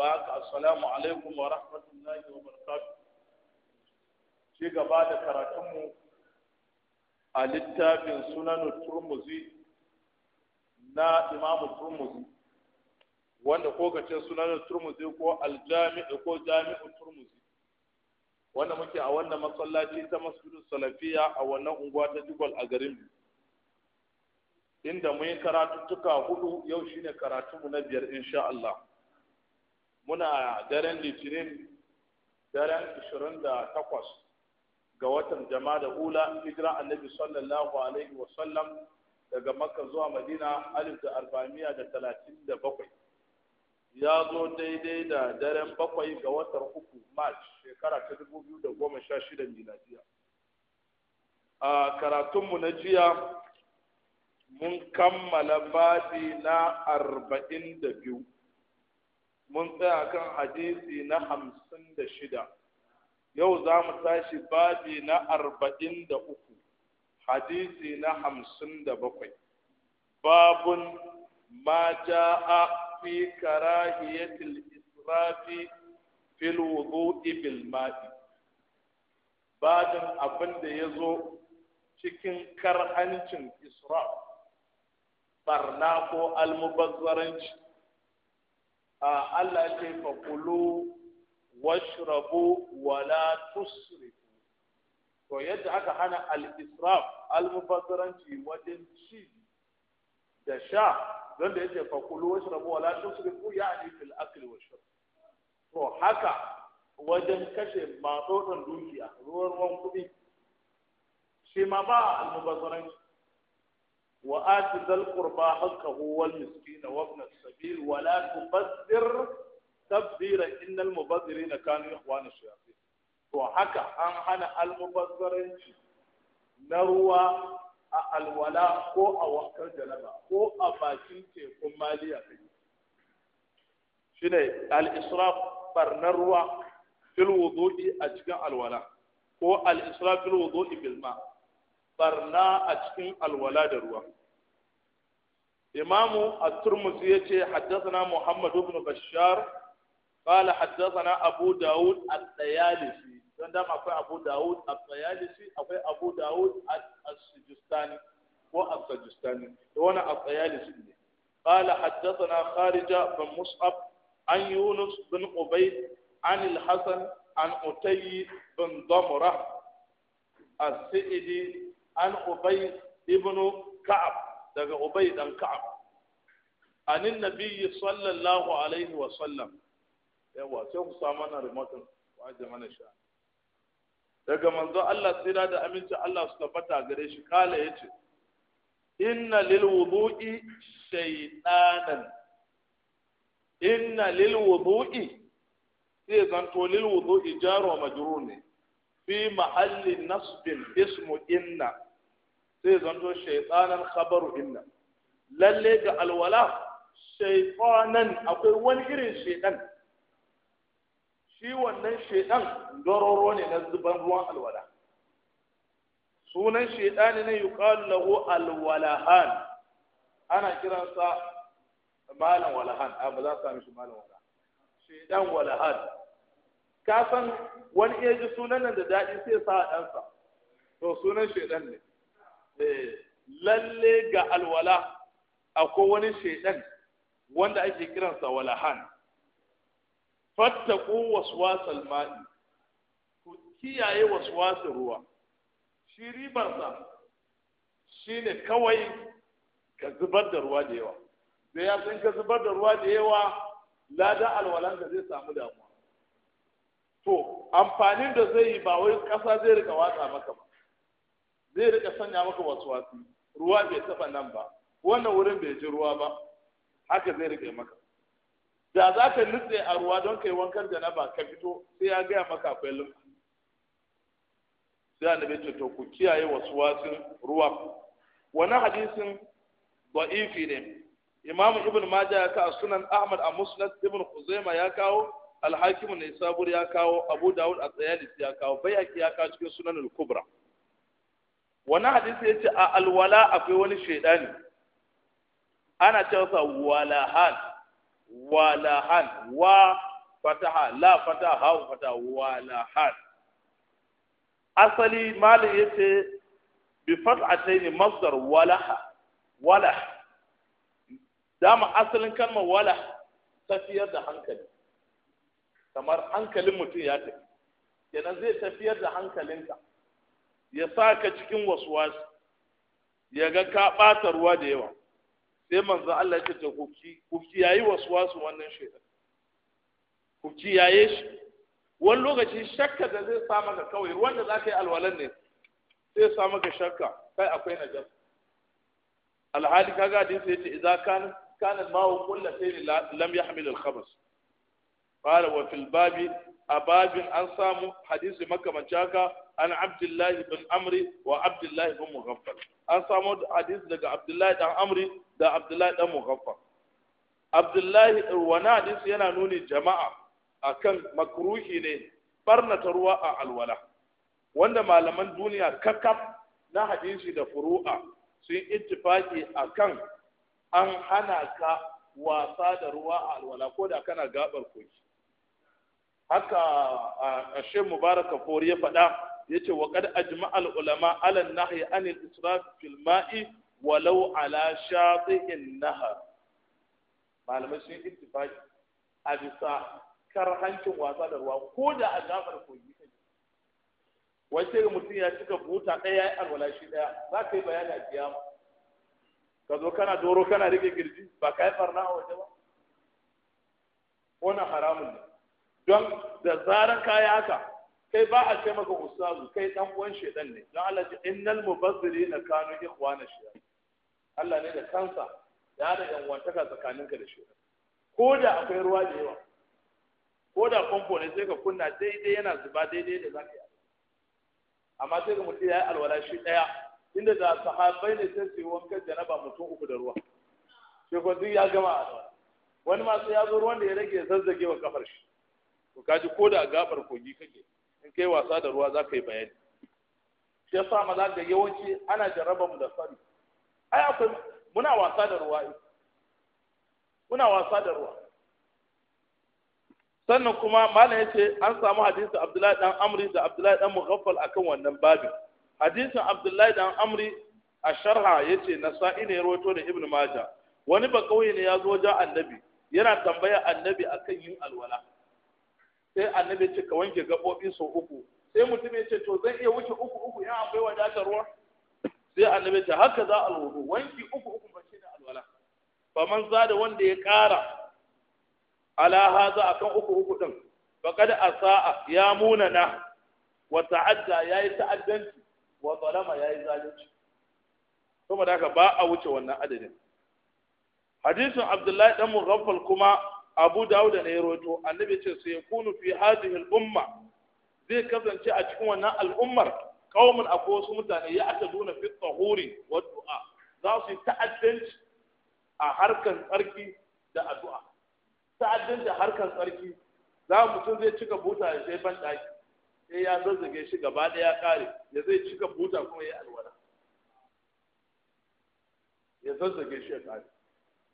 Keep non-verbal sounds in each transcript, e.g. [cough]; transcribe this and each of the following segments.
ba ka assalamu alaikum wa rahmatullahi wa barakatuh Shi gaba da karatunmu a littafin sunan turmuzi na imamu turmuzi wanda ko ka ce sunan turmuzi ko aljami'u ko jami'u turmuzi wanda muke a wannan masallaci ta masjidus salafiya a wannan unguwa ta jigwal a garin inda muyi yi karatuttuka hudu yau shine karatunmu na biyar insha Allah muna daren litinin daren 28 ga watan jama'a da hula, hijira annabi sallallahu alaihi wa sallam daga makka zuwa madina alif da arba'amiya da talatin da bakwai ya zo daidai da daren bakwai ga watan uku march shekara ta dubu biyu da goma sha shida miladiya a karatunmu na jiya mun kammala babi na arba'in da biyu mun tsaya kan hadisi na hamsin da shida yau za mu tashi babi na arba'in da uku hadisi na hamsin da bakwai babun ma ja'a fi karahiyatil israfi fil wudu'i bil ma'i babin abin da ya zo cikin karhancin israf barna ko almubazzaranci Allah ya ce fa kulu washrabu wala tusrifu to yadda aka hana al-israf al-mubazzaranci wajen ci da sha don da yake fakulu washrabu wala tusrifu ya'ni fil akli washrab to haka wajen kashe matsotsin dukiya ruwan ruwan kuɗi shi ma ba al-mubazzaranci وآت ذا القربى حقه والمسكين وابن السبيل ولا تبذر تبذيرا إن المبذرين كانوا إخوان الشياطين وحكى أن هنا المبذرين نروى alwala ko a wakar janaba ko a bakin tekun maliya kai shine al-israf barnar ruwa fil a cikin alwala ko al-israf barna a cikin alwala da ruwa imamu at-turmusi yace haddathana muhammad ibn bashar qala haddathana abu daud at-tayalisi dan da akwai abu daud at-tayalisi akwai abu daud as-sijistani ko as-sajistani to wannan at-tayalisi ne qala haddathana kharija bin mus'ab an yunus bin ubayd an al-hasan an utayy bin damrah as-sa'idi an ubay ibn ka'ab daga ubay dan ka'ab anin nabiyyi sallallahu alaihi wa sallam yawa sai ku samu na remote waje mana sha daga manzo Allah tsira da aminci Allah su tabbata gare shi kala yace inna lil wudu'i inna lil sai zanto lil wudu'i jaro ne fi mahalli nasbin ismu inna sai zanto shaitanan khabaru inna lalle ga alwala shaytanan akwai wani irin shaytan shi wannan shaytan dororo ne na zuban ruwan alwala sunan shaytani ne yuqalu lahu alwalahan ana kiransa malam walahan a ah, ba za su sami shi malam walahan shaytan walahan ka san wani iya ji sunan nan da daɗi sai sa ɗansa to sunan shaytan ne Eh, lalle ga alwala akwai wani shaidan wanda ake kiransa walahan fattaku waswasal ma'i ku kiyaye waswasin ruwa shi ribarsa shine kawai ka zubar da ruwa da yawa da ya san ka zubar da ruwa da yawa lada alwalan da zai samu damuwa to amfanin da zai yi ba wai kasa zai rika watsa maka ba zai rika sanya maka wasu wasu ruwa bai taba nan ba wannan wurin bai ji ruwa ba haka zai rike maka da za ka nutse a ruwa don kai wankan da na ba ka fito sai ya gaya maka akwai lumfa sai annabi ce to ku kiyaye wasu wasu ruwa wannan hadisin da'ifi ne imam ibn majah ya ka sunan ahmad a musnad ibn khuzaimah ya kawo alhakimu na ne ya kawo abu Dawud a tsayalis ya kawo bayaki ya kawo cikin sunan al-kubra wani hadisi ya ce a alwala akwai wani shaidani ana cewa sa walahan walahan wa fataha la fataha ha fataha walahan asali malin ya ce bi ne masdar walaha wala dama asalin kalmar wala tafiyar da hankali kamar hankalin mutum ya tafi kenan zai tafiyar da hankalinka ya sa ka cikin wasu ya ga ka ɓata ruwa da yawa sai manzo Allah ya ce kuki kuki wasu waswasu wannan shaitan kuki yi shi wani lokaci shakka da zai sa maka kawai wanda za ka yi alwalan ne sai sa maka shakka kai akwai najas alhali kaga hadisi yace idza kana kana ma'u qullatayn lam yahmil al-khabas Ba da wafin babi, ababin an samu hadisi maka macaka an Abdullahi bin Amri wa Abdullahi bin Muhaffar. An samo hadisi daga Abdullahi bin Amri da Abdullahi bin Muhaffar. Wani hadisi yana nuni jama'a akan makuruki ne, barnata ruwa a al wanda malaman duniya ka na hadisi da furu'a sun ita akan an hana ka wasa da ruwa a al-wala kana gaɓar kurki. haka a shi mubaraka fori ya faɗa ya ce wa kad al ulama ala nahyi al israf fil ma'i walau ala shati'in nahar malamai sun ittifaqi a bisa karhancin wasa da ruwa ko da a gafar kogi kai wace mutum ya cika buta ɗaya ya yi alwala shi ɗaya za ka yi bayani a kiyama ka zo kana doro kana rike girji ba ka yi farna a waje ba wannan haramun ne don da zaran kayi haka kai ba a ce maka ustazu kai dan uwan shedan ne don Allah ce innal mubazzirina kanu ikhwana shedan Allah ne da kansa ya da yan wantaka tsakaninka da shedan ko da akwai ruwa da yawa ko da pompo ne sai ka kunna daidai yana zuba daidai da zaka yi amma sai ka mutu yayi alwala shi daya inda da sahabbai ne sai su wanka wankan janaba mutum uku da ruwa sai ko duk ya gama alwala wani ma sai ya zo ruwan da ya rage zazzage wa kafar shi to kaji ko da gabar kogi kake in kai wasa da ruwa za ka yi bayani shi yasa maza da yawanci ana jaraba mu da sani ai akwai muna wasa da ruwa muna wasa da ruwa sannan kuma malam yace an samu hadisi Abdullahi dan Amri da Abdullahi dan Mughaffal akan wannan babin hadisin Abdullahi dan Amri a sharha yace nasa'i ne rawato da Ibn Majah wani ba kauye ne ya zo ja annabi yana tambaya annabi akan yin alwala sai annabi ce ka wanke gaɓoɓi sau uku sai mutum ya ce to zan iya wuce uku uku in akwai wadatar ruwa sai annabi ce haka za a wanki uku uku ba shine alwala fa man zada wanda ya ƙara ala hadha akan uku uku din faqad asaa ya munana wa ta'adda yayi ta'addanci wa zalama yayi zalunci da haka ba a wuce wannan adadin hadisin abdullahi dan mughaffal kuma abu dawud ne ya roto annabi ce sai kunu fi hadhihi al-umma zai kasance a cikin wannan al'ummar kaumun akwai wasu mutane ya aka duna fi tsahuri wa du'a za su yi ta'addanci a harkan tsarki da addu'a ta'addanci a harkan tsarki za mutum zai cika buta ya sai ban daki sai ya zazzage shi gaba ɗaya ya kare ya zai cika buta kuma ya alwala ya zazzage shi ya kare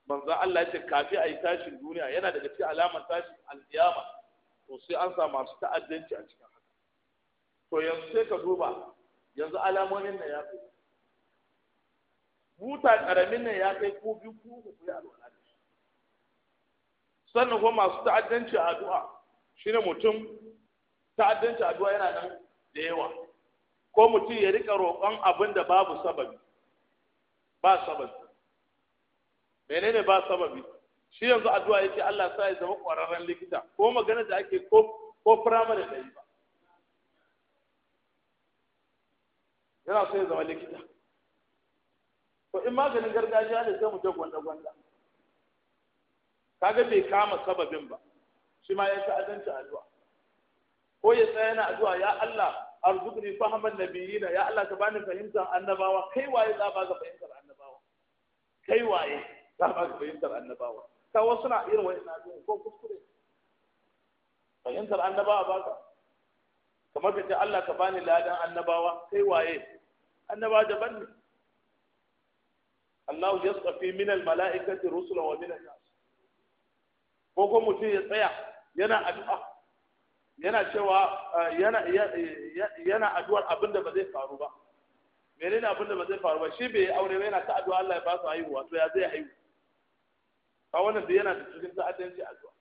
manzo Allah ya ce kafi a yi tashin duniya yana daga cikin alamar tashin alkiyama to sai an sa masu ta'addanci a cikin haka to yanzu sai ka duba yanzu alamomin nan ya kai buta karamin nan ya kai ko biyu ko uku ya alwala da shi sannan kuma masu ta'addanci a addu'a shine mutum ta'addanci a addu'a yana nan da yawa ko mutum ya rika roƙon abin da babu sababi ba sababi menene ba sababi shi yanzu addu'a yake Allah sa ya zama ƙwararren likita ko magana da ake ko ko firamare da yi ba yana so ya zama likita to in maganin gargajiya ne sai mu ta gwanda gwanda kaga bai kama sababin ba shi ma ya ta'addanta addu'a ko ya tsaya na addu'a ya Allah arzuqni fahman nabiyina ya Allah ka bani fahimtar annabawa kai waye za ba ga fahimtar annabawa kai waye za ba ka fahimtar annabawa ka wasu suna irin wa'in abin ko kuskure fahimtar annabawa ba ka kamar ka ce Allah ka bani ladan annabawa kai waye annabawa daban ne Allah ya tsafi min al-mala'ikati rusula wa min an ko ko mutum ya tsaya yana addu'a yana cewa eh, yana addu'ar abin da ba zai faru ba menene abin da ba zai faru ba shi bai aure ba yana ta addu'a Allah ya ba su haihuwa to ya zai haihu ka wannan da yana da cikin ta'addanci a addu'a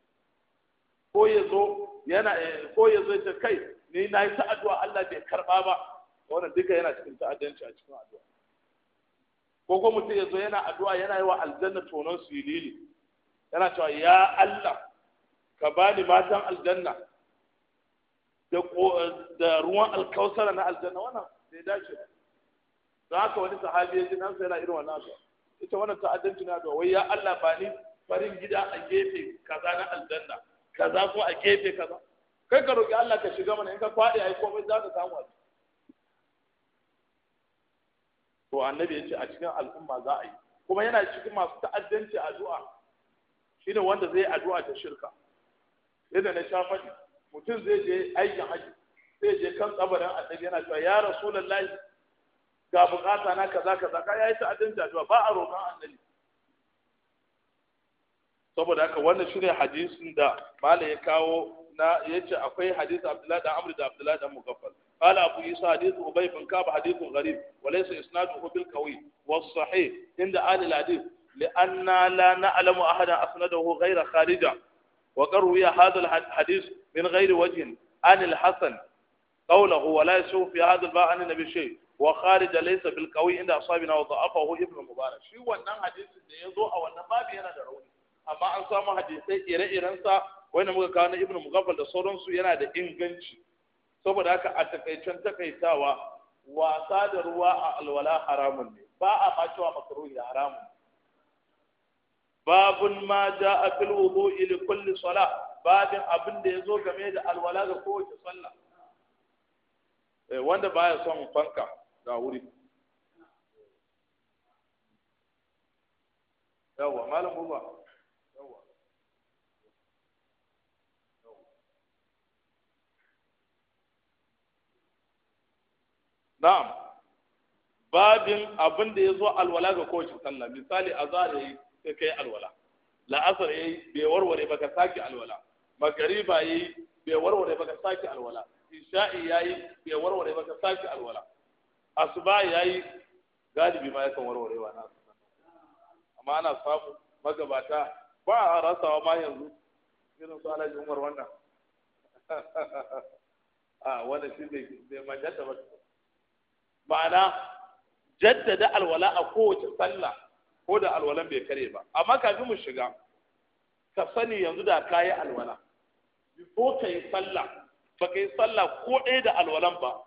ko ya zo yana eh, ko ya zo ta kai ni na yi ta'addu'a Allah bai karba ba wannan duka yana cikin ta'addanci a cikin addu'a ko ko mutum ya zo yana addu'a yana yi wa aljanna tonon silili yana cewa ya Allah ka bani matan aljanna da ruwan alkausara na aljanna wannan bai dace ba za haka wani sahabi ya ji nan sai yana irin wannan addu'a ita wannan ta'addanci na addu'a wai ya Allah ba ni barin gida a gefe kaza na aljanna kaza ko a gefe kaza kai ka roki Allah ka shiga mana in ka kwade ai komai za ka samu to annabi yace a cikin al'umma za a yi kuma yana cikin masu ta'addanci addu'a shine wanda zai addu'a ta shirka yadda na sha faɗi mutum zai je aikin haji zai je kan tsabarin annabi yana cewa ya rasulullahi ga bukata na kaza kaza ka yayi ta'addanci addu'a ba a roƙon annabi saboda haka wannan shine hadisin da malam ya kawo na yace akwai hadisi Abdullahi da Amr da Abdullahi da Mugaffal قال أبو يسا حديث أبي بن كعب حديث غريب وليس إسناده بالقوي والصحيح عند آل الحديث لأننا لا نعلم أحدا أسنده غير خارجة وقد روي هذا الحديث من غير وجه عن الحسن قوله ولا يسوء في هذا الباب عن النبي شيء وخارج ليس بالقوي عند أصحابنا وضعفه ابن مبارك شو wannan hadisin da yazo a wannan babu yana da rauni amma an samu hadisai ire-irensa wanda muka kawo na ibnu mugaffal da sauransu yana da inganci saboda haka a takaicen takaitawa wasa da ruwa a alwala haramun ne ba a ma cewa makaruhi haramun babun ma ja a fil wudu ili kulli salah babin abin da yazo game da alwala da kowace sallah eh, wanda baya son fanka da wuri yawwa malam buba na'am babin abin da ya zo alwala ga kowace sallah misali azhar yayi sai kai alwala la'asar yayi bai warware ba ka saki alwala magariba yayi bai warware ba ka saki alwala isha'i yayi bai warware ba ka saki alwala asuba yayi galibi ma yakan warware ba na amma ana samu magabata ba a rasawa ma yanzu irin su alhaji umar wannan [laughs] wannan shi bai manjata ba ma'ana jaddada alwala a kowace sallah ko da alwalan bai kare ba amma kafin mu shiga ka sani yanzu da kayi alwala ko ka yi sallah ba ka yi sallah ko ɗaya da alwalan ba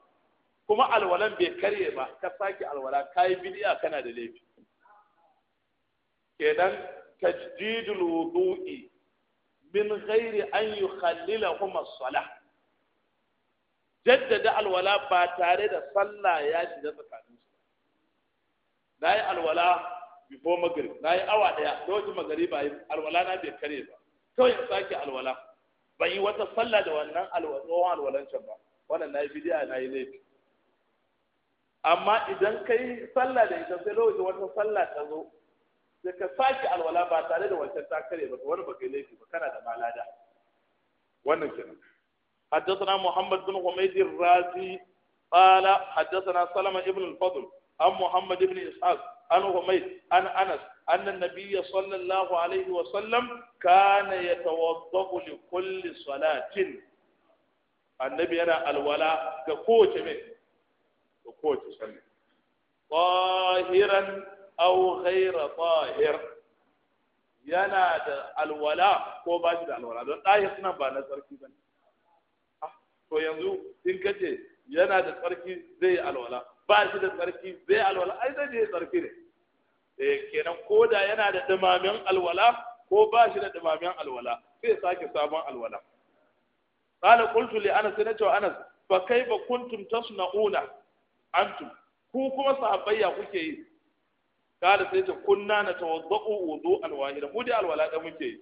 kuma alwalan bai karye ba ka sake alwala ka yi bidiya kana da laifi kenan tajdidul wudu'i min ghairi an yukhallilahu as-salah jaddada alwala ba tare da sallah ya shiga tsakanin su na yi alwala before magrib na yi awa daya lokacin magrib ba alwala na bai kare ba kawai in sake alwala ban yi wata sallah da wannan alwala alwalan ba wannan na yi bidiya na yi laifi amma idan ka yi sallah da ita sai lokacin wata sallah ta zo sai ka sake alwala ba tare da wancan ta kare ba wani ba kai laifi ba kana da malada wannan kenan حدثنا محمد بن حميد الرازي قال حدثنا سلمة بن الفضل عن محمد بن إسحاق عن حميد عن أنس أن النبي صلى الله عليه وسلم كان يتوضأ لكل صلاة النبي أنا الولاء كقوة من كقوة صلى طاهرا أو غير طاهر yana da alwala ko ba shi da alwala don ɗaya suna ba na tsarki ba ne to yanzu in ka ce yana da tsarki zai yi alwala ba shi da tsarki zai alwala ai zai yi tsarki ne eh kenan ko da yana da dumamin alwala ko ba shi da dumamin alwala sai sake sabon alwala qala qultu li anas nato anas fa kaifa kuntum tasna'una antum ku kuma sahabbai kuke yi kada sai ta kunna na tawadda'u wudu'an wahida mu da alwala da muke yi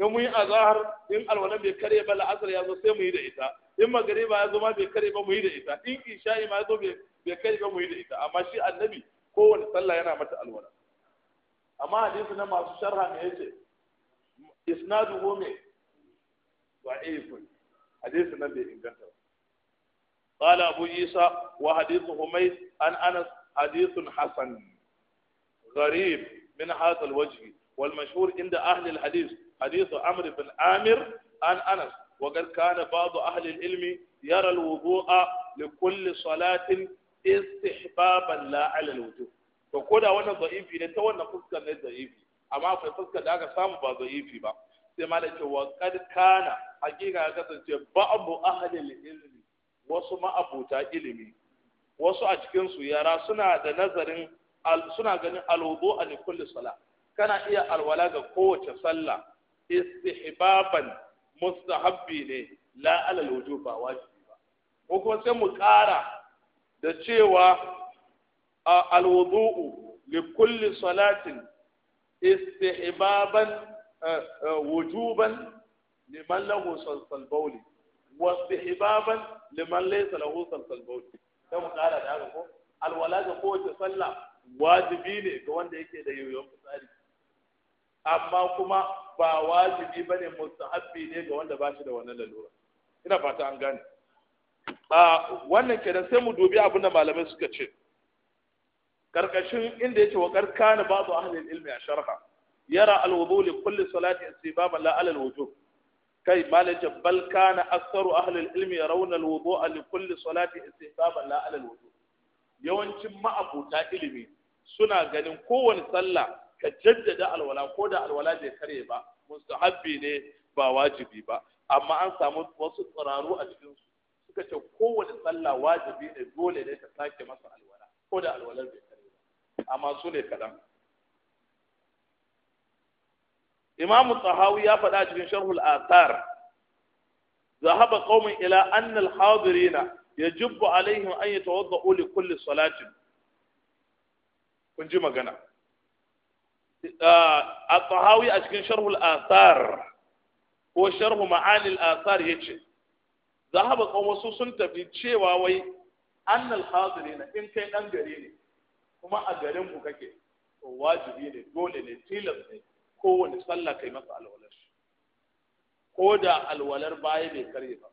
in mun yi azahar in alwala bai kare ba la'asar ya zo sai mu yi da ita in magariba ya zo ma bai kare ba mu yi da ita in isha'i ma ya zo bai kare ba mu yi da ita amma shi annabi kowane sallah yana mata alwala amma hadisi na masu sharha me yace isnaduhu me da'ifun hadisi na bai inganta ba قال أبو عيسى وحديث حميد عن أنس حديث حسن غريب من هذا الوجه والمشهور عند أهل الحديث حديث عمر بن عامر عن أنس وقد كان بعض أهل العلم يرى الوضوء لكل صلاة استحبابا لا على الوجوب فكودا وانا ضعيفي نتا توانا فسكا ضعيفي أما في فسكا داك سامو با ضعيفي با سيما وقد كان حقيقة كتنسي بعض أهل العلم وسما أبوتا علمي wasu a cikinsu yara suna da nazarin suna ganin alwudu a kulli sala kana iya alwala ga kowace sallah istihbaban mustahabbi ne la alal wujub ba wajibi ba ko kuma sai mu ƙara da cewa wudu li kulli salatin istihbaban wujuban liman lahu salsal bawli wa istihbaban liman laysa lahu salsal bawli sai mu ƙara da haka ko al walaga ko ta sallah wajibi ne ga wanda yake da yoyon fitsari amma kuma ba wajibi bane mustahabbi ne ga wanda ba shi da wannan lalura ina fata an gane wannan kenan sai mu dubi abin da malamai suka ce karkashin inda yake wa karkana babu ahli ilmi a sharha yara alwudu li kulli salati istibaba la ala alwujub kai malaje bal kana aktharu ahli ilmi yarawna alwudu li kulli salati istibaba la ala alwujub yawancin ma'abuta ilimi suna ganin kowane sallah ka jaddada alwala ko da alwala bai kare ba mustahabbi ne ba wajibi ba amma an samu wasu tsararu a cikin su suka ce kowace sallah wajibi ne dole ne ka sake masa alwala ko da alwala bai kare ba amma su ne kaɗan imam tahawi ya faɗa cikin sharhul athar ذهب قوم إلى أن الحاضرين يجب عليهم أن يتوضأوا لكل صلاة kun ji magana الطهاوي أشكن شرح الآثار ko sharhu ma'anil asar yace zahaba kan wasu sun tafi cewa wai annal hadirina in kai dan gare ne kuma a garin ku kake to wajibi ne dole ne tilas ne ko wani sallah kai masa alwalar shi ko da alwalar baya bai karye ba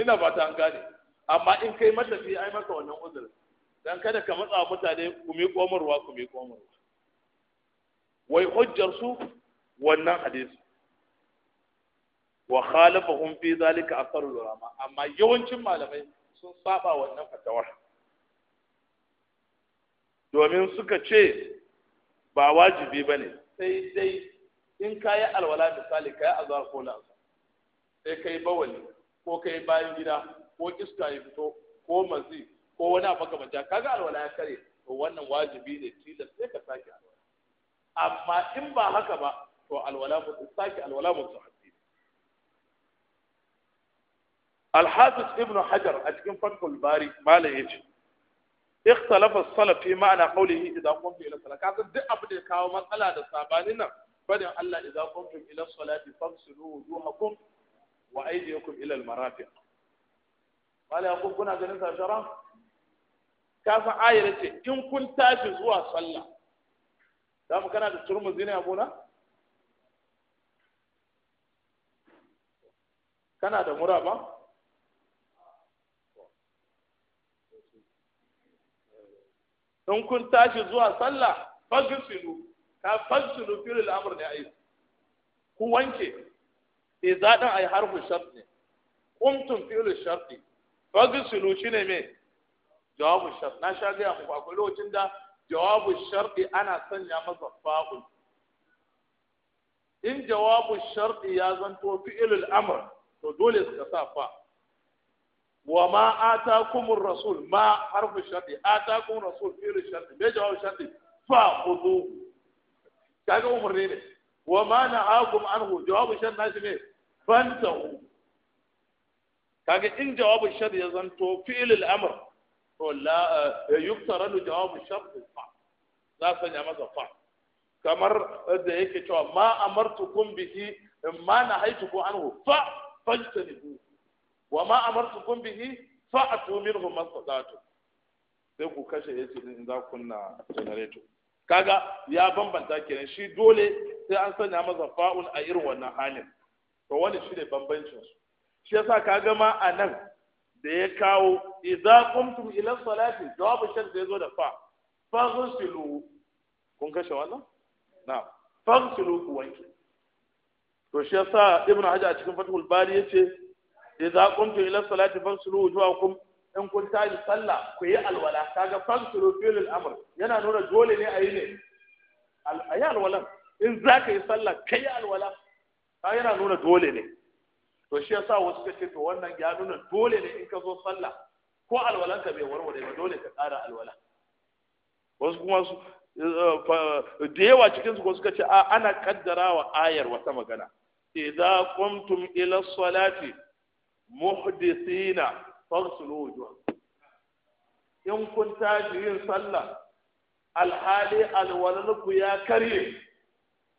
ina ba ta an gane amma in kai matafi ai maka wannan uzurin dan kada ka matsa mutane ku mi komarwa ku mi komarwa wai hujjar su wannan hadisi wa khalafahum fi zalika asarul ulama amma yawancin malamai sun saba wannan fatawar domin suka ce ba wajibi bane sai dai in kayi alwala misali kai azar ko la sai kai bawali ko kai bayan gida ko iska ya fito ko mazi ko wani abu kamar kaga alwala ya kare to wannan wajibi ne tilas sai ka sake alwala amma in ba haka ba to alwala mu saki alwala mu ta'asiri al-hafiz ibn hajar a cikin fathul bari mala yace ikhtalafa as-salaf fi ma'na qawlihi idza qumtum da kawo matsala da sabanin nan fadin Allah idza qumtum ila salati fagsilu wujuhakum wa aydiyakum ila al-marafiq mala yakun kuna ganin sa ce in kun tashi zuwa sallah za mu kana da turmuzi ne abuna kana da mura ba in kun tashi zuwa sallah fagsilu ka fagsilu fil al'amr ne yi. ku wanke zaɗin a yi harfi shafi ne qumtum fil shart shi ne me jawabu shafi na sha ga a akwai lokacin da jawabu sharɗi ana sanya masa fa'ul in jawabu sharɗi ya zanto fi'ilul amr to dole suka sa fa wa ma atakumur rasul ma harfu sharɗi atakumur rasul fi'ilul sharɗi me jawabu sharɗi fa khudu kaga umarni ne wa ma na'akum anhu jawabu sharɗi nashi ne fantahu kaga in jawabu sharɗi ya zanto fi'ilul amr to la eh, yuktaranu jawabu shart fa za sanya masa fa kamar da yake cewa ma amartukum bihi ma nahaytukum anhu fa fajtanibu wa ma amartukum bihi fa atu minhu masadatu sai ku kashe yace in za ku na generator kaga ya bambanta kenan shi dole sai an sanya masa fa'un a irin wannan halin to wani shi ne bambancin su shi yasa kaga ma a nan da ya kawo idza qumtum ila salati jawabu shar da yazo da fa faghsilu kun kashe wannan na'am faghsilu ku wanke to shi yasa ibnu hajar a cikin fathul bari yace idza qumtum ila salati faghsilu wujuhakum in kun tashi sallah ku yi alwala kaga faghsilu fil al-amr yana nuna dole ne a yi ne ayi alwala in zaka yi sallah kai alwala ka yana nuna dole ne to shi yasa wasu suka ce to wannan ya nuna dole ne in ka zo sallah ko alwalanka bai warware ba dole ka ƙara alwala wasu kuma su eh, da yawa cikin su suka ce a ana kaddarawa ayar wata magana idza qumtum ila salati muhdithina faghsilu wujuhakum in kun tashi yin sallah alhali alwalanku ya karye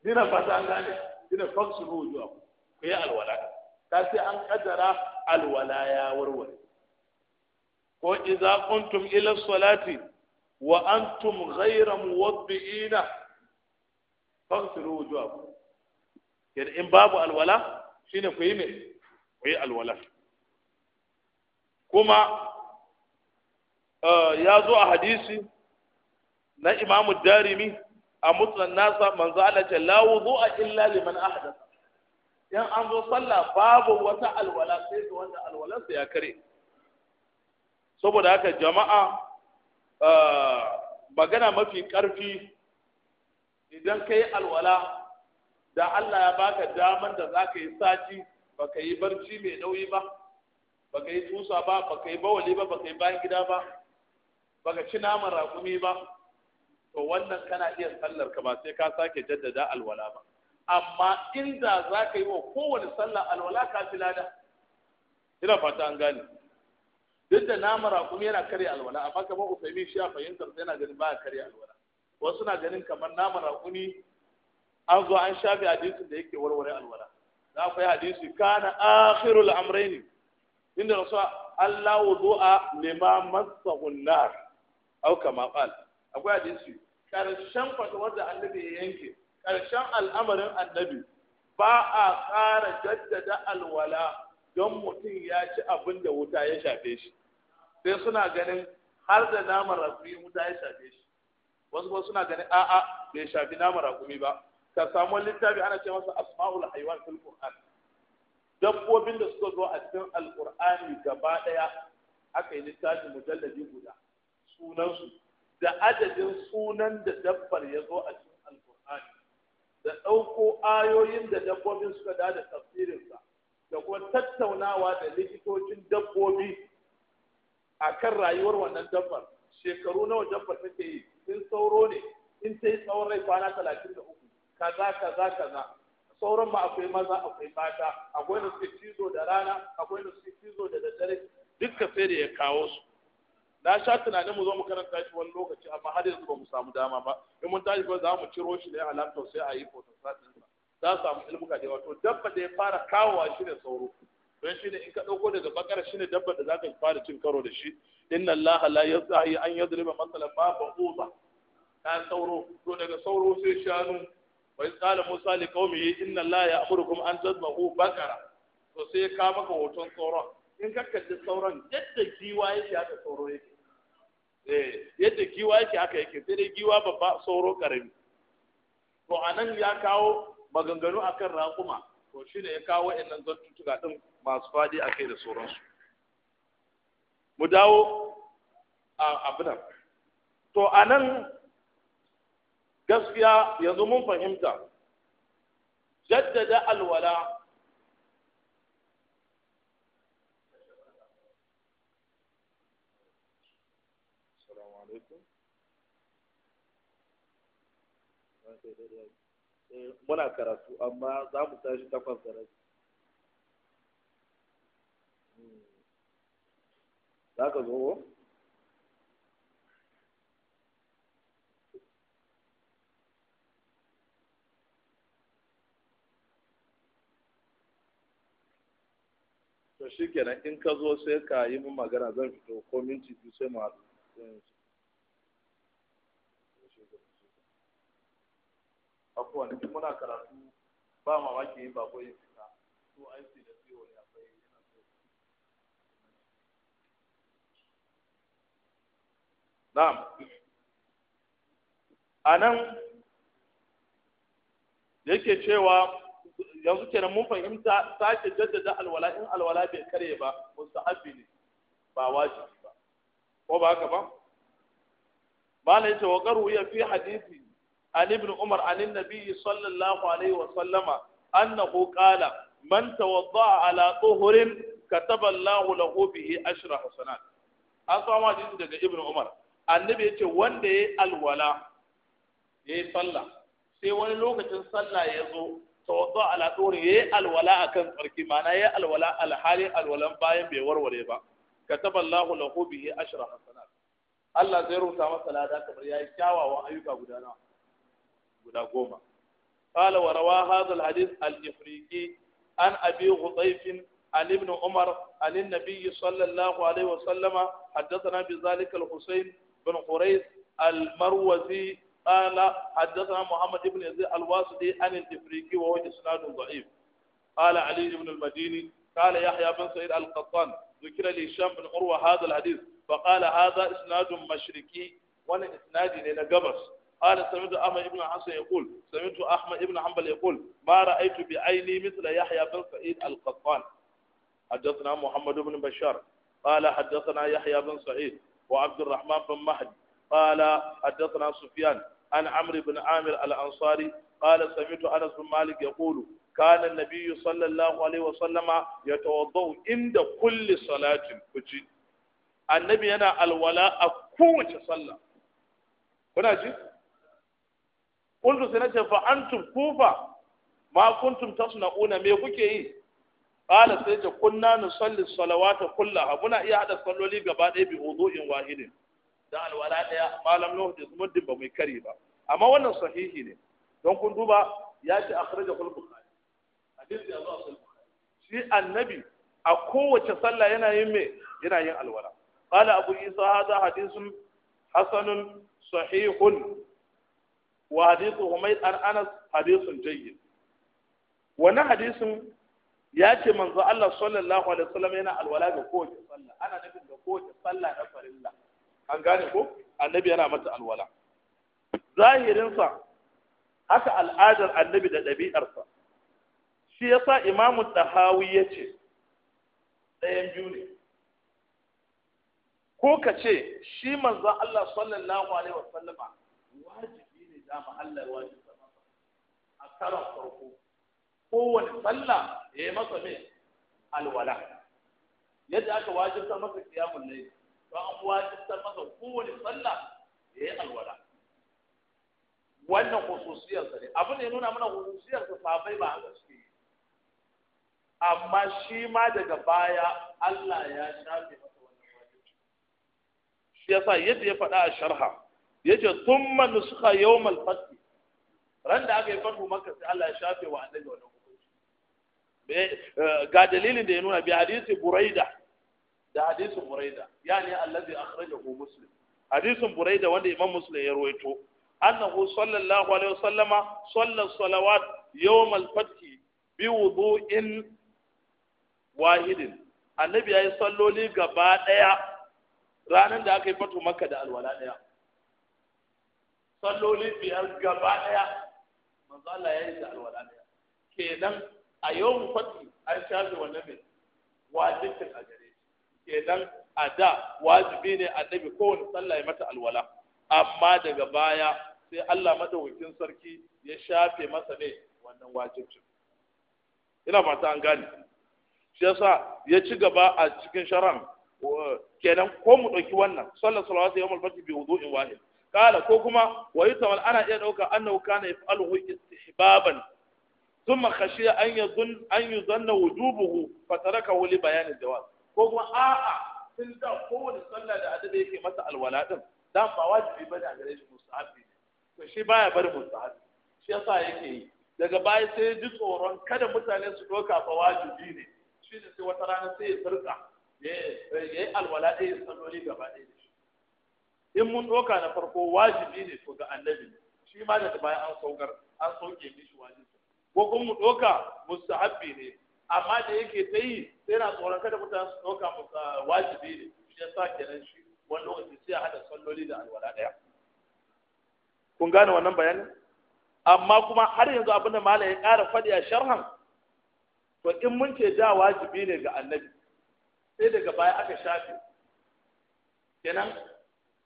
dina fata gane dina faghsilu wujuhakum ku yi alwala ta an kaddara alwala ya warware ko idza kuntum ila salati wa antum ghayra muwaddi'ina faghsilu wujuhakum yar in babu alwala shine ku yi me ku yi alwala kuma eh, ya zo a hadisi na imamu darimi a mutsan nasa manzo Allah ce la wudu'a illa liman ahdatha in an zo sallah babu wata alwala sai da wanda alwalarsa ya kare saboda haka jama'a ah, magana mafi karfi idan ka yi alwala da Allah ya baka daman da za ka yi sati ba ka yi barci mai nauyi ba ba ka yi tusa ba ba ka yi bawali ba ba ka yi bayan gida ba ba ka ci naman raƙumi ba to wannan kana iya sallar ka ba sai ka sake jaddada alwala ba amma inda za ka yi wa kowane sallah alwala ka fi lada ina fata an gane duk da namara raƙumi yana karya alwala amma kamar usaimi shi a fahimtar sai yana ganin baya karya alwala wasu na ganin kamar namara raƙumi an zo an shafe hadisin da yake warware alwala za ku yi hadisi kana akhirul amrayni inda rasu Allah wudu'a lima masahu nar au kama qal akwai hadisi karshen fatawar da annabi ya yanke Karshen al'amarin annabi ba a ƙara jaddada alwala don mutum ya ci abin da wuta ya shafe shi sai suna ganin har da naman rakumi wuta ya shafe shi wasu kuma suna ganin a'a bai shafi naman rakumi ba ka samu littafi ana ce masa asma'ul haywan fil qur'an dabbobin da suka zo a cikin alqur'ani gaba daya aka yi littafi mujalladi guda sunansu da adadin sunan da dabbar ya zo a cikin da ɗauko ayoyin da dabbobin suka da da tafsirinsa da kuma tattaunawa da likitocin dabbobi a kan rayuwar wannan dabbar shekaru nawa dabbar take yi in sauro ne in ta yi tsawon rai kwana talatin da uku kaza kaza kaza sauran ma akwai maza akwai mata akwai da suke cizo da rana akwai da suke cizo da daddare duka sai da ya kawo su na sha tunanin mu zo mu karanta shi wani lokaci amma har yanzu ba mu samu dama ba in mun tashi ba za mu ciro shi ne a laptop sai a yi photostat ɗinsa za su samu ilmuka da yawa to dabba da ya fara kawowa shi ne sauro don shi ne in ka ɗauko daga bakar shi ne dabba da za ka fara cin karo da shi inna allaha la yasahi an yadriba masalan ma ba'uza ta sauro to daga sauro sai shanu wa in qala musa li qaumihi inna allaha ya'murukum an tadhbahu bakara to sai ka maka hoton sauron in ka kalli sauron yadda giwa yake haka sauro yake Eh, yadda giwa yake aka yake sai dai giwa babba sauro karami to anan ya kawo maganganu akan raƙuma to shi ne ya kawo wa'annan zantuttuka ɗin masu faɗi a kai da sauransu mu dawo a abinan to a nan gaskiya yanzu mun fahimta jaddada alwala Eh, muna karatu amma za mu tashi takwas da rabi hmm. za ka zo to shi kenan in ka zo sai ka yi min magana zan fito ko minti biyu sai mu haɗu eh, kwanaki muna karatu ba mamaki yin bako yin fita to aiki da ciwo ne akwai yana so na'am anan yake cewa yanzu kenan mun fahimta sake jaddada alwala in alwala bai kare ba musta'abi ne ba wajibi ba ko ba haka ba malai ce wa qaru ya fi hadisi عن ابن عمر عن النبي صلى الله عليه وسلم أنه قال من توضع على طهر كتب الله له به عشر حسنات an samu hadisin daga ibn umar annabi ya ce wanda ya yi alwala ya yi sallah sai wani lokacin sallah ya zo tawaddu ala dori ya yi alwala akan tsarki mana ya yi alwala alhali alwalan bayan bai warware ba kataba lahu bihi ashra hasanat Allah zai rubuta masa lada kamar yayi kyawawan ayyuka guda nawa guda قال وروى هذا الحديث الإفريقي عن أبي غطيف عن ابن عمر عن النبي صلى الله عليه وسلم حدثنا بذلك الحسين بن قريش المروزي قال حدثنا محمد بن يزيد الواسطي عن الإفريقي وهو إسناد ضعيف قال علي بن المديني قال يحيى بن سعيد القطان ذكر لهشام بن عروة هذا الحديث فقال هذا إسناد مشركي وأنا إسنادي لنا قبس قال سمعت أحمد بن حسن يقول سمعت أحمد بن حنبل يقول ما رأيت بعيني مثل يحيى بن سعيد القطان حدثنا محمد بن بشار قال حدثنا يحيى بن سعيد وعبد الرحمن بن مهد قال حدثنا سفيان عن عمرو بن عامر الأنصاري قال سمعت أنس بن مالك يقول كان النبي صلى الله عليه وسلم يتوضأ عند كل صلاة النبي أنا الولاء قوة صلى kuna ji kuntu sai nace fa antum kufa ma kuntum tasna'una me kuke yi qala sai ce kunna nusalli salawata kullaha muna iya hada salloli gaba ɗaya bi wudu'in wahidin da alwala daya malam nuhu da muddin ba mai kari ba amma wannan sahihi ne don kun duba ya ce akhrajahu kullu bukhari hadisi ya zo a bukhari shi annabi a kowace sallah yana yin me yana yin alwala qala abu isa hadha hadisun hasanun sahihun wa hadithu umayd an anas hadithun jayyid wannan hadisin ya ce manzo Allah sallallahu alaihi wasallam yana alwala ga kowace sallah ana nufin ga kowace sallah na farilla an gane ko annabi yana mata alwala zahirinsa haka al'adar annabi da ɗabi'arsa shi yasa imamu tahawi ya ce ɗayan biyu ne ko ka ce shi manzo Allah sallallahu alaihi wasallama ta ma Allah wajin zama a karon farko kowane sallah ya yi masa mai alwala yadda aka wajibta masa kiyamun ne to an wajibta masa kowane sallah ya yi alwala wannan khususiyarsa ne abin da ya nuna mana khususiyarsa sabai ba haka suke yi amma shi ma daga baya Allah ya shafe masa wannan wajibi shi yasa yadda ya faɗa a sharha yace thumma nusqa yawm yau fath ran da aka yi farko maka sai Allah ya shafe wa annabi wannan hukunci eh, ga dalilin da ya nuna bi hadisi buraida da hadisi buraida yani allazi akhrajahu muslim hadisin buraida wanda imam muslim ya rawaito annahu sallallahu alaihi wasallama salla salawat yawm al-fath bi wudu'in wahidin annabi yayi salloli gaba daya ranan da aka yi fatu makka da alwala daya salloli biyar gaba daya manzo ya yi da alwala daya kenan a yau fati an shafe wannan mai wajibin a gare kenan a da wajibi ne annabi kowane sallah ya mata alwala amma daga baya sai Allah madaukakin sarki ya shafe masa ne wannan wajibin ina ta an gane shi yasa ya ci gaba a cikin sharan kenan ko mu ɗauki wannan sallar salawatu yawmal fajr bi wudu'in wahid kala ko kuma wa tawal ana iya dauka annahu kana yaf'aluhu istihbaban thumma khashiya an yadhun an yuzanna wujubuhu fatarakahu li bayan al ko kuma a'a sun da kowane sallah da adabi yake masa alwala din dan ba wajibi bane a gare shi mustahabi to shi baya bari mustahabi shi yasa yake yi daga baya sai ji tsoron kada mutane su doka fa wajibi ne shi da sai wata rana sai ya sarka ya yi alwala ɗaya ya salloli gaba ɗaya da shi in mun doka na farko wajibi ne to ga annabi shi ma da bayan an saukar an sauke mishi wajibi ko kuma mu doka mustahabbi ne amma da yake ta yi sai na tsoron kada mutane su doka ah, wajibi ne shi ya sa kenan shi wani lokaci sai a hada salloli da alwala daya kun gane wannan bayanin amma kuma har yanzu abinda malam ya kara faɗi a sharhan to in mun ce da wajibi ne ga annabi sai daga baya aka shafe kenan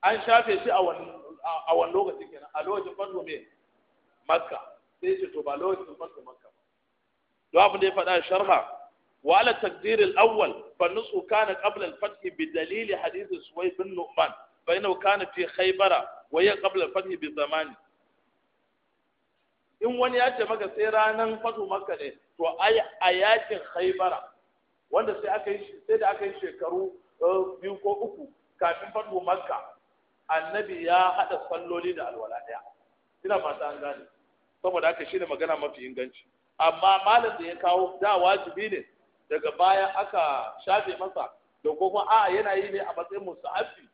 an shafe shi a wani lokaci kenan a lokacin fatu mai makka sai ce to ba lokacin fatu makka ba don abin da ya faɗa sharha wa ala takdir al-awwal fa nusu kana qabla al-fath bi dalil hadith suwayd bin nu'man fa innahu kana fi khaybara wa ya qabla al-fath bi zamani in wani ya ce maka sai ranan fatu makka ne to ai a yakin khaybara wanda sai aka yi sai da aka yi shekaru eh, biyu ko uku kafin fatu makka annabi ya haɗa salloli da alwala ɗaya ina fata an gane saboda haka shine magana mafi inganci amma malam da ya kawo da wajibi ne daga baya aka shafe masa da kuma a yana yi ne a matsayin musa'afi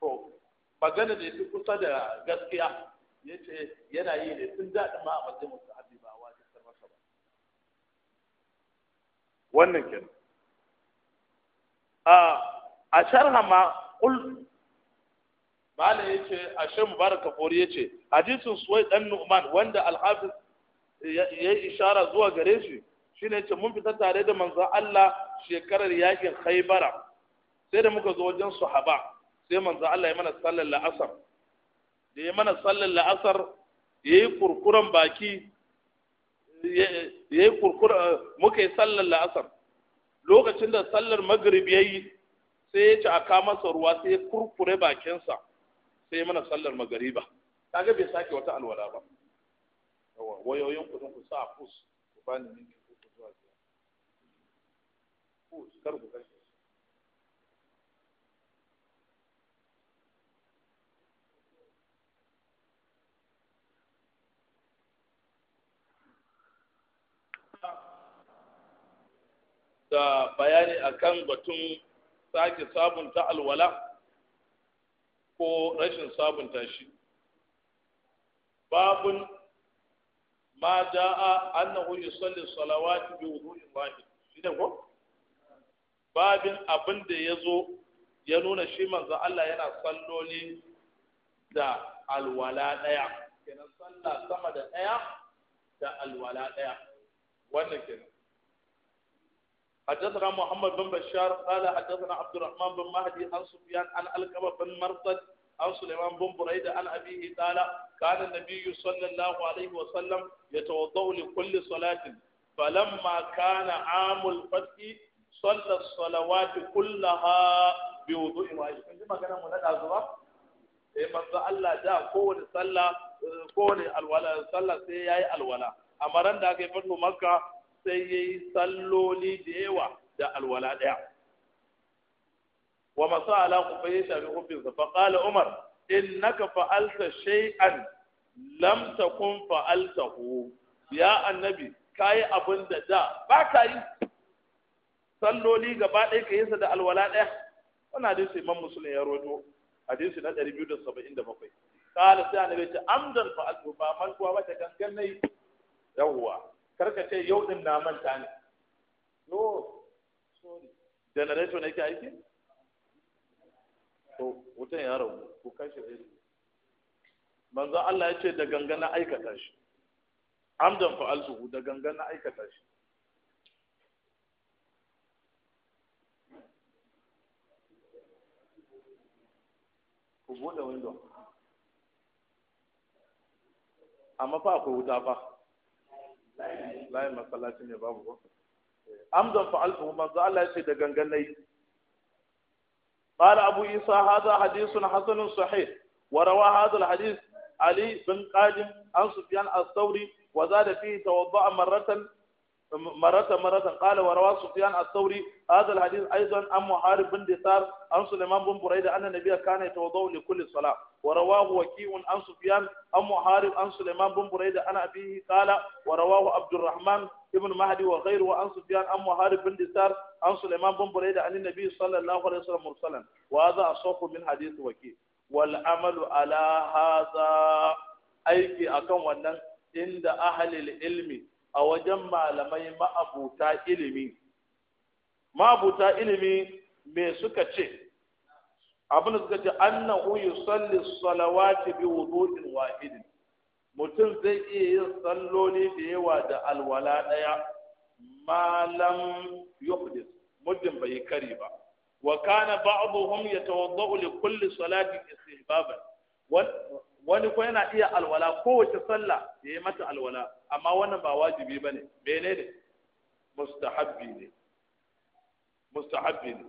to magana da yake kusa da gaskiya yace yana yi ne tun da ma a matsayin musa'afi ba wajibi masa ba wannan kenan a a sharha ma malam ya ce a shan mubarak kafori ya ce hadisin suwai dan nu'man wanda alhafiz ya yi ishara zuwa gare shi shine ce mun fita tare da manzo Allah shekarar yakin haibara sai da muka zo wajen sahaba sai manzo Allah ya mana sallar la'asar da ya mana sallar la'asar yayi kurkuran baki yayi kurkura muka yi sallar la'asar lokacin da sallar maghrib yayi sai ya ci a masa ruwa sai ya kurkure bakinsa sai mana sallar magariba kaga bai sake wata alwala ba yawa wayoyin kudin ku sa fus ku bani ku ku zuwa zuwa. fus kar ku kashe da bayani akan batun sake sabunta alwala ko rashin sabunta shi babun ma da'a annahu yusalli salawati bi wudu'in wahid shine ko babin abin da yazo ya nuna shi manzo Allah yana salloli da alwala daya kenan salla sama da daya da alwala daya wannan kenan حدثنا محمد بن بشار قال حدثنا عبد الرحمن بن مهدي عن سفيان عن الكبه بن مرقد عن سليمان بن بريدة عن أبيه قال كان النبي صلى الله عليه وسلم يتوضأ لكل صلاة فلما كان عام الفتح صلى الصلوات كلها بوضوء واحد عندما كان منادى إيه، زوا من manzo Allah da قول صلى قول alwala صلى سي yayi alwala amma كيف da aka sai ya yi salloli da yawa da alwala ɗaya wa masu ala fa ya shafi hufinsa fa ƙala umar in naka fa'alta shay'an kun fa’alta fa'altahu ya annabi kayi abin da da ba ka yi salloli gaba ɗaya ka yi sa da alwala ɗaya wannan hadisi imam musulun ya rojo hadisi na 277 ba, man بيت ba ta gangan na yi. Yawwa. karka ce yau din na manta ne no sorry generator ne ke aiki to wutan ya rabu ko kashi ɗaya manzo Allah ya ce da gangana aikata shi amdan fa'altuhu da gangana aikata shi ku buɗe window amma fa akwai wuta fa la yi ne babu ba. Amdan fa alfahu manzo Allah da ganganai. Qala Abu Isa hadha hadithun hasanun sahih wa rawa hadha alhadith Ali bin Qadim an Sufyan al-Thawri wa zada fihi tawadda'a مرة مرة قال وروى سفيان الثوري هذا الحديث أيضا عن محارب بن دثار عن سليمان بن بريدة أن النبي كان يتوضأ لكل صلاة ورواه وكيع عن سفيان عن محارب عن سليمان بن بريدة عن أبيه قال ورواه عبد الرحمن ابن مهدي وغيره عن سفيان عن محارب بن دثار عن سليمان بن بريدة عن النبي صلى الله عليه وسلم مرسلا وهذا أصح من حديث وكيع والعمل على هذا أيكي أكون ونن عند أهل العلم a wajen malamai ma'abuta ilimi ma'abuta ilimi me suka ce abin da suka ce annahu yusalli salawati bi wudu'in wahid mutum zai iya yin salloli da yawa da alwala daya malam yuhdis muddin bai kari ba wa kana ba'dhum yatawaddau li kulli salati istihbaban wani ko yana iya alwala kowace sallah ya yi mata alwala amma wannan ba wajibi ba mene ne mustahabbi ne mustahabbi ne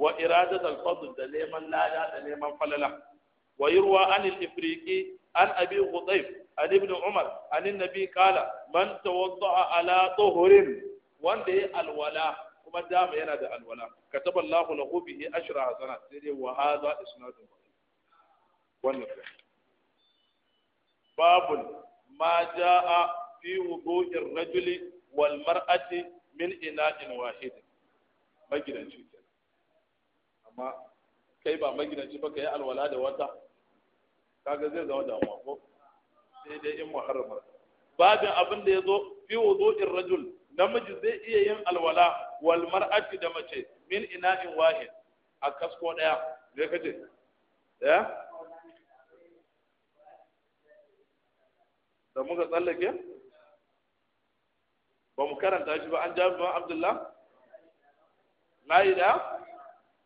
wa iradat al-fadl da neman lada da neman falala wa yurwa an al-ifriqi an abi hudayf an ibn umar an annabi qala man tawadda'a ala tuhrin wanda alwala kuma dama yana da alwala kataba Allahu lahu bihi ashra hasanat sai dai wa hadha isnadun wannan babul ma جاء في وضوء rajuli والمرأة من إناء واحد wahid magidanci amma kai ba magidanci ba kai alwala da kaga zai zama damuwa ko sai dai in muharramar babin abin da yazo fi wudu'ir rajul namiji zai iya yin alwala wal mar'ati da mace min ina'in wahid a kasko daya zai kace ya eh? da muka tsallake ba mu karanta shi ba an jami'an ban abdullah na yi da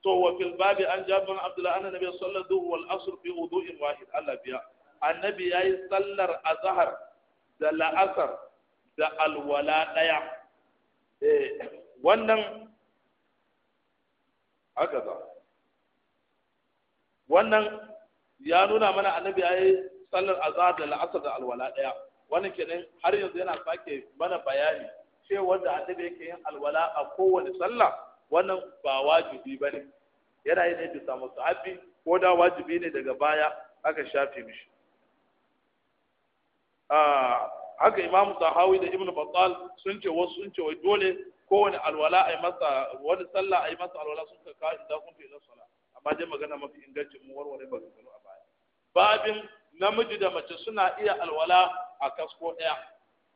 to wa fil babi an jabi ban abdullah anna nabi sallallahu duhu wal asr fi wudu'in wahid Allah biya annabi ya yi sallar azahar da la'asar da alwala ɗaya. Eh, wannan haka za wannan ya nuna mana annabi ya yi. sallar azhar da la'asar da alwala ɗaya. wannan kenan har yanzu yana sake mana bayani cewa wanda annabi yake yin alwala a kowane sallah wannan ba wajibi ba ne. yana yin ne bisa musahabi ko da wajibi ne daga baya aka shafe mishi ah, haka imamu sahawi da ibnu battal sun ce wasu sun ce wai dole kowane alwala yi masa wani sallah yi masa alwala sun ka kawo idan kun fi ila sala amma dai magana mafi ingancin mu warware ba su a baya babin namiji da mace suna iya alwala a kasko ɗaya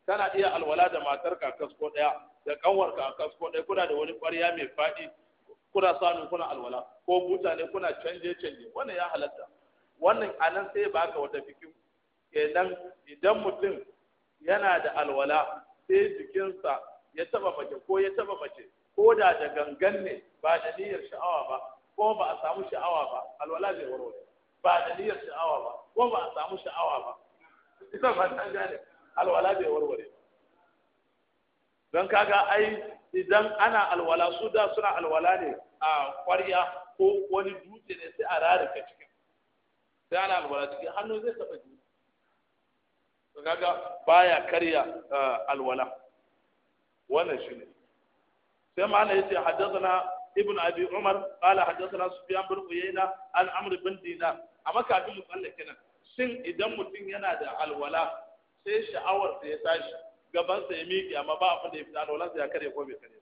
kana iya alwala da matarka a kasko ɗaya da kanwarka a kasko ɗaya kuna da wani ƙwarya mai faɗi kuna sanu kuna alwala ko buta ne kuna canje canje wannan ya halatta wannan anan sai ka wata fikin kenan idan mutum yana da alwala sai jikinsa ya taba mace ko ya taba mace ko da da gangan ne ba da niyyar sha'awa ba ko ba a samu sha'awa ba alwala zai warware ba da niyyar sha'awa ba ko ba a samu sha'awa ba ita ba ta gane alwala bai warware don kaga ai idan ana alwala su da suna alwala ne a kwarya ko wani dutse ne sai a rarraka cikin sai ana alwala cikin hannu zai taɓa ji to kaga baya karya eh, alwala wannan shi ne sai ma'ana yace na ibn abi umar qala haddathana sufyan bin uyayna an amr bin dinar amma kafin mu tsallake nan shin idan mutum yana da alwala sai sha'awarsa ya tashi gabansa ya miƙe amma ba abin da ya fita sai ya kare ko bai kare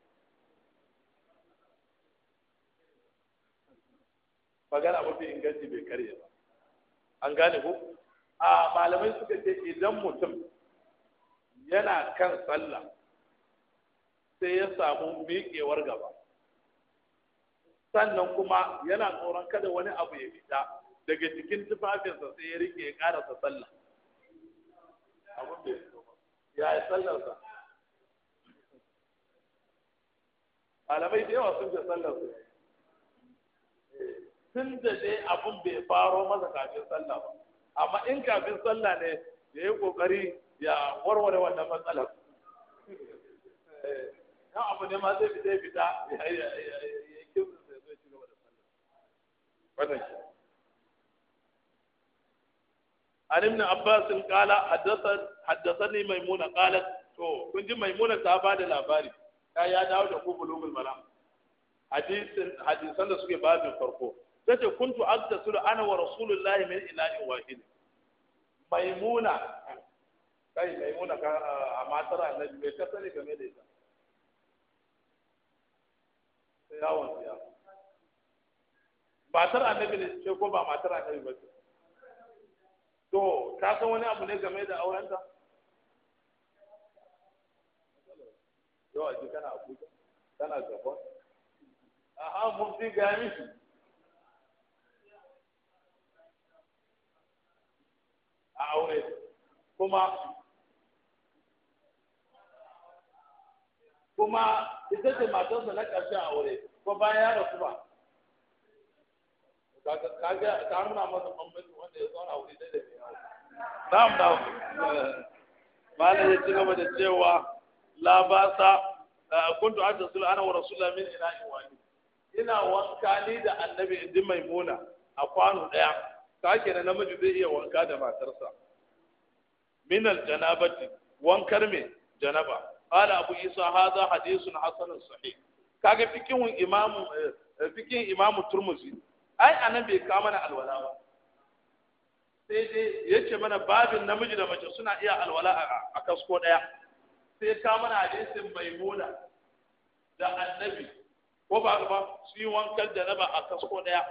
magana mafi inganci bai kare ba an gane ko a malamai suka ce idan mutum yana kan sallah sai ya samu miƙewar gaba sannan kuma yana tsoron kada wani abu ya fita daga cikin tufafinsa sai ya rike ya karasa sallah ya yi sallarsa malamai da yawa sun ce sallarsa tun da dai abun bai faro masa kafin sallah ba amma in kafin sallah ne ya yi kokari ya warware wannan matsalar yan abu ne ma zai fita ya yi kimsa sai zai ci gaba da sallah wannan an ibn abbas qala haddathani maimuna qalat to kun ji maimuna ta ba da labari ta ya dawo da ku bulugul malam hadisin hadisan da suke babin farko tace kuntu aktasilu ana wa rasulullahi min ina'in wahid maimuna kai maimuna ka a matar annabi bai ka sani game da ita sai yawon siya matar annabi ne ce ko ba matar annabi ba ce to ka san wani abu ne game da aurenta yau a kana abuja kana gaba a mufti ga miki a aure kuma kuma ita ce matarsa na ƙarshe a aure ko bayan ya rasu ba kaga ka nuna masa bambanci wanda ya zauna wuri dai da mai na'am na'am eh, malam ya ci gaba da cewa la ba sa eh, kuntu atasul ana wa rasulullah min ina'in wani ina wanka ni da annabi mai maimuna a kwano ɗaya. ta na namiji zai iya wanka da matarsa min aljanabati wankar me janaba qala abu isa haza hadithun hasanun sahih kaga fikin imamu eh, fikin imamu turmuzi ai anan bai kawo mana alwala ba sai dai ya ce mana babin namiji da mace suna iya alwala a kasko ɗaya sai ka mana hadisin maimuna da annabi ko ba ba su yi da janaba a kasko ɗaya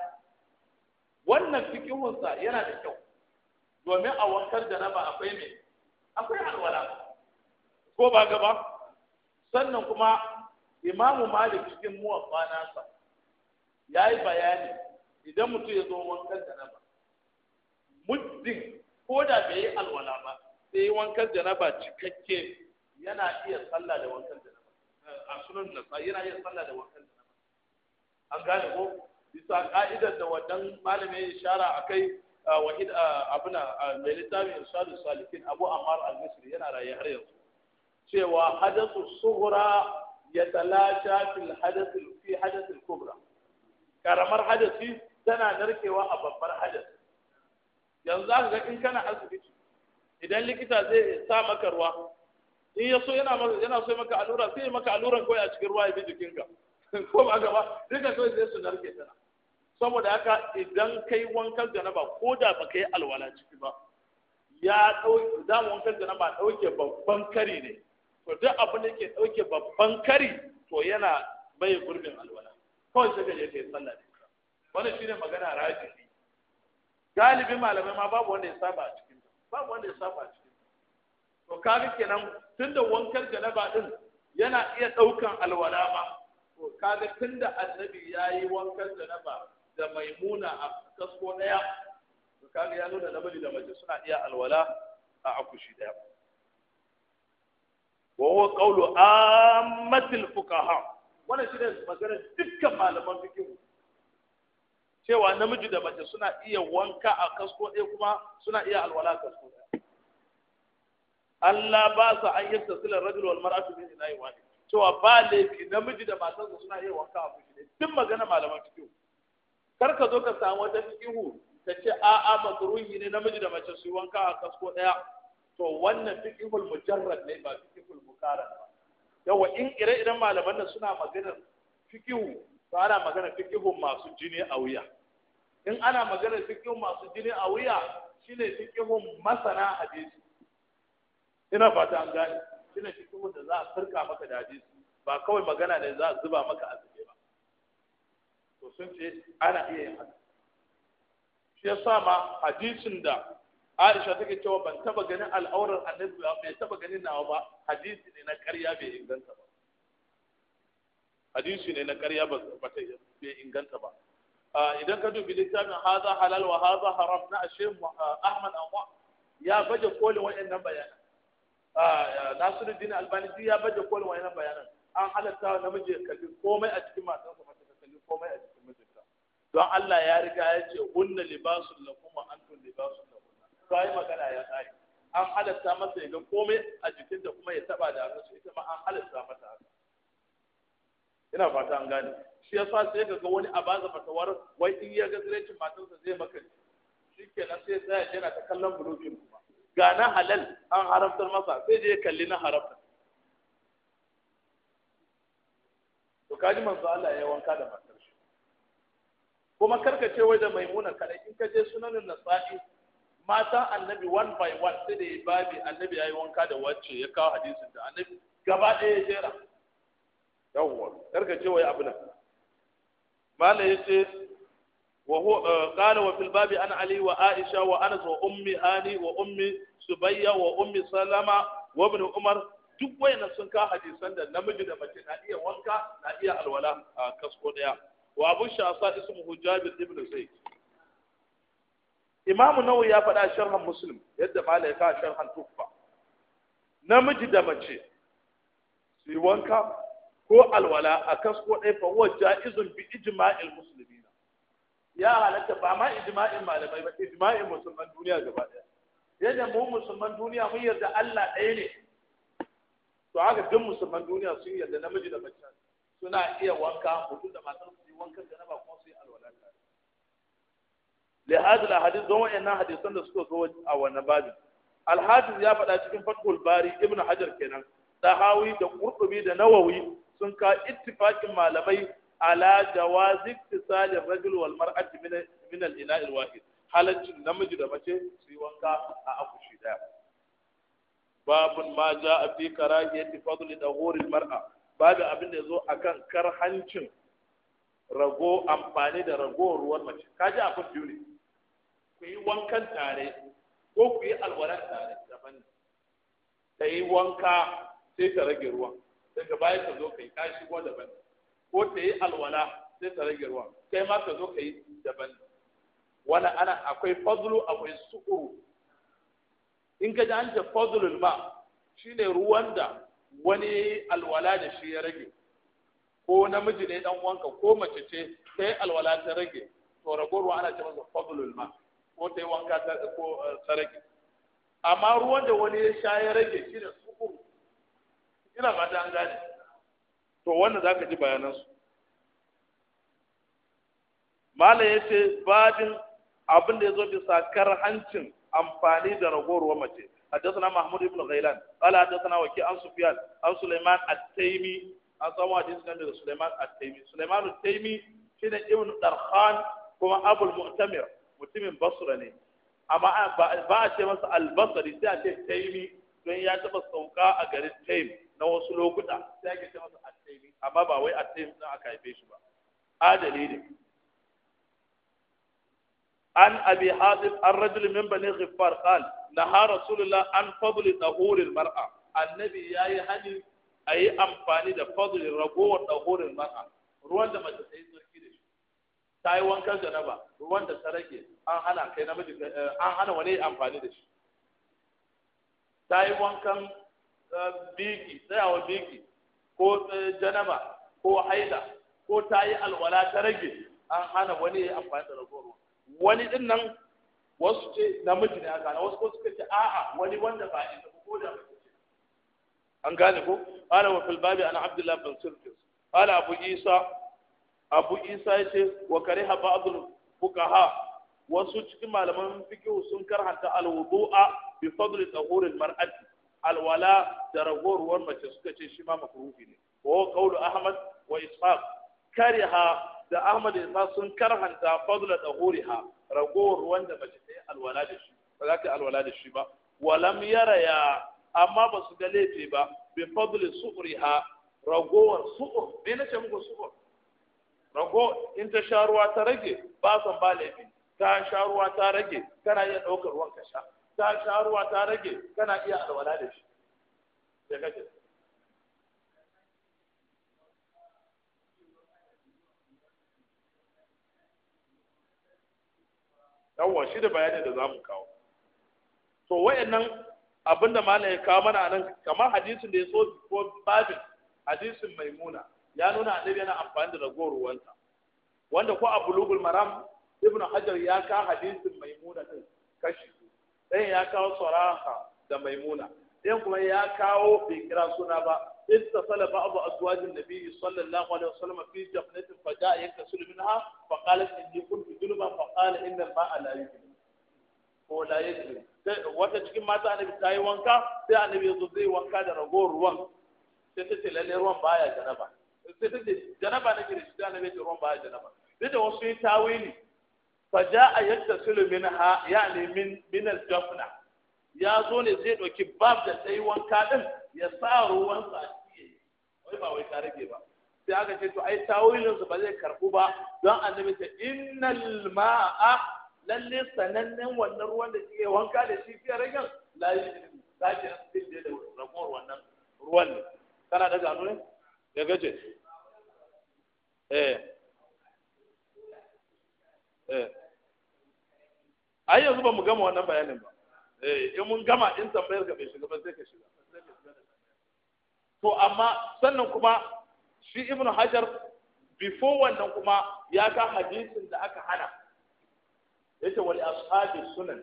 wannan fikihunsa yana da kyau domin a wankan janaba akwai me akwai alwala ko ba gaba sannan kuma imamu malik cikin muwan sa, ya yi bayani idan mutum ya zo wankan janaba muddin ko da bai yi alwala ba sai yi wankan janaba cikakke yana iya sallah da wankan janaba a sunan nasa yana iya sallah da wankan janaba an gane ko bisa ka'idar da wannan malamin ya ishara akai wahid abuna mai littafin irshadu salikin abu ammar al-misri yana raye har yanzu cewa hadathu sughra yatalasha fil hadath fi hadath al-kubra karamar hadasi tana narkewa a babbar hajar yanzu za ga in kana asibiti idan likita zai sa maka ruwa in ya so yana yana so maka allura sai ya maka alluran koya a cikin ruwa ya bi jikinka [laughs] ko ba gaba duka kawai zai su narke tana saboda haka idan kai wankan ba ko da ba kai alwala ciki ba ya dauki za mu wankan ba dauke babban kari ne to duk abin da ke dauke babban kari to yana bai gurbin alwala kawai sai ka je kai sallah ne wannan shine magana rajihi galibin malamai ma babu wanda ya saba a cikin babu wanda ya saba a cikin to kaga kenan tunda wankar janaba din yana iya daukan alwala ma to kaga tunda annabi yayi wankar janaba da maimuna a kasko daya to kaga ya nuna namiji da mace suna iya alwala a akushi daya وهو قول عامة الفقهاء وانا شنو مجرد دكة malaman فيكم cewa namiji da mace suna iya wanka a kasko ɗaya kuma suna iya alwala kasko ɗaya Allah ba su an yasta sila rajul wal mar'atu min ilahi wahid cewa ba laifi namiji da su suna iya wanka a fushi ne duk magana malaman fiqh kar ka zo ka samu wata fiqh ta ce a'a makruhi ne namiji da mace su yi wanka a kasko ɗaya to wannan fiqhul mujarrad ne ba fiqhul mukarrad ba yawa in ire-iren malaman nan suna maganar fiqh to ana magana fiqhun masu jini a wuya in ana magana cikin masu jini a wuya shine cikin masana hadisi ina fata an gane shine cikin da za a firka maka da hadisi ba kawai magana ne za a zuba maka a zube ba to sun ce ana iya yin haka shi sa ma hadisin da Aisha take cewa ban taba ganin al'aurar annabi ba bai taba ganin nawa ba hadisi ne na ƙarya bai inganta ba hadisi ne na ƙarya ba bai inganta ba Ah, idan ka dubi littafin haza halal wa haza haram na ashe ah, ahmad anwa ya baje kolin wayannan bayanan ah, nasiruddin albani ya baje kolin wayannan bayanan an halatta namiji ya kalli komai a cikin matansa mace ta kalli komai a cikin mijinta don Allah ya riga ya ce hunna libasun lakum wa antum libasul lakum to ai magana ya tsari an halatta masa ya ga komai a jikinta kuma ya taba da hannunsa ita ma an halatta mata haka ina fata an gane shi ya sa sai ga wani a baza fatawar wai in ya ga zirancin matarsa zai maka shi kenan sai tsaya yana ta kallon bulogin kuma ga na halal an haramtar masa sai je kalli na haramta to kaji manzo Allah ya wanka da matar shi kuma karka ce wai da maimuna kada in ka je sunanin nasa'i mata annabi one by one sai da ya babi annabi ya yi wanka da wacce ya kawo hadisin da annabi gaba ɗaya ya jera yawwa karka ce wai abu nan mala yace wa huwa eh, qala wa fil babi an ali wa aisha wa anas wa ummi hani wa ummi subayya wa ummi salama wa umar duk wayannan sun ka hadisan da namiji da mace na iya wanka na iya alwala a kasko daya wa abu shasa ismu jabir ibn sai imam nawawi ya faɗa sharhan muslim yadda malai ka sharhan tuffa namiji da mace su yi wanka ko alwala a kasko ɗaya fa Jaizun izun bi ijma'il muslimin ya halatta ba ma ijma'in malamai ba ijma'in musulman duniya gaba ɗaya yadda mu musulman duniya mun yarda Allah ɗaya ne to haka duk musulman duniya sun yarda namiji da mace suna iya wanka mutum da matar su yi wankan da na ba kuma su yi alwala tare لهذا الحديث دون ان حديث da suka zo a wannan babin alhadu ya faɗa cikin fathul bari ibnu hajar kenan hawi da qurtubi da nawawi sun ka ittifakin malamai ala jawaz iktisal ar-rajul wal mar'ati min al-ina' al-wahid halaccin namiji da mace su yi wanka a akushi daya babun ma a fi karahiyati fadli da al-mar'a babu abin da yazo akan karhancin rago amfani da rago ruwan mace kaji abin biyu ne ku yi wankan tare ko ku yi alwaran tare daban ta yi wanka sai ta rage ruwan daga baya ka zo kai ka shigo daban ko ta yi alwala sai ta rage ruwan kai ma ka zo ka yi daban wala ana akwai fadlu akwai su'uru in ka ji an ce fadlul ba shine ruwan da wani alwala da shi ya rage ko namiji ne dan wanka ko mace ce sai alwala ta rage to ruwa ana ce masa fadlul ma ko ta yi wanka ko eh, ta rage amma ruwan da wani ya sha ya rage shine ina ba an gane to wannan za ka ji bayanansu mala ya ce babin abin da ya zo bisa kar hancin amfani da ragowar mace haddasa na mahmud ibn ghailan qala haddasa na waki an sufyan an sulaiman at-taymi an samu hadisi kan da sulaiman at-taymi sulaiman at-taymi shine ibn darhan kuma abul mu'tamir mutumin basra ne amma ba a ce masa al-basri sai a ce taymi don ya taba sauka a garin taymi na wasu lokuta sai ake ce masa attaimi amma ba wai attaimi din aka haife shi ba adali ne an abi hadis an rajul min bani ghiffar qal ha rasulullah an fadli tahuril mar'a annabi yayi hani ayi amfani da fadli ragowar tahuril mar'a ruwan da mace sai sarki da shi ta yi wankan janaba ruwan da ta rage an hana kai namiji eh, an hana wani amfani da shi ta yi wankan biki tsayawa biki ko eh, janaba ko haida ko ta yi alwala ta rage an hana wani ya amfani da ragowar wani din nan wasu ce namiji ne aka na wasu suka ce a'a wani wanda ba ita ko da an gane ko ala wa fil babi ana abdullah bin sirkis ala abu isa abu isa yace wa kariha ba'dul fuqaha wasu cikin malaman fikihu sun karhanta alwudu'a bi fadli tahuril mar'ati alwala da ragowar mace suka ce shi ma makruhi ne Ko kaulu ahmad wa ishaq kariha da ahmad da ishaq sun karhanta fadla da ragowar ruwan da mace ta yi alwala da shi ba za ta alwala da shi ba walam yara ya amma ba su ga laifi ba bi fadli su'riha ragowar su'ur me nace muku su'ur rago in ta sha ruwa ta rage ba san ba laifi ta sha ruwa ta rage kana iya ɗaukar ruwan ka sha ta sha ruwa ta rage kana iya alwala da shi sai kace yawwa shi da bayanin da za mu kawo to wayannan abinda da ya kawo mana nan kamar hadisin da ya so ko babin hadisin maimuna ya nuna annabi yana amfani da ragowar ruwanta wanda ko a maram ibnu hajar ya ka hadisin maimuna din kashi ɗayan ya kawo saraha da maimuna ɗayan kuma ya kawo bai kira suna ba ba abu اتصل بعض ازواج النبي صلى الله عليه وسلم في جفنة فجاء يكتسل kun فقالت اني كنت جنبا فقال ان الماء لا يجري ko la Sai wata cikin mata annabi ta yi wanka sai annabi ya zo zai wanka da ragowar ruwan sai ta ce lalle ruwan baya janaba sai ta ce janaba nake da shi sai annabi ya ce ruwan baya janaba sai da wasu yi tawili a yadda فجاء ya منها يعني من ya zo ne zai ɗauki bab da sai wanka ɗin ya sa ruwan sa A wai ba wai ka rage ba sai aka ce to ai tawilin su ba zai karɓu ba don annabi ce innal ma'a lalle sanannen wannan ruwan da kike wanka da shi fiye ragen la yi da shi da rabuwar wannan ruwan ne kana da gano ne ya gaje eh ai yanzu ba mu gama wannan bayanin ba eh in mun gama in tambayar ka bai shiga ba sai ka shiga to amma sannan kuma shi ibn hajar before wannan kuma ya ka hadisin da aka hana yace wal ashabi sunan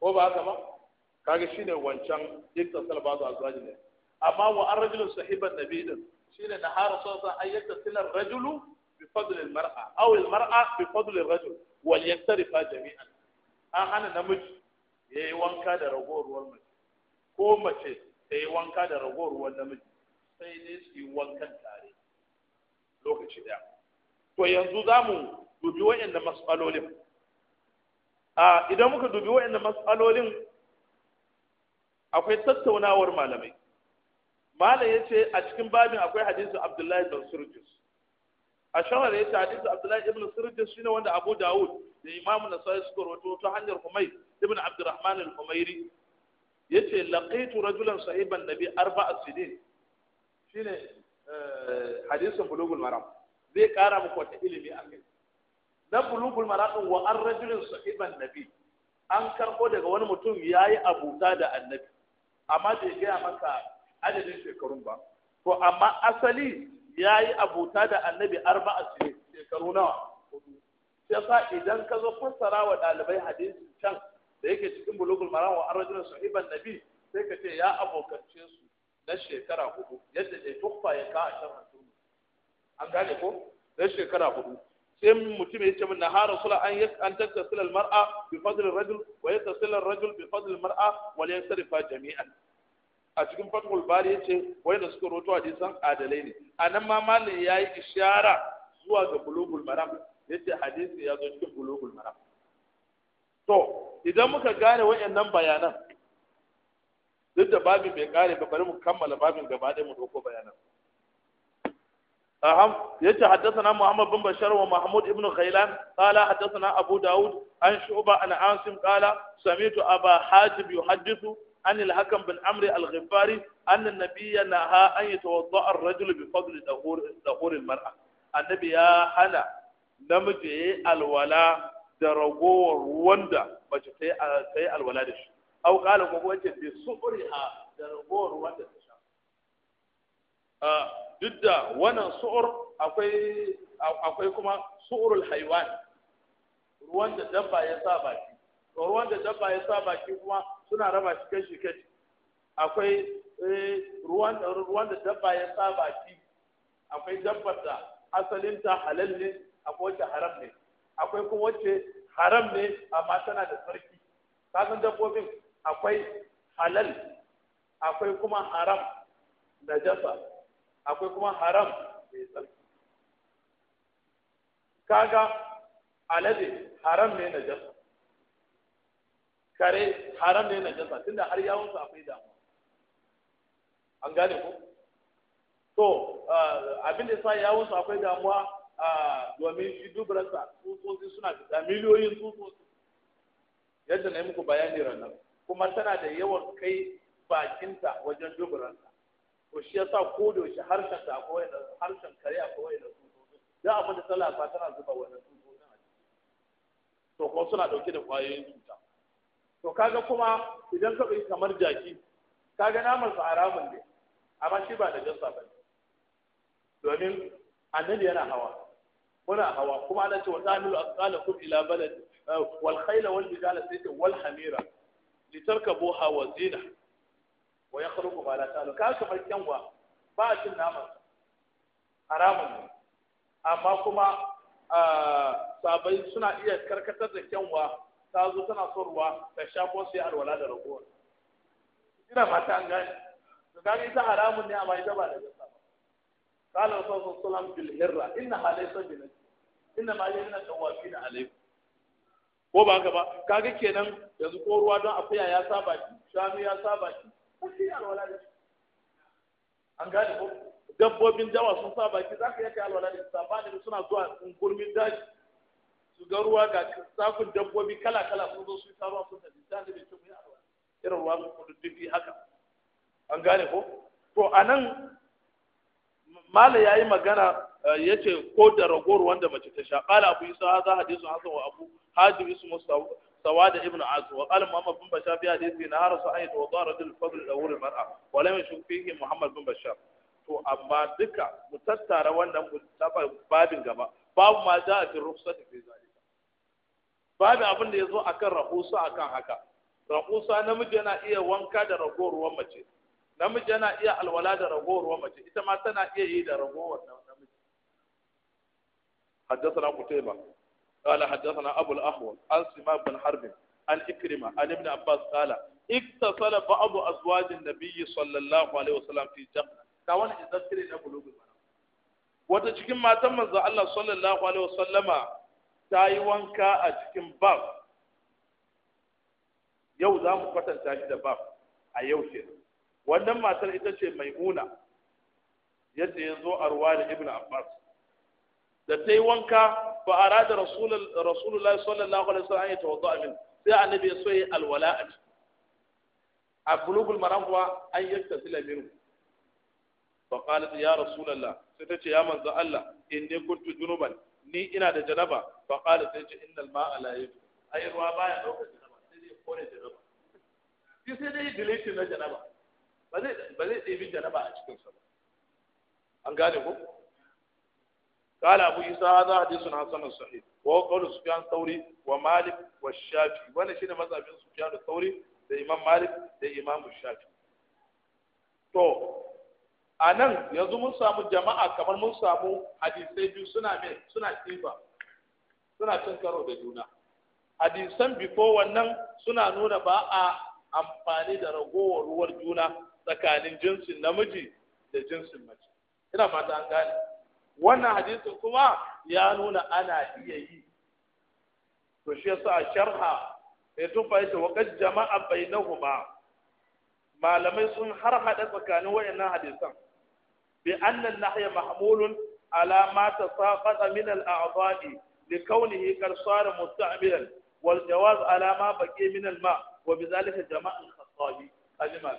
ko ba haka ba shi shine wancan iktasal ba su azwaji ne amma wa arrajulu sahiban nabi din shine na har sosa ayyata silar rajulu بفضل المرأة أو المرأة بفضل الرجل وليقترفا جميعا أنا نمجي ya yi wanka da ragowar mace ko mace ta yi wanka da ragowar namiji sai ne su yi wankan tare lokaci daya to yanzu za mu dubi wa'anda matsalolin a idan muka dubi akwai tattaunawar malamai malam ya ce a cikin babin akwai hadisin abdullahi bin surjus a shawara ya ce hadisi abdullahi ibn sirjin shine wanda abu dawud da imamu na sai suka rawaito ta hanyar humayr ibn abdurrahman al-humayri yace laqitu rajulan sahiban nabi arba'a sidin shine eh, hadisin bulugul maram zai kara muku wata ilimi a kai na bulugul maram wa an rajulin sahiban nabi an karko daga wani mutum ya yi abuta da annabi amma bai gaya maka adadin shekarun ba to amma asali ya yi abuta da annabi arba'a shekaru nawa sai sa idan ka zo fassara wa ɗalibai hadisin can da yake cikin bulugul maram wa arrajul sahiban nabi sai ka ce ya abokance su na shekara hudu yadda ya tuffa ya ka a can mutum an gane ko na shekara hudu sai mutum ya ce min na har rasul an yi an tattasila mar'a bi fadl rajul wa yattasila rajul bi fadl mar'a wa yansarifa jami'an a cikin fatul bari ya yace da suka roto hadisan adalai ne A nan ma malin yi ishara zuwa ga bulugul maram ya ce hadisi ya zo cikin bulugul maram to idan muka gane wayannan bayanan duk da babin bai kare ba bari mu kammala babin gaba ɗaya mu dauko bayanan أهم يجي حدثنا محمد بن بشار ومحمود بن خيلان قال حدثنا أبو داود عن شعبة عن عاصم قال سمعت أبا حاتم يحدث عن الحكم بن عمرو الغفاري أن النبي نهى أن يتوضأ الرجل بفضل ظهور المرأة النبي يا هنا نمجي الولاء درغور وندا مجتي تي الولاء دش أو قال كوكو يجي بسعرها درغور وندا تشا آه جدا وانا سعر akwai akwai kuma su'urul haiwan ruwan da dabba ya sa baki ruwan da dabba ya sa baki kuma suna raba shi kashi kashi akwai eh, ruwan ruwan da dabba ya sa baki akwai dabbar da asalin ta halal ne akwai wacce haram ne akwai kuma wacce haram ne amma tana da sarki kasan dabbobin akwai halal akwai kuma haram da jasa akwai kuma haram mai sarki kaga alade haram ne na jasa kare haram ne najasa tunda har yawon su akwai damuwa an gane ko to abin da sa yawon su akwai damuwa domin shi dubarsa tsutsotsi suna fita miliyoyin tsutsotsi yadda na yi muku bayani ranar kuma tana da yawan kai bakinta wajen dubarsa to shi yasa ko da yaushe harshen ta akwai da harshen kare akwai da tsutsotsi da abin da ta lafa tana zuba wannan tsutsotsin a ciki to kuma suna dauke da kwayoyin cuta to kaga kuma idan ka bi kamar jaki kaga namar sa haramun ne amma shi ba da jassa ba domin annabi yana hawa muna hawa kuma ana cewa asqala asqalakum ila balad eh, wal khayla wal bijala sayta wal hamira tarkabu hawa zina wa yakhruqu ma la ta'lamu kaga kamar kyanwa ba cin namar haramun ne amma kuma ah, sabai suna iya karkatar da kyanwa ta zo tana son ruwa ta sha ko sai alwala da ragowar ina mata an gani to kaga ta haramun ne amma ita ba da gasa ba qala rasulullah sallallahu alaihi wasallam bil hirra innaha laysa bi najis innama hiya min at ko ba haka ba kaga kenan yanzu ko ruwa don akuya ya saba ki shanu ya saba ki ko sai alwala da an gane ko dabbobin dawa sun saba ki zaka yake alwala da sabani suna zuwa gurmin daji su ga ruwa ga safin dabbobi kala kala sun zo su yi taruwa sun tafi ta da bai ce mu yi arwa irin ruwa mu kududdufi haka an gane ko to anan mala yayi magana eh, yace ko da ragowar wanda mace ta sha qala abu isa hadha hadithu hasan wa abu hajib ismu سواد ابن عز وقال محمد بن بشار wa حديثه نهار سعيد da رجل الفضل له المرأة ولم يشك فيه muhammad bin bashar to amma duka mu tattara wannan mu babin gaba babu ma za a fi da fi zai babu abin da ya zo a kan rahusa a kan haka rahusa namiji yana iya wanka da ragowar mace namiji yana iya alwala da ragowar mace ita ma tana iya yi da ragowar namiji haddathana qutayba قال حدثنا ابو الاحول عن سماء بن حرب عن اكرمه عن ابن عباس قال اتصل بعض ازواج النبي صلى الله عليه وسلم في جقنا كان اذكر ابو لوب وتجكم ما تم Allah Sallallahu الله wa sallama. ta yi wanka a cikin bab yau za mu kwatanta shi da bab a yau ce wannan matar ita ce maimuna yadda ya zo a ruwa da ibn abbas da ta yi wanka ba a rada rasulullahi sallallahu alaihi wasallam ya tawadda amin sai annabi ya soye yi alwala a ciki a bulugul maram kuwa an yi sila minu fa qalat ya rasulullah sai ta ce ya manzo Allah inni kuntu junuban ni ina da janaba fa qala sai ce innal ma'a la yabu ai ruwa baya dauka janaba sai dai kore janaba shi sai dai dilete na janaba ba zai ba zai dibi janaba a cikin sa an gane ko Kala abu isa hadha hadithun hasan sahih wa qawlu sufyan thawri wa malik wa shafi wa ne shine mazhabin sufyan thawri da imam malik da imam shafi to a nan yanzu mun samu jama'a kamar mun samu hadisai biyu suna mai suna kifa suna cin karo da juna hadisan bifo wannan suna nuna ba a amfani da ragowar ruwar juna tsakanin jinsin namiji da jinsin mace ina fata an gane wannan hadisin kuma ya nuna ana iya yi to shi yasa a sharha ya tufa ya wa jama'a bainahuma malamai sun har haɗa tsakanin wayannan hadisan bi anna an-nahya mahmulun ala ma tasaqata min al-a'dha'i لكونه قد صار مستعملا والجواز على ما بقي من الماء وبذلك جماع الخطابي أجمل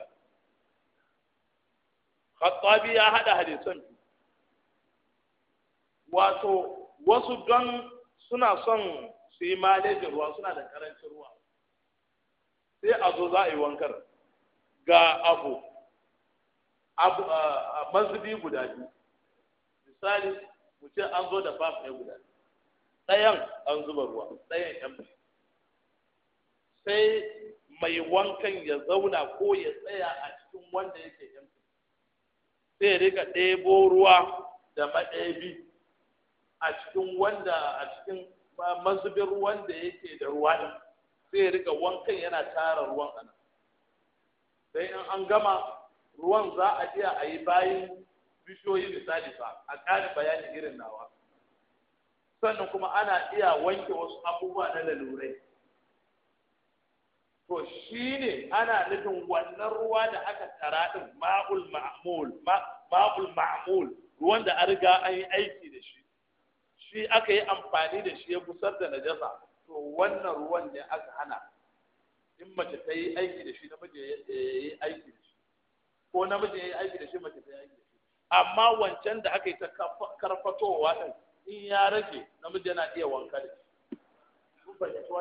خطابي يا هذا حديث wato wasu don suna son su yi malejin ruwa suna da ƙarancin ruwa sai a zo za a yi wankar ga abu mazubi guda biyu misali mutum an zo da fafi ne guda biyu ɗayan an zuba ruwa ɗayan yan sai mai wankan ya zauna ko ya tsaya a cikin wanda yake yan sai ya rika ɗebo ruwa da maɗebi a cikin wanda a cikin mazubin ruwan da yake da ruwa ɗin sai ya rika wankan yana tara ruwan ana sai in an gama ruwan za a iya a yi bayan bishiyoyi misali ba a ƙari bayani irin nawa sannan kuma ana iya wanke wasu abubuwa na lalurai to shi ne ana nufin wannan ruwa da aka tara ɗin ma'ul ma'amul ma'amul ruwan da an riga an yi aiki da shi shi aka yi amfani da shi ya busar da najasa to wannan ruwan ne aka hana in mace ta yi aiki da shi namiji ya yi aiki da ko namiji ya yi aiki da shi mace ta yi aiki da shi amma wancan da aka yi ta karfatowa ɗin in ya rage namiji yana iya wanka da shi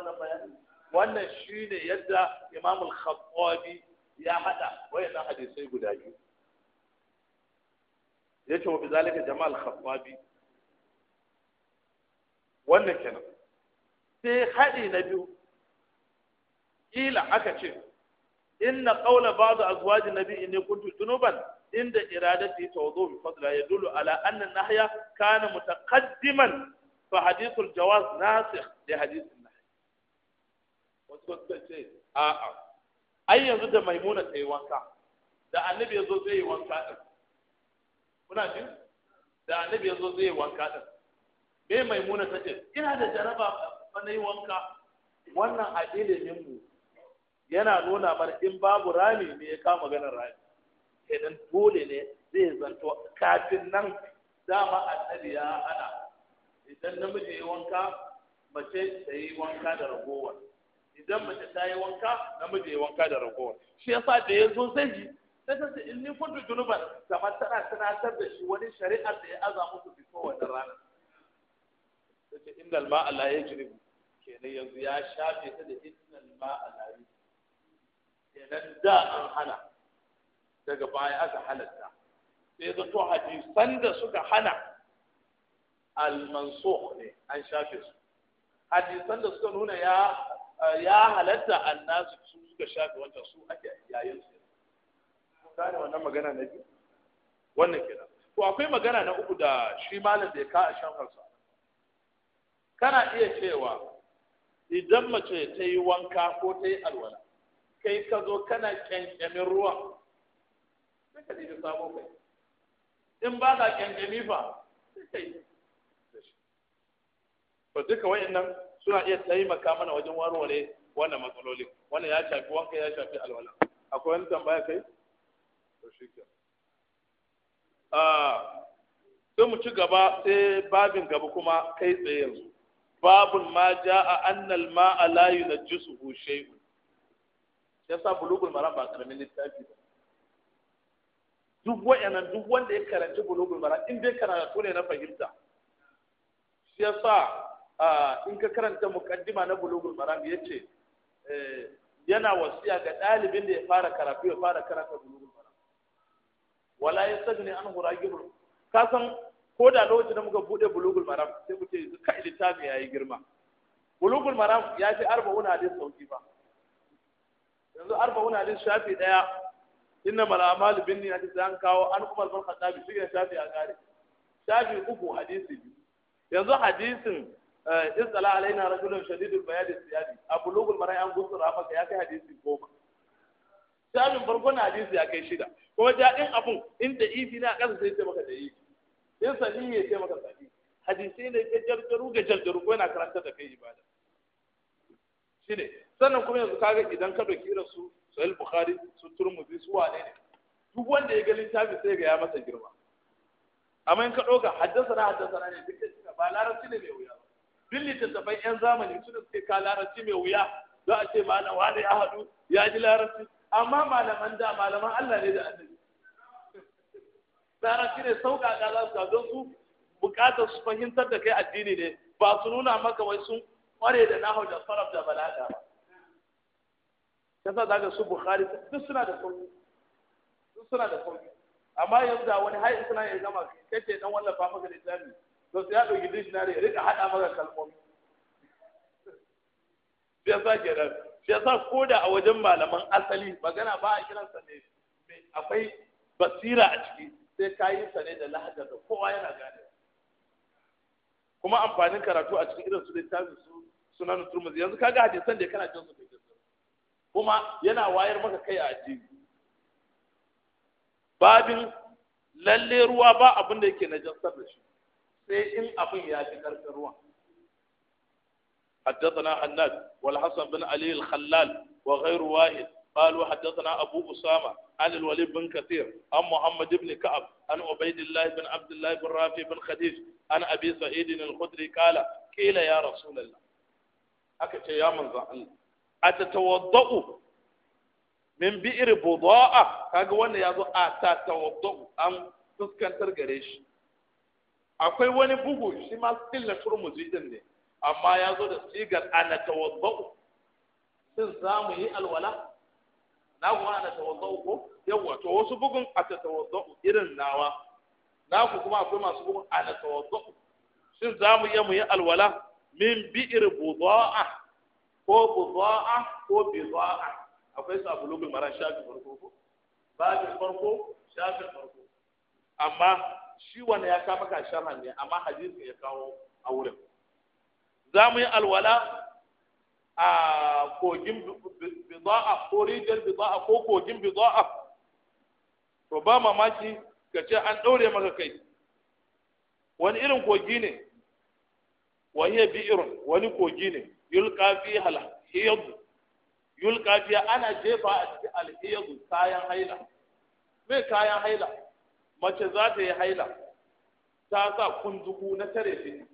wannan shi ne yadda imamul khattabi ya haɗa wayannan hadisai guda biyu ya ce wa bi zalika jama'al khattabi wannan kenan sai haɗi na biyu ƙila aka ce inna qawla ba'd azwaj nabi inni kuntu junuban inda iradati tawdu bi fadla yadullu ala anna nahya kana mutaqaddiman fa hadith al-jawaz nasikh li hadith an-nahy wasu suka ce a a ai yanzu da maimuna ta yi wanka da annabi yazo zai yi wanka din kuna ji da annabi yazo zai yi wanka din me maimuna ta ce ina da jaraba fa nayi wanka wannan a ilimin mu yana nuna mana in babu rami me ya kama ganin rami idan dole ne zai zanto kafin nan dama annabi ya ana idan namiji ya wanka mace ta yi wanka da ragowar idan mace ta yi wanka namiji ya wanka da ragowar shi ya sa da ya zo zai shi sai ta ce in ni kuntu junuban kamar tana tunatar da shi wani shari'ar da ya aza musu fito wannan rana. ta ce innal ma'a ya yajribu kenan yanzu ya shafe ta da inda ma'ala la yajribu kenan da an hana daga baya aka halatta sai ga to hadisan da suka hana al-mansukh ne an shafe su hadisan da suka nuna ya ya halatta annasu su suka shafe wanda su ake yayin su gane wannan magana na biyu wannan kenan to akwai magana na uku da shi malam da ya ka a sa kana iya cewa idan mace ta yi wanka ko ta yi alwala kai ka zo kana kyankyamin ruwa. sai ka ɗibi sabo kai in ba ka kyankyami fa sai ka yi to duka wayannan suna iya taimaka mana wajen warware wannan matsaloli wannan ya shafi wanka ya shafi alwala akwai wani tambaya kai to shi ke ah, sai mu ci gaba sai babin gaba kuma kai tsaye yanzu babun ma ja'a annal ma'a la yunajjisuhu shay'un ya sa bulugul maram ba karamin littafi ba duk wayannan duk wanda ya karanci bulugul maram in bai karanta ko ne na fahimta shi ya sa in ka karanta mukaddima na bulugul maram ya ce eh, yana wasiya ga ɗalibin da ya fara karatu ya fara karanta bulugul maram wala ya ne an huragibul ka san ko da lokacin da muka bude bulugul maram sai mu ce kai littafi yayi girma bulugul maram ya fi arba'un hadis sauki ba yanzu arba'una hadis shafi daya inna mal a'malu binniyati an kawo an umar ban khattabi shi ne shafi a gare shafi uku hadisi yanzu hadisin eh, isala alaina rajulun shadidul bayad siyadi a bulugul marai an gusura maka ya kai hadisi goma shafin farkon hadisi ya kai shida kuma din abun in da ifi na kasa sai sai maka da ifi in sahihi ya sai maka sahihi hadisi ne ke jarjaru ga jarjaru ko yana karanta da kai ibada shine sannan kuma yanzu kaga idan ka dauki irin su sahih bukhari su turmuzi su wane ne duk wanda ya ga littafi sai ga ya masa girma amma in ka doka haddasa na haddasa na ne duk da suka ba larabci ne mai wuya ba duk littattafan yan zamani suna suke ka larabci mai wuya za a ce malam wani ya haɗu ya ji larabci amma malaman da malaman Allah ne da annabi larabci ne sauƙaƙa za su don su buƙatar su fahimtar da kai addini ne ba su nuna maka wai sun kware da nahu da sarraf da balaga ba yasa za ka su bukhari duk suna da sauki duk suna da sauki amma yanzu da wani hayi suna ya gama kace dan wallafa maka da jami to sai ya dauki dictionary ya rika hada maka kalmomi shi yasa da? shi yasa koda a wajen malaman asali magana ba a kiransa ne akwai basira a ciki sai ka yi sa ne da lahajar da kowa yana gane kuma amfanin karatu a cikin irin su littafin su sunan turmuzi yanzu kaga hadisan da kana jin su kuma yana wayar maka kai a addini babin lalle ruwa ba abin da yake najasar da shi sai in abin ya fi karfin ruwan حدثنا حناد والحسن بن علي الخلال وغير واحد قالوا حدثنا أبو أسامة عن الوليد بن كثير عن محمد بن كعب عن عبيد الله بن عبد الله بن رافع بن خديج عن أبي سعيد الخدري قال قيل يا رسول الله أكت يا من الله atatawadda'u min bi'r buda'a kaga wannan yazo atatawadda'u an fuskantar gare shi akwai wani bugu shi ma still na turmuzi din ne amma ya zo da sigar ana tawadda'u sun za mu yi alwala na kuma ana ko yawa to wasu bugun a irin nawa na ku kuma akwai masu bugun ana tawadda'u sun za mu yi mu yi alwala min bi'r buda'a ko buda'a ko bida'a akwai su a mara shafi farko ko babin farko Shafi farko amma shi wanda ya kama ka sharhan ne amma hadisi ya kawo a wurin za mu yi alwala a kogin bida'a ko rijiyar bida'a ko kogin bida'a to ba mamaki ka ce an ɗaure maka kai wani irin kogi ne wani ya bi irin wani kogi ne Yulka fiha al-hiyad fiha ana jefa a cikin al kayan haila me kayan haila mace za ta yi haila ta sa kunduku na tare fiti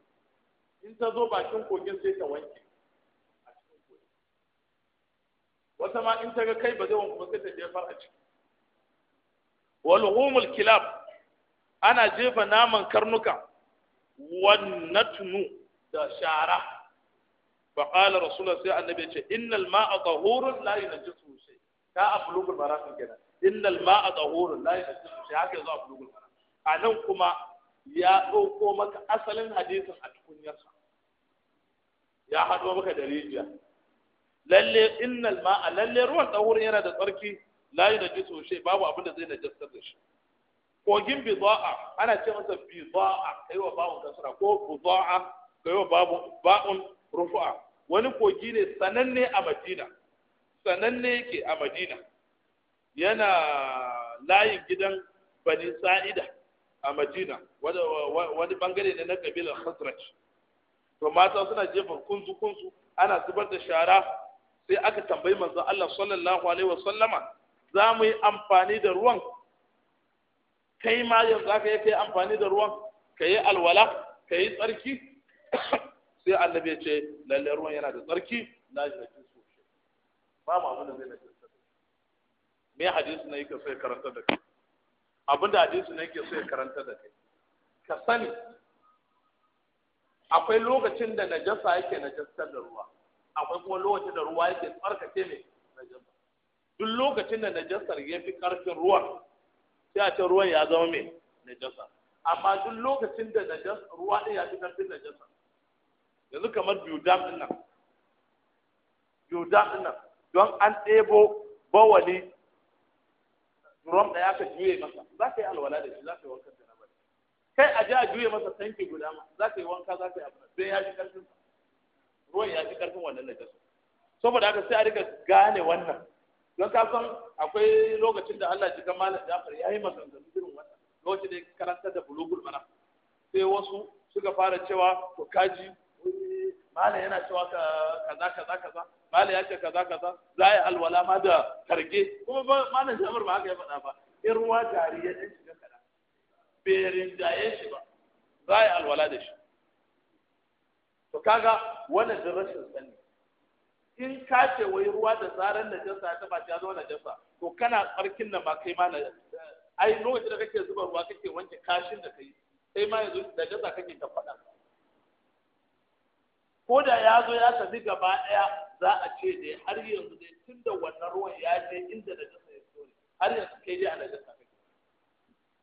in ta zo bakin kogin sai ta wanke wata ma in ta ga kai ba zai wanke ba sai ta jefar a ciki walhumul kilab ana jefa naman karnuka wannatnu da shara fa qala sai annabi ce innal ma'a tahurun la yunjisu shay ka aflugul maratin kenan innal ma'a tahurun la yunjisu shay haka yanzu aflugul a nan kuma ya dauko maka asalin hadisin a tukunyarsa ya haɗo maka da rijiya lalle innal ma'a lalle ruwan tahurin yana da tsarki la yunjisu shay babu abin da zai najasta da shi kogin bida'a ana ce masa bida'a kai wa babu kasra ko bida'a kai wa ba'un rufu'a wani kogi ne sananne a madina sananne yake a madina yana layin gidan bani sa'ida a madina wani bangare ne na kabilar khazraj to mata suna jefa kunzu kunzu ana zubar da shara sai aka tambayi manzon Allah sallallahu alaihi sallama za mu yi amfani da ruwan kai ma yanzu aka yi amfani da ruwan ka yi alwala ka yi tsarki sai Allah ya ce lalle ruwan yana da tsarki la so su ba mu abin da zai na najasa me hadisi ne yake so ya karanta da kai abin da hadisi ne yake so ya karanta da kai ka sani akwai lokacin da najasa yake najasar da ruwa akwai kuma lokacin da ruwa yake tsarkake ne najasa duk lokacin da najasar ya fi karfin ruwan sai a ce ruwan ya zama mai najasa amma duk lokacin da ruwa ɗin ya fi karfin najasa yanzu kamar biyudam din nan biyudam din nan don an ɗebo bawali rom da ya ka juye masa za ka yi alwala da shi za ka yi wankan da na bari kai a ji a juye masa tanki guda ma za ka yi wanka za ka yi abu sai ya ji karfin ruwan ya ji karfin wannan da jasu saboda haka sai a rika gane wannan don ka san akwai lokacin da Allah ji malam Jafar ya yi maganganu irin wannan lokacin da ya karanta da bulugul mana sai wasu suka fara cewa to kaji malam yana cewa kaza kaza kaza malam ya ce kaza kaza za a yi alwala ma da karge kuma ba malam jami'ar ba haka ya faɗa ba in ruwa jari ya ɗan shiga kaɗan bai rinjaye shi ba za a yi alwala da shi to kaga wannan da rashin sani in ka ce wai ruwa da tsaran najasa ya ba ta zama najasa to kana tsarkin nan ba kai ma na ai lokacin da kake zuba ruwa kake wanke kashin da kai sai ma yanzu najasa kake ta faɗa ko da ya zo ya tafi gaba ɗaya za a ce dai har yanzu dai tun da wannan ruwan ya je inda da jasa ya so har yanzu kai dai ana jasa kake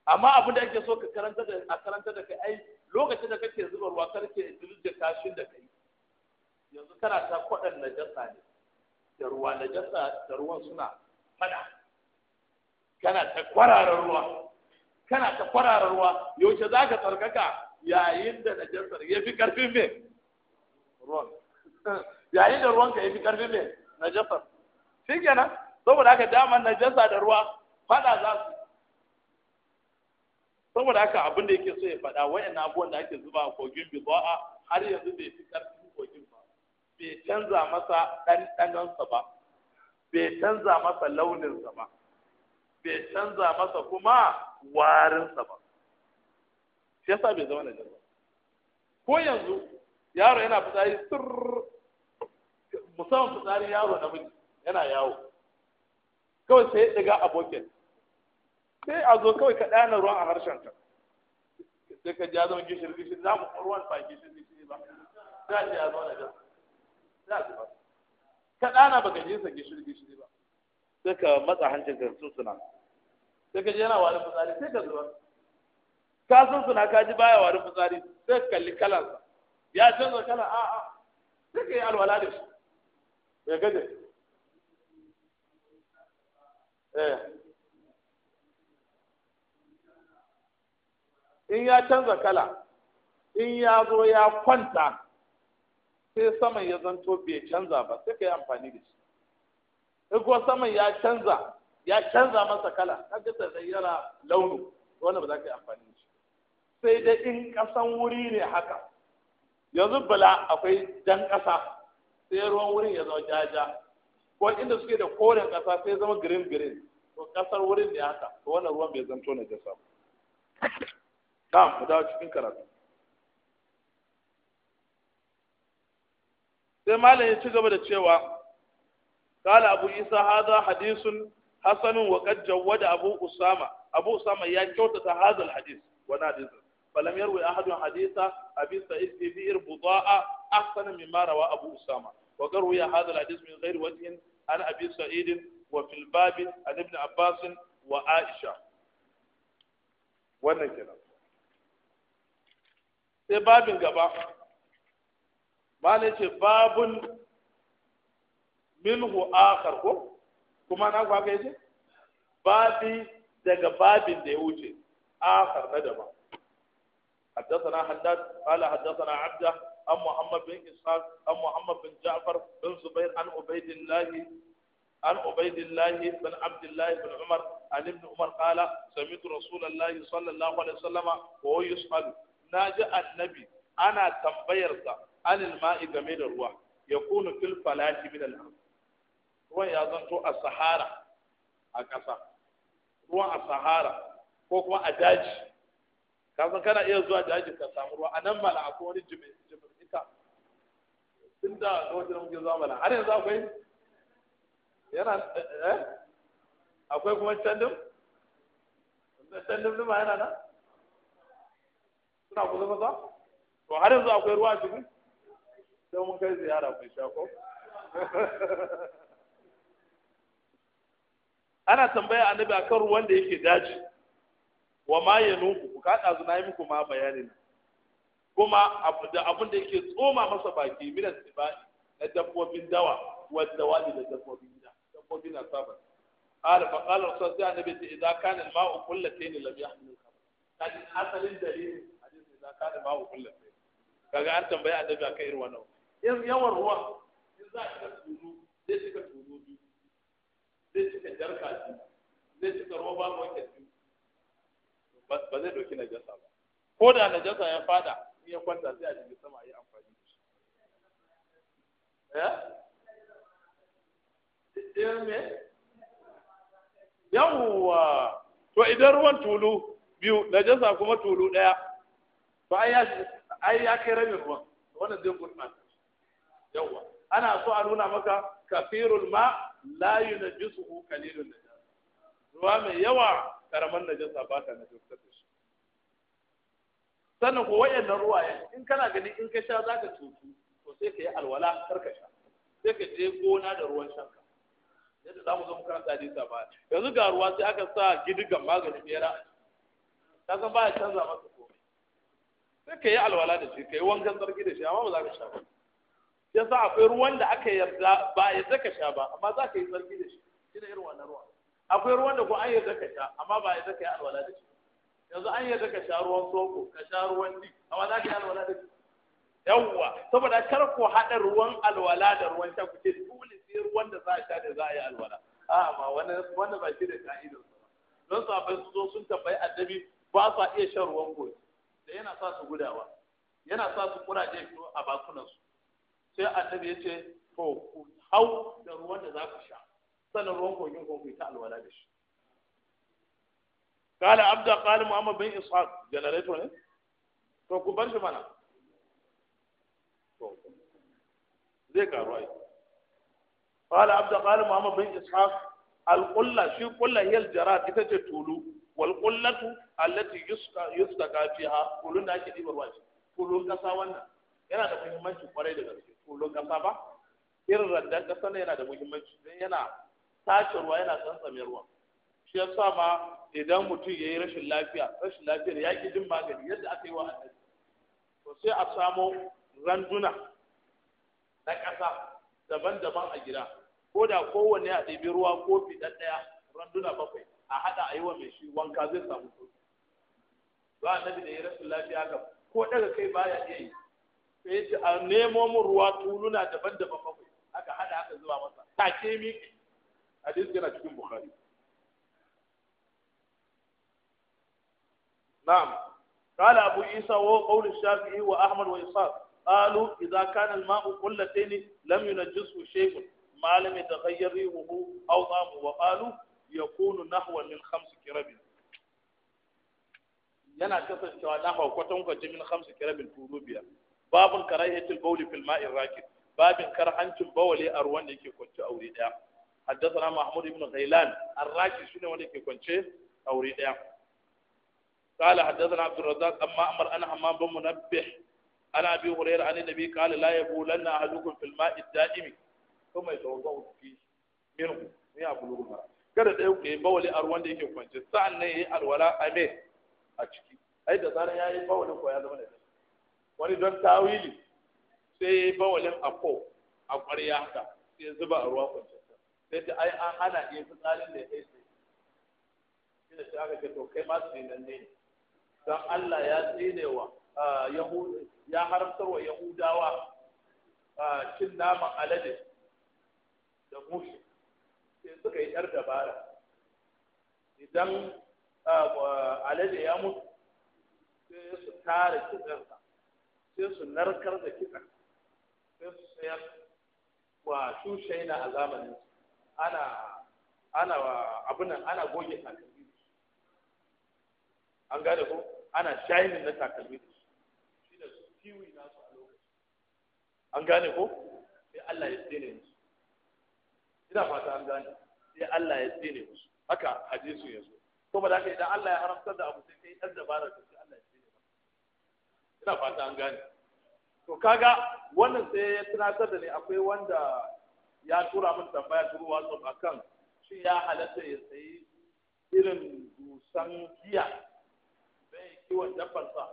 amma abin da ake so ka karanta da a karanta da kai ai lokacin da kake zuba ruwa karke da kashin da kai yanzu kana ta kwaɗan jasa ne da ruwa na jasa da ruwan suna fada kana ta kwarara ruwa kana ta kwarara ruwa yaushe za ka tsarkaka yayin da jasar ya fi ƙarfin mai ruwan [laughs] yayin da ruwanka ya fi karfi mai najasar shi kenan saboda haka daman najasa da ruwa fada za su saboda haka abin da yake so ya faɗa wayannan abubuwan da ake zuba a kogin bida'a har yanzu bai fi karfin kogin ba bai canza masa ɗanɗanonsa ba bai canza masa launinsa ba bai canza masa kuma warinsa ba shi yasa bai zama najasa ko yanzu yaro yana fitsari sir musamman fitsari yaro na miji yana yawo kawai sai ya ɗiga abokin sai a zo kawai ka ɗana ruwan a harshen ka sai ka ja zama gishiri gishiri za mu ruwan ba gishiri gishiri ba za ji ya zo na ja ji ba ka ɗana ba ka ji sa gishiri gishiri ba sai ka matsa hancin ka sunsuna sai ka ji yana warin fitsari sai ka zuwa ka sunsuna ka ji baya warin fitsari sai ka kalli kalansa ya canza kana a a sai yi alwala da shi ya gaje eh in ya canza kala in ya zo ya kwanta sai saman ya zanto bai canza ba sai yi amfani da shi in ko saman ya canza ya canza masa kala kaga ta zayyara launu wanda ba za ka yi amfani da shi sai dai in kasan wuri ne haka yanzu bala akwai dan ƙasa sai ruwan wurin ya zama jaja ko inda suke da koren ƙasa sai zama green green to ƙasar wurin ne haka to wannan ruwan bai zanto na jasa ba na mu dawo cikin karatu sai malam ya ci gaba da cewa kala abu isa hada hadisun hasanun wa qad jawwada abu usama abu usama ya kyautata hadal hadis wannan hadisin فلم يروي أحد حديث أبي سعيد في بئر بضاعة أحسن مما روى أبو أسامة وقد روي هذا الحديث من غير وجه عن أبي سعيد وفي الباب عن ابن عباس وعائشة wannan kenan sai babin gaba malai ce babun minhu akhar ko kuma na ku haka yace babi daga babin da ya wuce akhar na daban حدثنا حداد قال حدثنا عبده عن محمد بن اسحاق عن محمد بن جعفر بن زبير عن عبيد الله عن عبيد الله بن عبد الله بن عمر عن ابن عمر قال سمعت رسول الله صلى الله عليه وسلم وهو يسأل ناجى النبي أنا تنبيرك عن الماء جميل الروح يكون في الفلاح من الأرض ruwan ya zanto a sahara a ƙasa ruwan a sahara ko kuma a daji kafin kana iya zuwa jajin ka samu ruwa a nan mala akwai wani jimika tun da lokacin da muke zuwa mala har yanzu akwai yana eh, eh? akwai kuma candim tandem ɗin ma yana nan suna kusa kusa to har yanzu akwai ruwa a cikin sai mun kai ziyara mai shako [laughs] ana tambaya annabi akan ruwan da yake daji wa ma nuku ku ka dazu na yi muku ma bayanin kuma da abin da yake tsoma masa baki minan sibai na dabbobin dawa wadda wani da dabbobin gida dabbobin na saba قال فقال الرسول ta الله عليه وسلم إذا كان الماء قلتين لم يحمل الخبر لكن أصل الدليل حديث إذا كان الماء قلتين kaga an tambaya annabi akan irin wannan in yawan ruwa in za ka tsuru zai cika tsuru biyu zai jarka biyu zai roba wanke ba zai dauki najasa ba ko da najasa ya fada in ya kwanta sai a jiki sama a yi amfani da shi eh? Eh, yawwa to idan ruwan tulu biyu najasa kuma tulu ɗaya to ai ya kai rabin ruwan wannan zai gurɓata yawwa ana so a nuna maka kafirul ma la yunajjisuhu qalilun najasa ruwa mai yawa karamar najasa ba ta najasar da shi sannan ko ruwa ruwaye in kana gani in ka sha za ka cutu to sai ka yi alwala kar ka sha sai ka je gona da ruwan shanka yadda za mu zo muka karanta hadisa ba yanzu ga ruwa sai aka sa gidigan maganin bera a ka san ba ya canza masa komai sai ka yi alwala da shi ka yi wankan sarki da shi amma ba za ka sha ba yasa akwai ruwan da aka yarda ba ya ka sha ba amma za ka yi sarki da shi shi ne irin wannan ruwa akwai ruwan da ko an yi ka sha amma ba yarda ka yi alwala da shi yanzu an yi ka sha ruwan soko ka sha ruwan ji amma za ka yi alwala da shi yawwa saboda kar ku haɗa ruwan alwala da ruwan sha kuke dole sai ruwan da za a sha da za a yi alwala a'a amma wanda ba shi da ka'idar don sabai su zo sun tambayi annabi ba sa iya shan ruwan goyi da yana sa su gudawa yana sa su kuraje a bakunansu sai annabi ya ce to ku hau da ruwan da za ku sha sannan ruwan kogin kuma ku ta alwala da shi kala abda kala muhammad bin ishaq generator ne to ku bar shi mana to zai karu ai قال ابدا قال محمد بن اسحاق القله shi قله yal jara ita ce tulu wal qullatu allati yusqa fiha kulun da ake dibar wani kulun kasa wannan yana da muhimmanci kwarai da gaske kulun kasa ba irin raddan kasa ne yana da muhimmanci don yana tace ruwa yana tsantsame ruwa. shi ya sa ma idan mutum ya yi rashin lafiya rashin lafiyar ya ƙi jin magani yadda aka yi wa annabi to sai a samo randuna na ƙasa daban-daban a gida ko da kowanne a ɗibi ruwa kofi ɗan ɗaya randuna bakwai a haɗa a yi wa mai shi wanka zai samu sauki ba annabi da ya yi rashin lafiya ga ko daga kai baya iya yi sai ya ce a nemo min ruwa tuluna daban-daban bakwai aka haɗa aka zuba masa take miƙe hadisi yana cikin bukari na'am kala abu isa wa kaulin shafi'i wa ahmad wa isa alu idan kanan ma'u kulla taini lamu na jisu shekun malami da hayyari hu hau tsamu ya kunu nahuwa min hamsu yana kasancewa nahuwa kwatan kwacin min hamsu kirabin kurubiya babin karai hatin bauli filma'in rakin babin kar hancin bawale a ruwan da yake kwanci aure ɗaya حدثنا محمود بن غيلان الراجي شنو wanda ke kwance a wuri daya قال حدثنا عبد الرزاق اما امر انا حمام بن منبه انا ابي هريره عن النبي قال لا يبولن احدكم في الماء الدائم ثم يتوضا فيه منه يا بلوغ المرأة kada da yau yi bawali a ruwan da yake kwance sa'an nan yi alwala a me a ciki ai da ya yi bawalin ko ya zama da wani don tawili sai ya yi bawalin a ko a ƙwarya sai zuba a ruwa kwance sai ta ai an hana iya tsarin da ya kai sai shi da shi aka ce to kai ma su ne don Allah ya tsinewa ya haramtar wa yahudawa cin naman alade da mushi sai suka yi yar dabara idan alade ya mutu sai su tare kitsansa sai su narkar da kitsan sai su sayar wa shushaina a zamaninsu ana ana abin nan ana goge takalmi an gane ko ana shining na takalmi shi da su kiwi na su a lokaci an gane ko sai Allah ya tsine musu ina fata an gane sai Allah ya tsine musu haka hadisi ko ba saboda haka idan Allah ya haramtar da abu sai kai dan dabara ka sai Allah ya tsine maka ina fata an gane to kaga wannan sai ya tunatar da ni akwai wanda ya tura min tambaya turu wasu kan shi ya halatta ya sayi irin dusan giya bai kiwon dabbarsa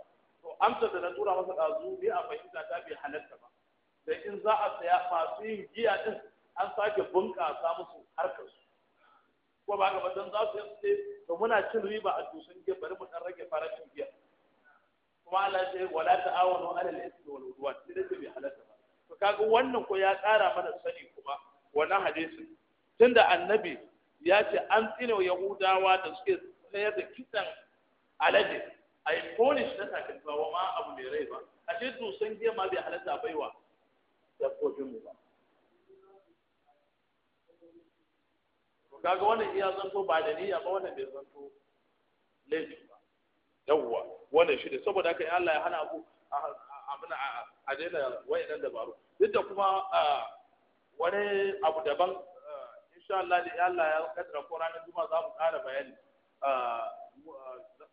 to amsa da na tura masa ɗazu ne a fahimta ta bai halatta ba sai in za a saya masu yin giya din an sake bunƙasa musu harkar su ko ba gaba don za su yi sai to muna cin riba a dusan giya bari mu ɗan rage farashin giya kuma ala sai wala ta alal ismi wal udwan sai dai bai halatta ba kaga wannan ko ya ƙara mana sani kuma wannan hadisin tunda annabi ya ce an tsina yahudawa da suke tsayar da kitan alade a yi polish na takalma wa ma abu mai rai ba a ce dusan giya ma bai halatta baiwa dabbobin mu ba kaga wannan iya zanto ba da niyya ba wannan bai zanto laifin ba yawwa wannan shi ne saboda haka Allah ya hana abu abin a daina wayannan dabaru duk da kuma wani abu daban insha Allah da Allah ya kaddara ko ranar juma za mu ƙara bayani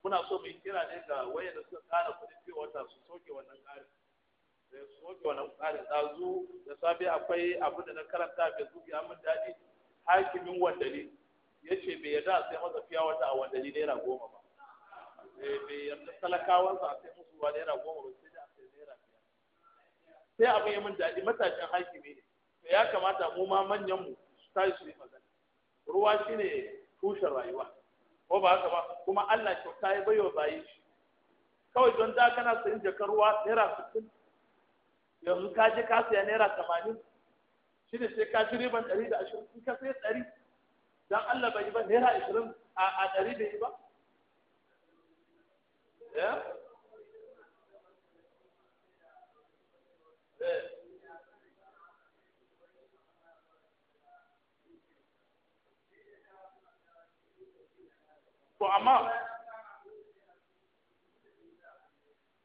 muna so mu kira ne ga da suka ƙara kuɗi fiye wata su soke wannan ƙarin su soke wannan ƙarin ɗazu da safe akwai abin da na karanta bai ya amin daɗi hakimin wandali ya ce bai yarda sai masa fiya wata a wandali naira goma ba eh, bai yarda talakawansa a sai musu ruwa naira goma ba sai abin ya min daɗi matashin hakimi ne to ya kamata mu ma manyan mu su tashi su yi magana ruwa shine tushen rayuwa ko ba haka ba kuma Allah kyauta ya bayo bayi shi kawai don da kana sayin jakar ruwa naira sittin yanzu ka je ka saya naira tamanin shi ne sai ka ji riban ɗari da ashirin in ka saya ɗari don Allah bai yi ba naira ashirin a ɗari bai yi ba eh? to amma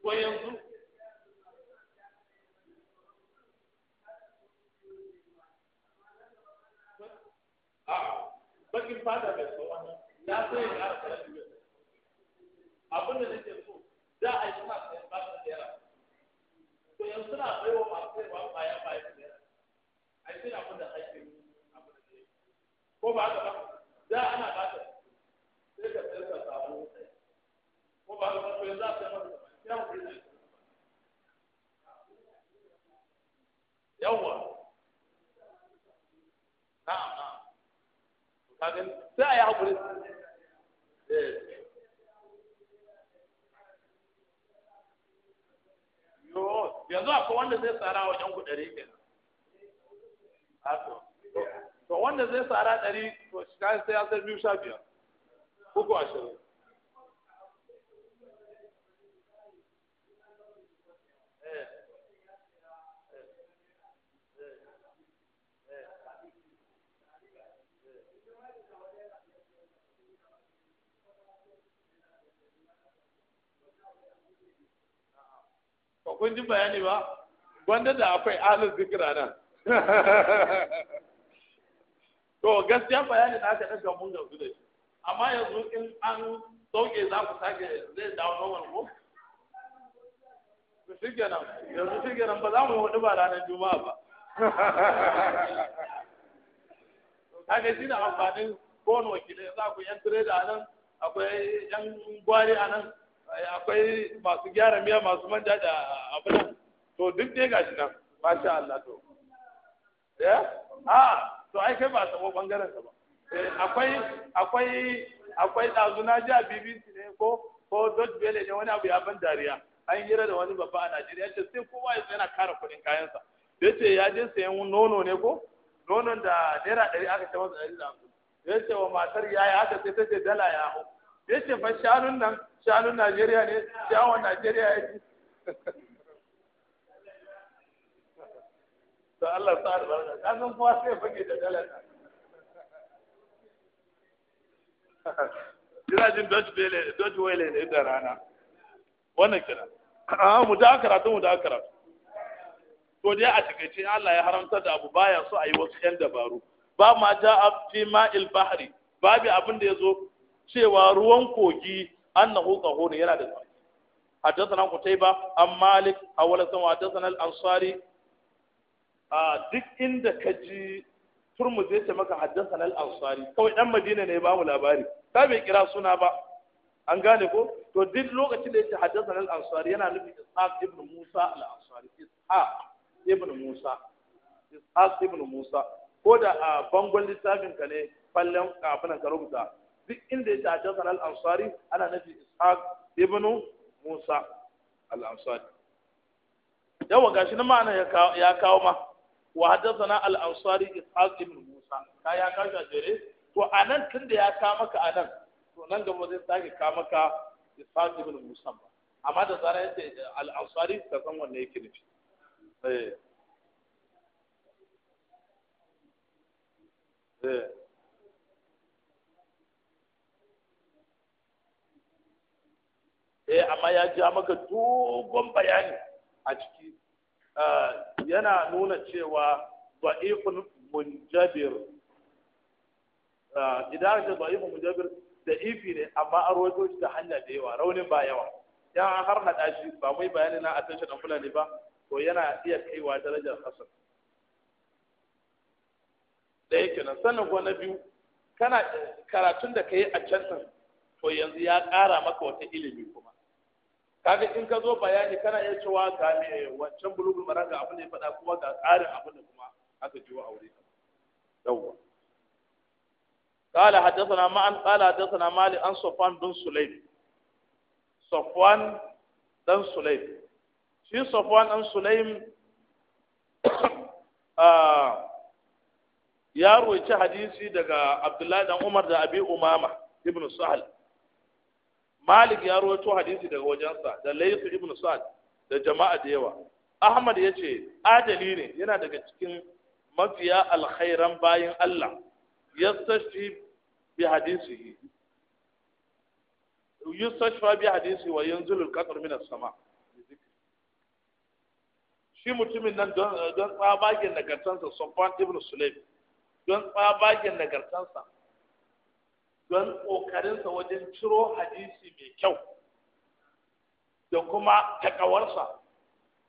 ko yanzu bakin fata bai so wani ya sai ya abin da nake so za a yi suna kenan suna baiwa masu sayarwa baya baya su naira yi sai abin da ake abu da ne ko ba haka ba ana ba ta sai ka sai ka samu ko ba haka ba to yanzu a sai ya mu kai yawwa na'am na'am ka gani sai a yi hakuri eh to yanzu akwai wanda zai tsara wajen ku ɗari kenan to wanda zai tsara ɗari to shi sai ya san biyu sha biyar uku ashirin kun ji bayani ba wanda da akwai ahlul zikira nan [laughs] to gaskiya bayani da aka ɗaga mun gamsu da shi amma yanzu in an sauke za ku sake zai dawo normal ko shi kenan yanzu shi kenan ba za mu yi hudu ba ranar juma'a ba Ha shi na amfanin kowane wakilai za ku yan tire da nan akwai yan gwari a nan akwai masu gyara miya masu manja da abin to duk dai gashi nan masha Allah to ya eh? a to ai kai ba sabo bangaren ka ba eh, akwai akwai akwai dazu na ji a BBC ne ko ko Dot Bele ne wani abu ya ban dariya an hira da wani babba a Najeriya ce sai kowa ya yana kare kuɗin kayansa da ce ya je sayan nono ne ko nonon da naira ɗari aka ce masa ɗari da hamsin ya ce wa matar yaya aka sai ta ce dala ya hau ya ce fa shanun nan shanun Najeriya ne shawon Najeriya ya ci da Allah sa albarka ka san kuwa sai fage da dalata [laughs] ina jin Dutch Bele, Dutch Wele ne da rana wannan kira a ah, mu da karatu mu da karatu to dai a takaice Allah ya haramta da abu baya so a yi wasu yan dabaru ba ma ja'a fi ma'il bahri babu abin da ya zo cewa ruwan kogi أنه قهون yana da حدثنا قتيبة أم مالك أولا ثم حدثنا الأنصاري duk inda ka ji turmuz ya ce maka haddasa al ansari kawai dan madina ne ba mu labari ta bai kira suna ba an gane ko to duk lokacin da ya ce haddasa al ansari yana nufin ishaq ibn musa al ansari ishaq ibn musa ibn musa ko da a bangon littafin ka ne fallan kafin ka rubuta duk inda ya ce hadathana al'ansari ana nufin ishaq ibn musa al'ansari ansari yawa gashi na ma'ana ya kawo ma wa hadathana al-ansari ishaq ibn musa ka ya kawo a jere to anan da ya kawo maka anan to nan gaba zai sake kawo maka ishaq ibn musa ba. amma da zara yace al-ansari ka san wanne yake nufi eh, eh. ma ya ja maka dogon bayani a ciki ah, yana nuna cewa da'ifun munjabir ah, idan aka munjabir da ifi ne amma an rawaito shi ta hanya da yawa raunin ba yawa yan an har hada shi ba mai bayani na a tashi dan fulani ba to yana iya kaiwa darajar hasan da yake nan sannan ko na biyu kana eh, karatun da ka yi a can to yanzu ya ƙara maka wata ilimi ko kaga in ka zo bayani kana iya cewa ga me wancan bulugul mara ga abin da ya faɗa kuma ga ƙarin abin da kuma aka jiwo aure ka yawwa قال حدثنا معن قال mali an عن صفوان بن سليم صفوان بن سليم في صفوان بن سليم ya roci hadisi daga Abdullahi dan Umar da Abi Umama ibn Sahal malik ya rawaito hadisi daga wajensa da laysu ibn sa'd da jama'a da yawa ahmad ya ce adali ne yana daga cikin mafiya alkhairan bayan allah yastashfi bi hadisihi yustashfa bi hadisi wa yanzulu al-qatr min as-sama shi mutumin nan don tsabagen nagartansa Sufyan ibn Sulaym don tsabagen nagartansa don ƙoƙarinsa wajen ciro hadisi mai kyau da kuma takawarsa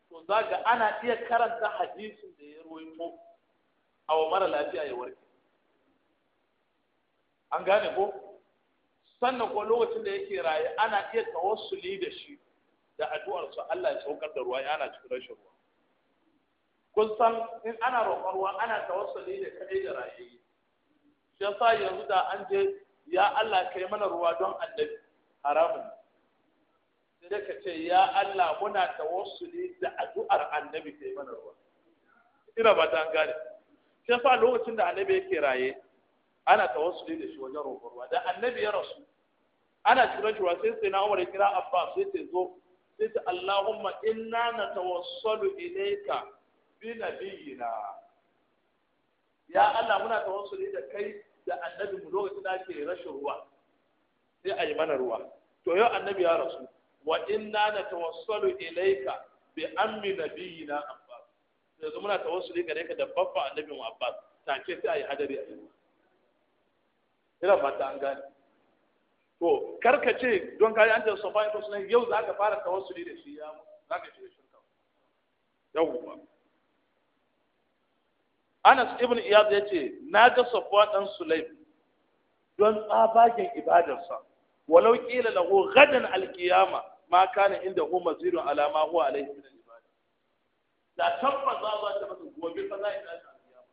to za ga ana iya karanta hadisin da ya ruwaito a wa mara lafiya ya warke an gane ko sannan ko lokacin da yake raye ana iya tawassuli da shi da addu'arsa Allah ya saukar da ruwa ana cikin rashin ruwa kun san in ana roƙon ruwa ana tawassuli da kaɗai da raye shi yasa yanzu da an je ya Allah kai mana ruwa don annabi haramun sai da ka ce ya Allah muna tawassuli da addu'ar annabi kai mana ruwa ina ba ta gane sai fa lokacin da annabi yake raye ana tawassuli da shi wajen roƙon ruwa da annabi ya rasu ana cikin ruwa sai sai na Umar kira Abba sai sai zo sai ta Allahumma inna natawassalu ilayka bi nabiyyina ya Allah muna tawassuli da kai da annabi mu lokacin da ake rashin ruwa sai a yi mana ruwa to yau annabi ya rasu wa inna tawassalu ilayka bi ammi nabiyina abbas yanzu muna tawassuli gare ka da babban annabi mu abbas take sai a yi hadari a yi ina fata an gane to karka ce don kayi an tsaye sofa ya yau za ka fara tawassuli da shi ya za ka shiga Yau ba. Anas ibn Iyad ya ce na ga Safwan dan Sulaim don tsabagen ibadarsa walau qila lahu gadan alkiyama, ma kana inda hu mazirun ala ma huwa alayhi min ibada da tabbata za ta masa gobe fa za ta alqiyama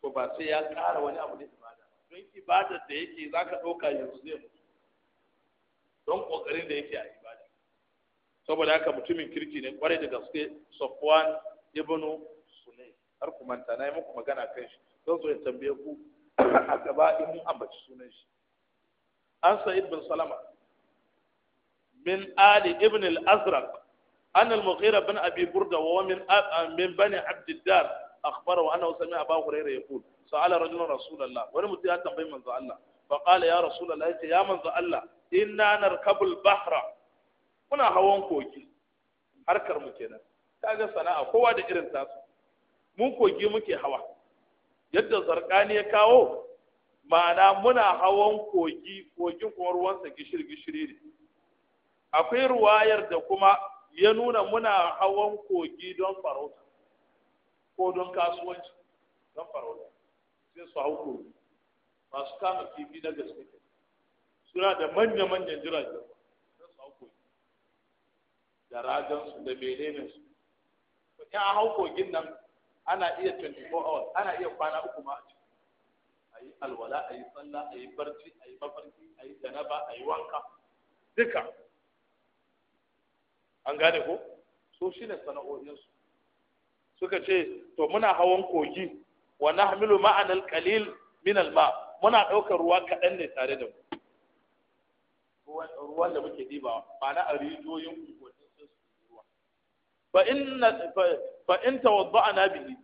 to ba sai ya ƙara wani abu da ibada don ibadar da yake zaka dauka yanzu zai mutu don kokarin da yake a ibada saboda haka mutumin kirki ne kwarai da gaske Safwan ibn har ku manta na yi muku magana kan shi don zo ya tambaye ku a gaba in mun ambaci sunan shi an sa'id bin salama min ali ibn al-azraq an al-mughira bin abi burda wa min min bani abd ad-dar wa annahu sami'a abu hurairah yaqul sa'ala rajulun rasulullah wani mutum ya tambayi manzo Allah fa qala ya rasulullah yace ya manzo Allah inna narkabul bahra muna hawan koki harkar mu kenan kaga sana'a kowa da irin tasu Mun kogi muke hawa yadda zarkani ya kawo ma'ana muna hawan kogi kogin kuma ruwansa gishiri gishiri ne akwai ruwayar da kuma ya nuna muna hawan kogi don farauta ko don kasuwanci don farauta sai su hau kogi masu kama kifi na gaske suna da manya-manyan jiragen su hau kogi da ragansu da menene su ya hau kogin nan ana iya 24 hours ana iya kwana uku ma a ciki a yi alwala a yi tsalla a yi barci a yi mafarki a yi janaba a yi wanka duka an gane ko so shi ne sana'o'insu suka ce to muna hawan kogi wa na hamilu ma'anar kalil min alma muna ɗaukar ruwa kaɗan ne tare da mu ruwan da muke diba ma'ana a rijiyoyin kogi fa inna fa in tawadda'na bihi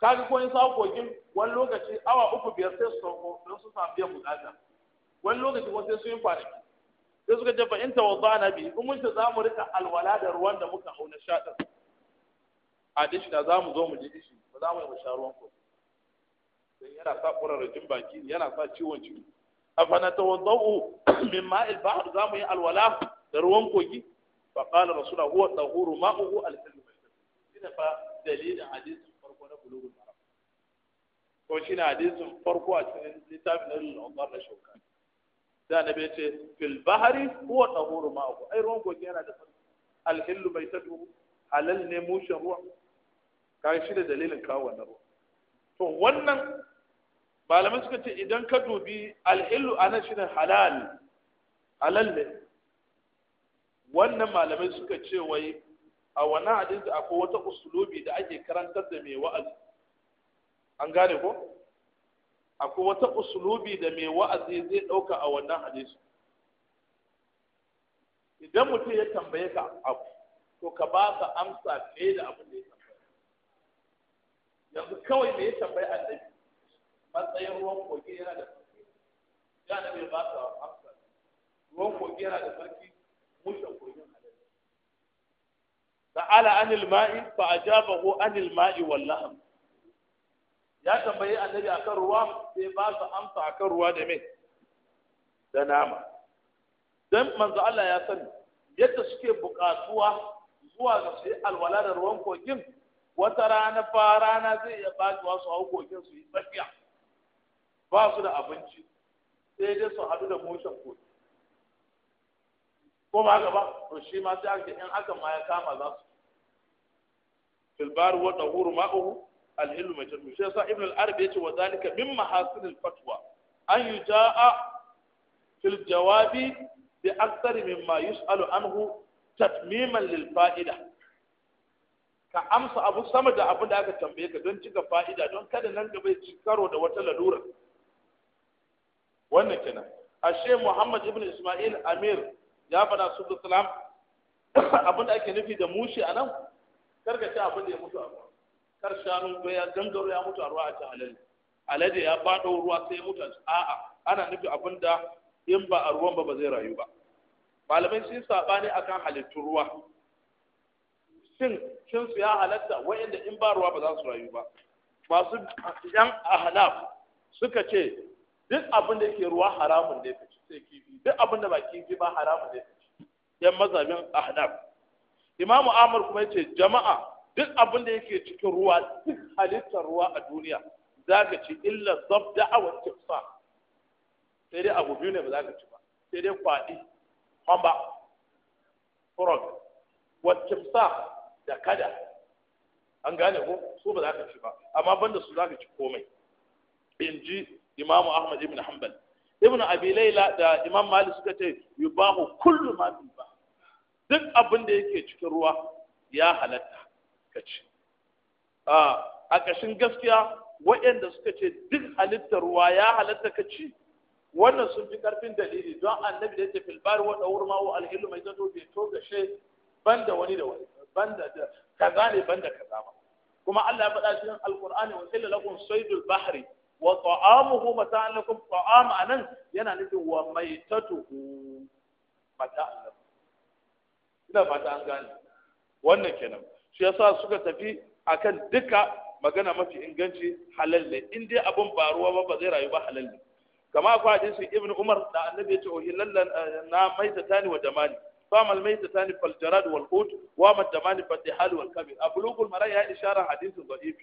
kaga ko in sa kogin wani lokaci awa uku biyar sai su sauko don su samu biyan bukata wani lokaci ko sai su yi kwanaki sai suka ce fa in tawadda'na bihi in mun ce za mu rika alwala da ruwan da muka hau na shaɗar? a dishi da za mu zo mu ji dishi ba za mu yi mu sha ruwan ko sai yana sa rajin baki yana sa ciwon ciki wadda u min ma'il ba za mu yi alwala da ruwan kogi fa qala rasula huwa tahuru ma'uhu al-kalbu shine fa dalilin hadisin farko na bulugul maram ko shine hadisin farko a cikin littafin al-Umar da Shawkani da na ya ce fil bahri huwa tahuru ma'uhu ai ruwan goge yana da sarki al ta baitatu halal ne mushin ruwa kai shi da dalilin kawo wannan ruwa to wannan malamai suka ce idan ka dubi al-illu anan shine halal halal ne wannan malamai suka ce wai a wannan hadisi akwai wata usulubi da ake karantar da mai wa'azi an gane ko akwai wata usulubi da mai wa'azi zai ɗauka a wannan hadisi idan mutum ya tambaye ka abu to ka ba ka amsa fiye da abin da ya tambaye yanzu kawai me ya tambayi annabi matsayin ruwan kogi yana da sarki ya mai ba ka amsa ruwan kogi yana da sarki Sa'ala kogin halal ba a ma'i fa ajabahu anil ma'i ya tambayi annabi akan ruwa sai ba su amsa akan ruwa da mai da nama Don manzo Allah ya sani yadda suke buƙatuwa zuwa ga su alwala da ruwan kogin wata rana fa rana zai iya bajewa su hau kogin su yi tsakiya ba su da abinci sai dai su haɗu da mushen ko ba gaba to shi ma sai ake in haka ma ya kama za su fil bar wa tahuru ma'uhu al mai tarbi shi yasa ibn al arabi yace wa zalika min mahasin al fatwa an yuja'a fil jawabi bi akthar mimma yus'alu anhu tatmiman lil fa'ida ka amsa abu sama da abin da aka tambaye ka don cika fa'ida don kada nan gaba ya ci karo da wata lalura wannan kenan ashe muhammad ibn isma'il amir ya su da salam abin da ake nufi da mushi a nan karka ci abin da ya mutu a ruwa kar shanu ya gangaro ya mutu a ruwa a can alade alade ya faɗo ruwa sai ya mutu a a'a ana nufi abin da in ba a ruwan ba ba zai rayu ba malamai sun a akan halittun ruwa shin shin su ya halatta wa'inda in ba ruwa ba za su rayu ba masu yan ahlaf suka ce duk abin da ke ruwa haramun ne sai kifi duk abin da ba kifi ba haramu ne yan mazhabin ahnaf imam amr kuma yace jama'a duk abin da yake cikin ruwa duk halittar ruwa a duniya zaka ci illa zabda wa tifsa sai dai abu biyu ne ba zaka ci ba sai dai kwadi hamba frog wa tifsa da kada an gane ko su ba za ka ci ba amma banda su za ka ci komai in ji imamu ahmad ibn hanbal ibnu abi laila da imam malik suka ce yubahu kullu ma fi ba duk abin da yake cikin ruwa ya halatta ka ci a ƙashin gaskiya waɗanda suka ce duk halittar ruwa ya halatta ka ci wannan sun fi ƙarfin dalili don annabi da yake filbari wa ɗaur ma'u alhilu mai zato bai to gashe banda wani da wani banda da kaza ne banda kaza ba kuma Allah ya faɗa cikin alqur'ani wa lakun lakum saydul bahri wa ta'amuhu mata'an lakum ta'am anan yana nufin wa maitatuhu mata'an lakum ina fata an gane wannan kenan shi yasa suka tafi akan duka magana mafi inganci halal ne in dai abun ba ruwa ba ba zai rayu ba halal ne kama akwai hadisi ibnu umar da annabi ya ce uhillan eh, na maitatani wa jamali فما الميت ثاني فالجراد والحوت وما الدمان فالدحال والكبد أبلوغ المرأة هي إشارة حديث ضعيف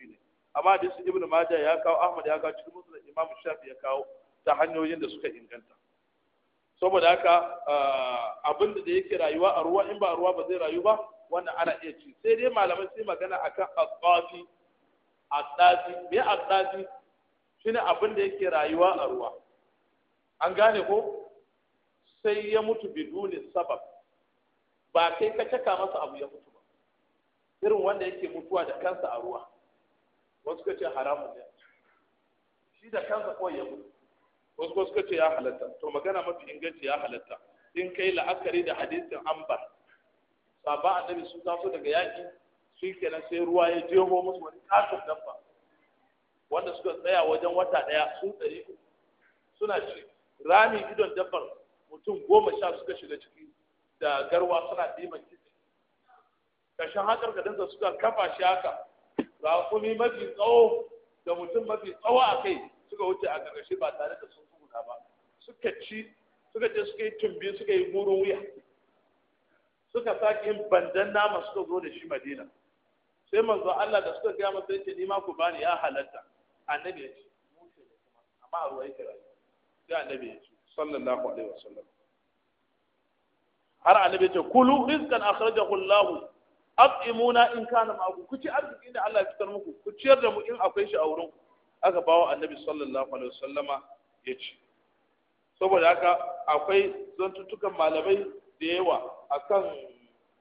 amma su ibn majah ya kawo ahmad ya kawo cikin musulun imam shafi ya kawo ta hanyoyin da suka inganta saboda haka ah, abin da yake rayuwa a ruwa in ba ruwa ba zai rayu ba wannan ana iya ci sai dai malamai sai magana akan asfafi asfafi me asfafi shine abin da yake rayuwa a ruwa an gane ko sai ya mutu biduni sabab ba kai ka caka masa abu ya mutu ba irin wanda yake mutuwa da kansa a ruwa wasu ka ce haramun ne shi da kansa ko ya mutu wasu ko suka ce ya halatta to magana mafi inganci ya halatta in kai la'akari da hadisin ambar a annabi sun taso daga yaƙi shi kenan sai ruwa ya jeho musu wani katon dabba wanda suka tsaya wajen wata ɗaya sun ɗari suna ci rami idon dabbar mutum goma sha suka shiga ciki da garwa suna ɗiban kitse kashin haƙar ka suka kafa shi haka kuma mafi tsawo da mutum mafi tsawo a kai suka wuce a ƙarƙashi ba tare da sun kuma ba suka ci suka ce suka yi tumbi suka yi gurin wuya suka sake yin bandan nama suka zo da shi madina sai manzo Allah da suka gaya masa yake nima ku bani ya halatta annabi ya ce amma a ruwa yake rayuwa sai annabi ya ce sallallahu alaihi wasallam har annabi ya ce kulu rizqan akhrajahu Allah at'imuna in kana ma'akum ku ci arziki da Allah ya fitar muku ku ciyar da mu in akwai shi a wurin ku aka bawo annabi sallallahu alaihi wasallama ya ci saboda haka akwai zantuttukan malamai da yawa akan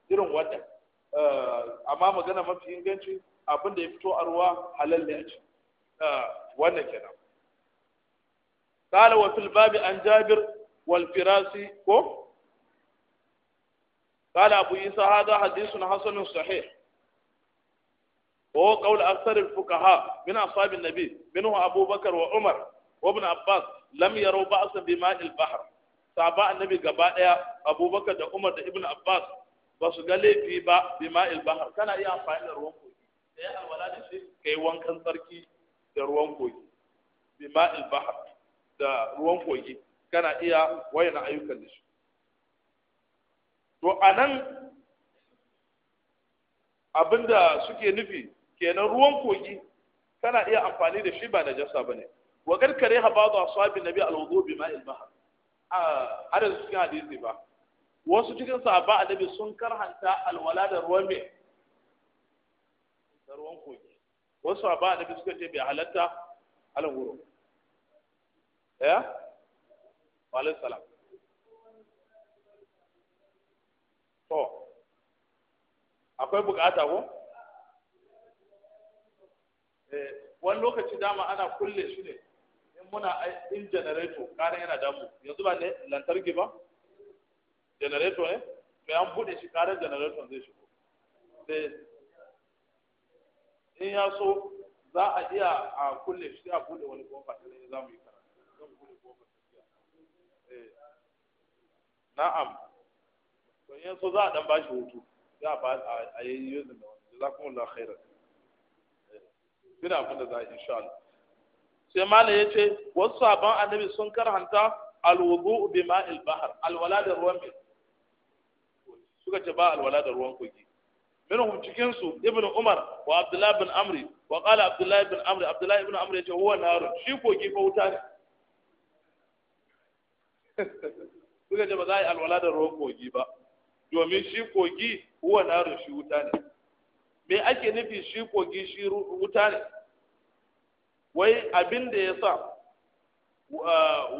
irin wannan eh, amma magana mafi inganci abin da ya fito a ruwa halal ne a ci eh, wannan kenan قال وفي الباب عن جابر firasi ko? قال أبو عيسى هذا حديث حسن صحيح وهو قول أكثر الفقهاء من أصحاب النبي منه أبو بكر وعمر وابن عباس لم يروا بأسا بماء البحر صحابة النبي قبائع أبو بكر وعمر ابن عباس بس قال لي في بماء البحر كان إيه أنفعين الروم إيه الولاد الشيء كي وانكن تركي الروم كوي بماء البحر da ruwan kogi kana iya wayana ayyukan da shi to a abin abinda suke nufi kenan ruwan kogi kana iya amfani da shi ba ba ne, wa karkare ha zuwa sabi na al alwazo bi ma'il ba a da cikin hadisi ba wasu cikin a annabi sun karhanta alwala da ruwan mai da ruwan kogi wasu sahaba annabi suka ce bai halatta alwuru ya wa alaihi salam to akwai bukata ko eh, wani lokaci dama ana kulle su ne in muna in generator karan yana damu yanzu ba ne lantarki ba generator ne Me an bude shi kare generator zai shigo sai in ya so za a iya a kulle shi a bude wani bomba ta ne za mu yi karatu eh, na'am to yin so za a dan bashi hutu za a a yi yi da wani abin da za a insha Allah sai mala ya ce wasu sabon annabi sun karhanta alwudu bi ma'il bahar alwala da ruwan mai suka ce ba alwala da ruwan kogi minhum cikin su ibnu umar wa Abdullahi bin amri wa bin amri abdullah ibn amri yace huwa shi kogi fa wuta ne [laughs] suka ce ba za a yi alwala da ruwan kogi ba domin shi kogi huwa na shi wuta ne me ake nufi shi kogi shi wuta ne wai abin da ya sa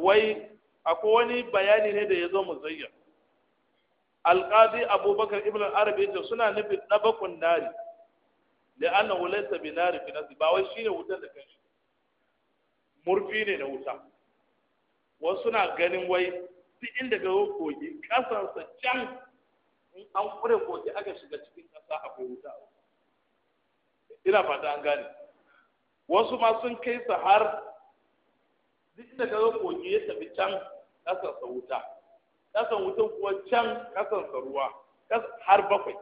wai akwai wani bayani ne da ya zo muzayyar alƙadi abubakar ibn arabi ce suna nufin ɗabakun nari da na wulaisa bi nari fi ba wai shine wutar da kanshi murfi ne na wuta wasu suna ganin wai duk inda ga kogi ƙasarsa can in an kure koki aka shiga cikin ƙasa akwai wuta ina fata an gane wasu ma sun kai su har duk da ga zo ya tafi can sa wuta ƙasar wutan kuwa can sa ruwa har bakwai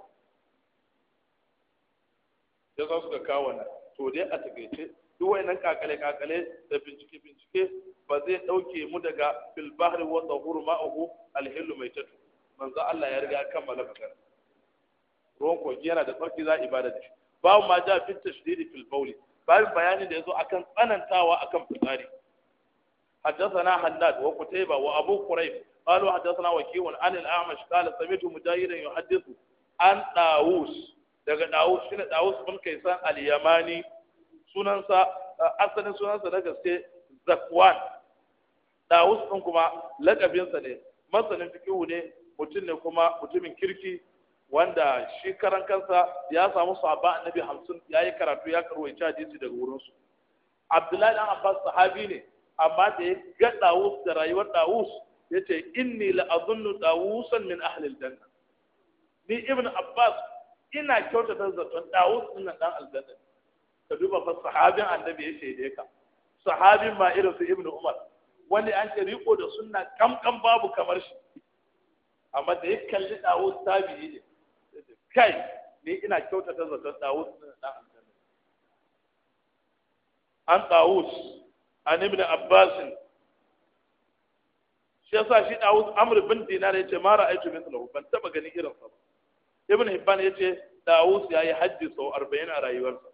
ya za su ga kawo nan to dai a takaice duk nan kakale kakale da bincike bincike ba zai ɗauke mu daga fil wata wa a ma'ahu alhilu mai tattu manzo Allah ya riga kammala magana ruwan kogi yana da tsarki za ibada da shi babu ma ja fit tashdidi fil bawli babu bayanin da yazo akan tsanantawa akan fitsari حدثنا حناد وقتيبة وأبو wa قالوا حدثنا وكيع عن الأعمش قال Samitu, مجاهدا يحدث An داووس daga Dawus shine Dawus bin Kaisan al-Yamani asalin sunansa na gaske Zakwan Dawus din kuma lakabinsa ne masanin fiqhu ne mutum ne kuma mutumin kirki wanda shi karan kansa ya samu sahaba annabi hamsin ya yi karatu ya karwaice hadisi daga wurinsu abdullahi dan abbas sahabi ne amma da ya ga dawus da rayuwar dawus ya ce inni la azunnu dawusan min ahli aljanna ni ibn abbas ina kyautata zaton dawus din dan aljanna ka duba fa sahabin annabi ya shaide ka sahabin ma irin su ibn umar wani an ce riko da sunna kam kam babu kamar shi amma da ya kalli Dawud tabi'i ne kai ni ina kyautata zaton Dawud an Dawud an ibn Abbas shi yasa shi Dawud Amr bin Dinar yace ma ra'aytu mithlahu ban taba gani irin sa Ibn Hibban yace Dawud yayi hajji sau 40 a rayuwarsa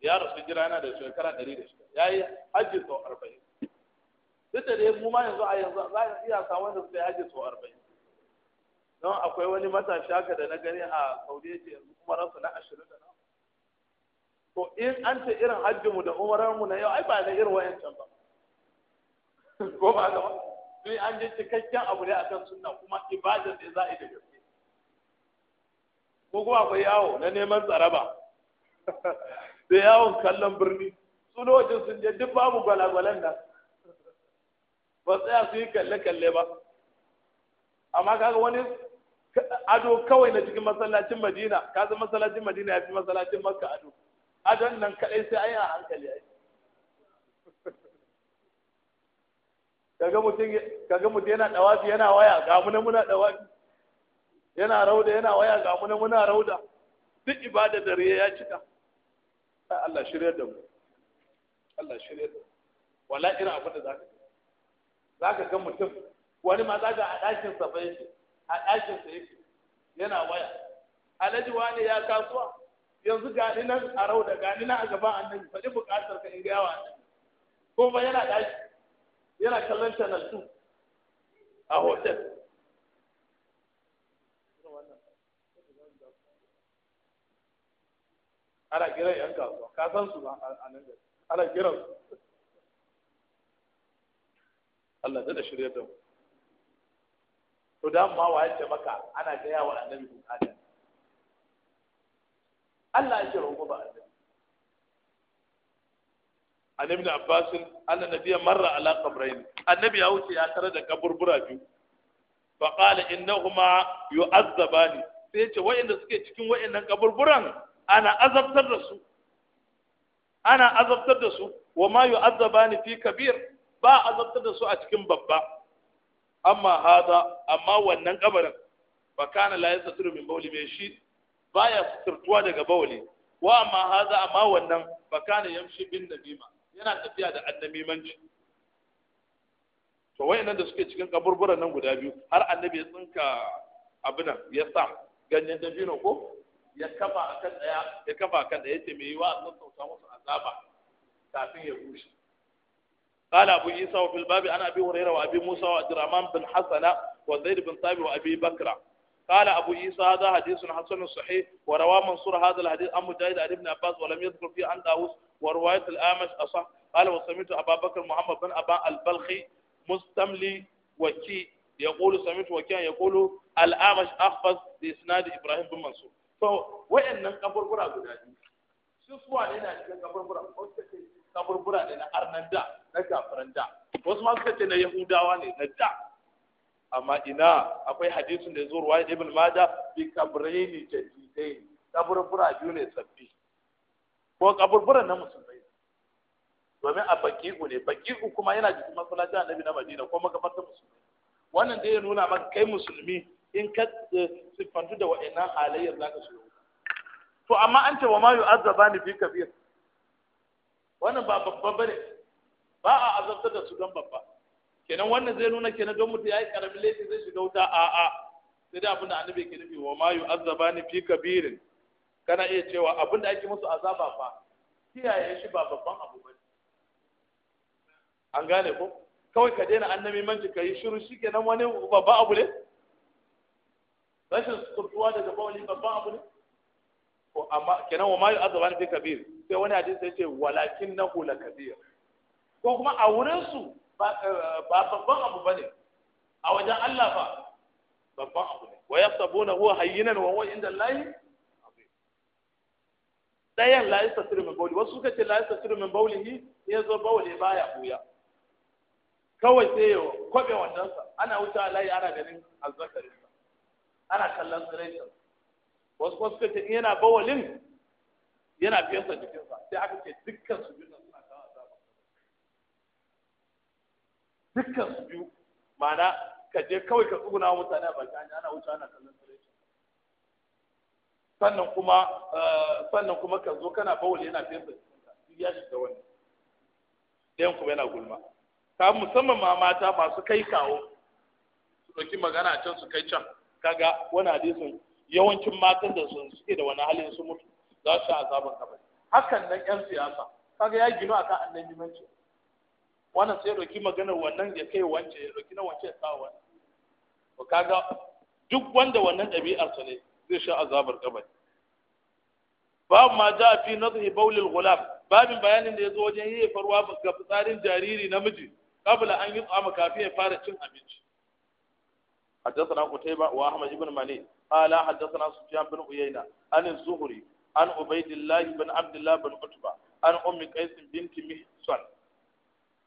ya rasu jira yana da shekara ya yayi hajji sau 40 duk da dai mu ma yanzu a yanzu za a iya samu wanda suka yaje sau arba'in don akwai wani matashi haka da na gani a saudiya ce yanzu kuma na ashirin da nawa to in an ce irin hajji mu da mu na yau ai ba na irin wayancan ba [laughs] ko ba ga ba sai an je cikakken abu ne akan sunna kuma ibadar ne za a yi da gaske ko kuma akwai yawo na neman tsaraba da [laughs] yawon kallon birni su sun je duk babu gwalagwalan nan ba a su yi kalle-kalle ba amma kaga wani ado kawai na cikin masallacin madina ka masallacin madina ya fi masallacin makka ado adon nan kadai sai ai a hankali ai [laughs] kaga mutum kaga mutum yana dawafi yana waya ga mu na muna dawafi yana rauda yana waya ga mu muna rauda duk ibada da riya ya cika Allah shirya da mu Allah shirya da mu wala irin abin da zaka za ka ga mutum wani ma za ka a ɗakin sa fa yake a ɗakin sa yake yana waya alhaji wani ya kasuwa yanzu gani nan a rauda gani nan a gaban annabi faɗi buƙatar ka in ga yawa annabi ko ba yana ɗaki yana kallon channel 2 a hotel ana kiran yan kasuwa ka san su ba a nan ana kiran su Allah zai da shirya da mu to da ma wa yace maka ana gaya wa annabi bukata Allah ya roƙo ba annabi Annabi Abbas abbas nabi ya marra ala qabrain. annabi ya wuce ya tare da kaburbura biyu fa qala innahuma yu'azzabani sai ya ce wa'anda suke cikin wa'innan kaburburan ana azabtar da su ana azabtar da su wa ma yu'azzabani fi kabir ba a zartar da su a cikin babba amma hada amma wannan kabarin ba kana la turu min bawli mai shi baya suturtuwa daga bawli wa amma hada amma wannan ba kana yamshi bin nabima yana tafiya da annamimanci to nan da suke cikin kaburburan nan guda biyu har annabi ya tsinka abuna ya sa ganyen dabino ko ya kafa akan daya ya kafa akan daya yace me yiwa Allah sauka musu azaba kafin ya rushe قال أبو عيسى وفي الباب أنا أبي هريرة وأبي موسى وعبد الرحمن بن حسن وزيد بن ثابت وأبي بكر قال أبو عيسى هذا حديث حسن صحيح وروى منصور هذا الحديث عن مجاهد عن ابن عباس ولم يذكر فيه عن داوود ورواية الأعمش أصح قال وسمعت أبا بكر محمد بن أبا البلخي مستملي وكي يقول سمعت وكيا يقول الأعمش أخفض بإسناد إبراهيم بن منصور فوين نقبر برا بدادي شو سوى لنا نقبر برا kaburbura ne na arnan da na kafiran da wasu ma suka ce na yahudawa ne na da amma ina akwai hadisin da zuwa ruwa ibn mada bi kabraini jadidai kaburbura biyu ne sabbi ko kaburbura na musulmai domin a baki'u ne baki'u kuma yana jikin masallacin annabi na madina ko makamantar musulmai wannan dai ya nuna maka kai musulmi in ka eh, siffantu da wa'annan halayyar zaka shiga to amma an ce wa ma yu'azzabani bi kabir wannan ba babba ne. ba a azabtar da su don babba kenan wannan zai nuna kenan don mutum ya yi karamin laifi zai shiga wuta a a sai dai abin da annabi ke nufi wa azaba ni fi kabirin kana iya cewa abin da ake musu azaba fa kiyaye shi ba babban abu ne. an gane ko kawai ka daina annabi manci ka yi shiru shi kenan wani babba abu ne rashin kurtuwa daga bawali babban abu ne ko amma kenan wa azaba ni fi kabirin sai wani hadisi ya ce walakin na hula kabir ko kuma a wurinsu ba eh, babban abu ba ne a wajen Allah ba babban abu ne wa yasabuna huwa hayyinan wa huwa inda Allah dayan la yastatiru min bawli wasu suka ce la yastatiru min ni ya zo bawli baya buya kawai sai ya kwabe wannan sa ana wuce layi ana ganin azzakarin sa ana kallon tsiraitin wasu kuma suka ce yana bawalin yana fesa sa sai aka ce dukkan su biyu suna kawo azaba dukkan su biyu ma'ana ka je kawai ka tsuguna mutane a baki hanya ana wuce ana kallon tsirrai sannan kuma eh, sannan kuma ka zo kana bawul yana fesa duk ya shiga wani ɗayan kuma yana gulma ka musamman ma mata masu kai kawo su ɗauki magana can su kai can kaga wani hadisin yawancin matan da sun suke da wani halin su mutu za su azaban kabari hakan nan yan siyasa kaga ya gino akan annan manci wannan sai roki magana wannan ya kai wance ya roki na wance ya kawo wannan to kaga duk wanda wannan ɗabi'ar sa ne zai sha azabar kabari babu ma ja fi nadhi bawlil gulam babin bayanin da yazo wajen yi farwa ga fitsarin jariri namiji qabla an yi tsama kafin ya fara cin abinci حدثنا قتيبة وأحمد بن مالي قال حدثنا سفيان بن عيينة عن الزهري an ubaidillahi bin Abdullahi bin utba an ummi qais binti mihsan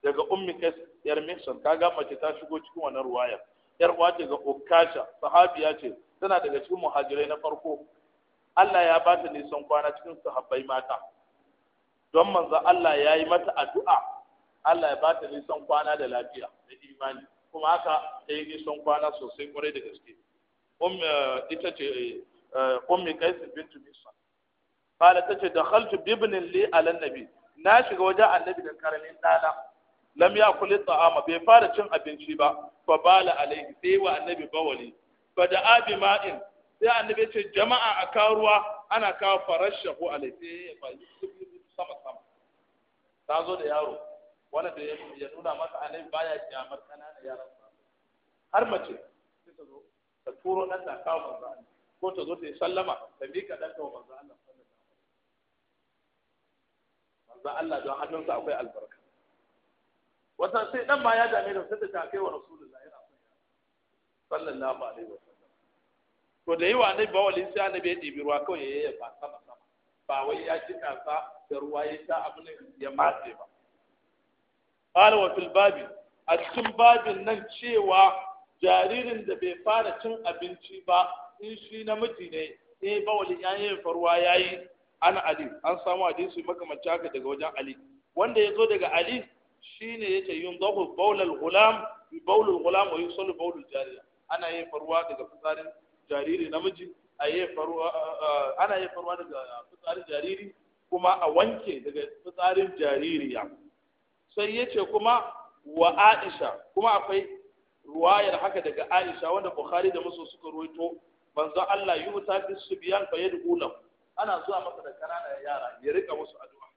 daga ummi qais yar mihsan kaga mace ta shigo cikin wannan ruwaya yar uwa ce ga ukasha ya ce tana daga cikin muhajirai na farko Allah ya ba ta nisan kwana cikin sahabbai mata don manzo Allah ya yi mata addu'a Allah ya ba ta nisan kwana da lafiya da imani kuma haka ta yi nisan kwana sosai kwarai da gaske ita ce eh, ummi qais bintu mihsan قال تجي دخلت بابن لي على Na shiga wajen annabi da karamin dana lam yakul ta'ama bai fara cin abinci ba fa bala alaihi sai wa annabi bawali fa da abi ma'in sai annabi ce jama'a a karuwa ana kawo farashahu alaihi sai fa sama sama ta zo da yaro wanda da ya nuna masa annabi baya kiyamar kanana yaran har mace ta zo ta turo nan ta kawo manzo ko ta zo ta yi sallama ta mika dan ta manzo Allah manzon Allah don hannunsa akwai albarka Wasan sai dan ba ya dame da sai ta kai wa rasulullahi sallallahu alaihi sallam. to da wa ne ba walin sai annabi ya dibi ruwa kawai ya ba sama sama ba wai ya ci sa da ruwa ya sa abin ya matse ba qala wa fil babi a cikin babin nan cewa jaririn da bai fara cin abinci ba in shi namiji ne eh ba wali ya yi faruwa ana ali an samu hadisi makamanci haka daga wajen ali wanda ya zo daga ali shine yace yundahu bawlal gulam bi bawlul gulam wa yusallu bawlul jariya ana yin faruwa daga fitsarin jariri namiji a yi faruwa ana yin faruwa daga fitsarin jariri kuma a wanke daga fitsarin ya sai yace kuma wa Aisha kuma akwai ruwayar haka daga Aisha wanda Bukhari da Muslim suka ruwaito manzo Allah yuta bisubiyan subyan ana zuwa masa da ƙananan yara ya rika musu addu'a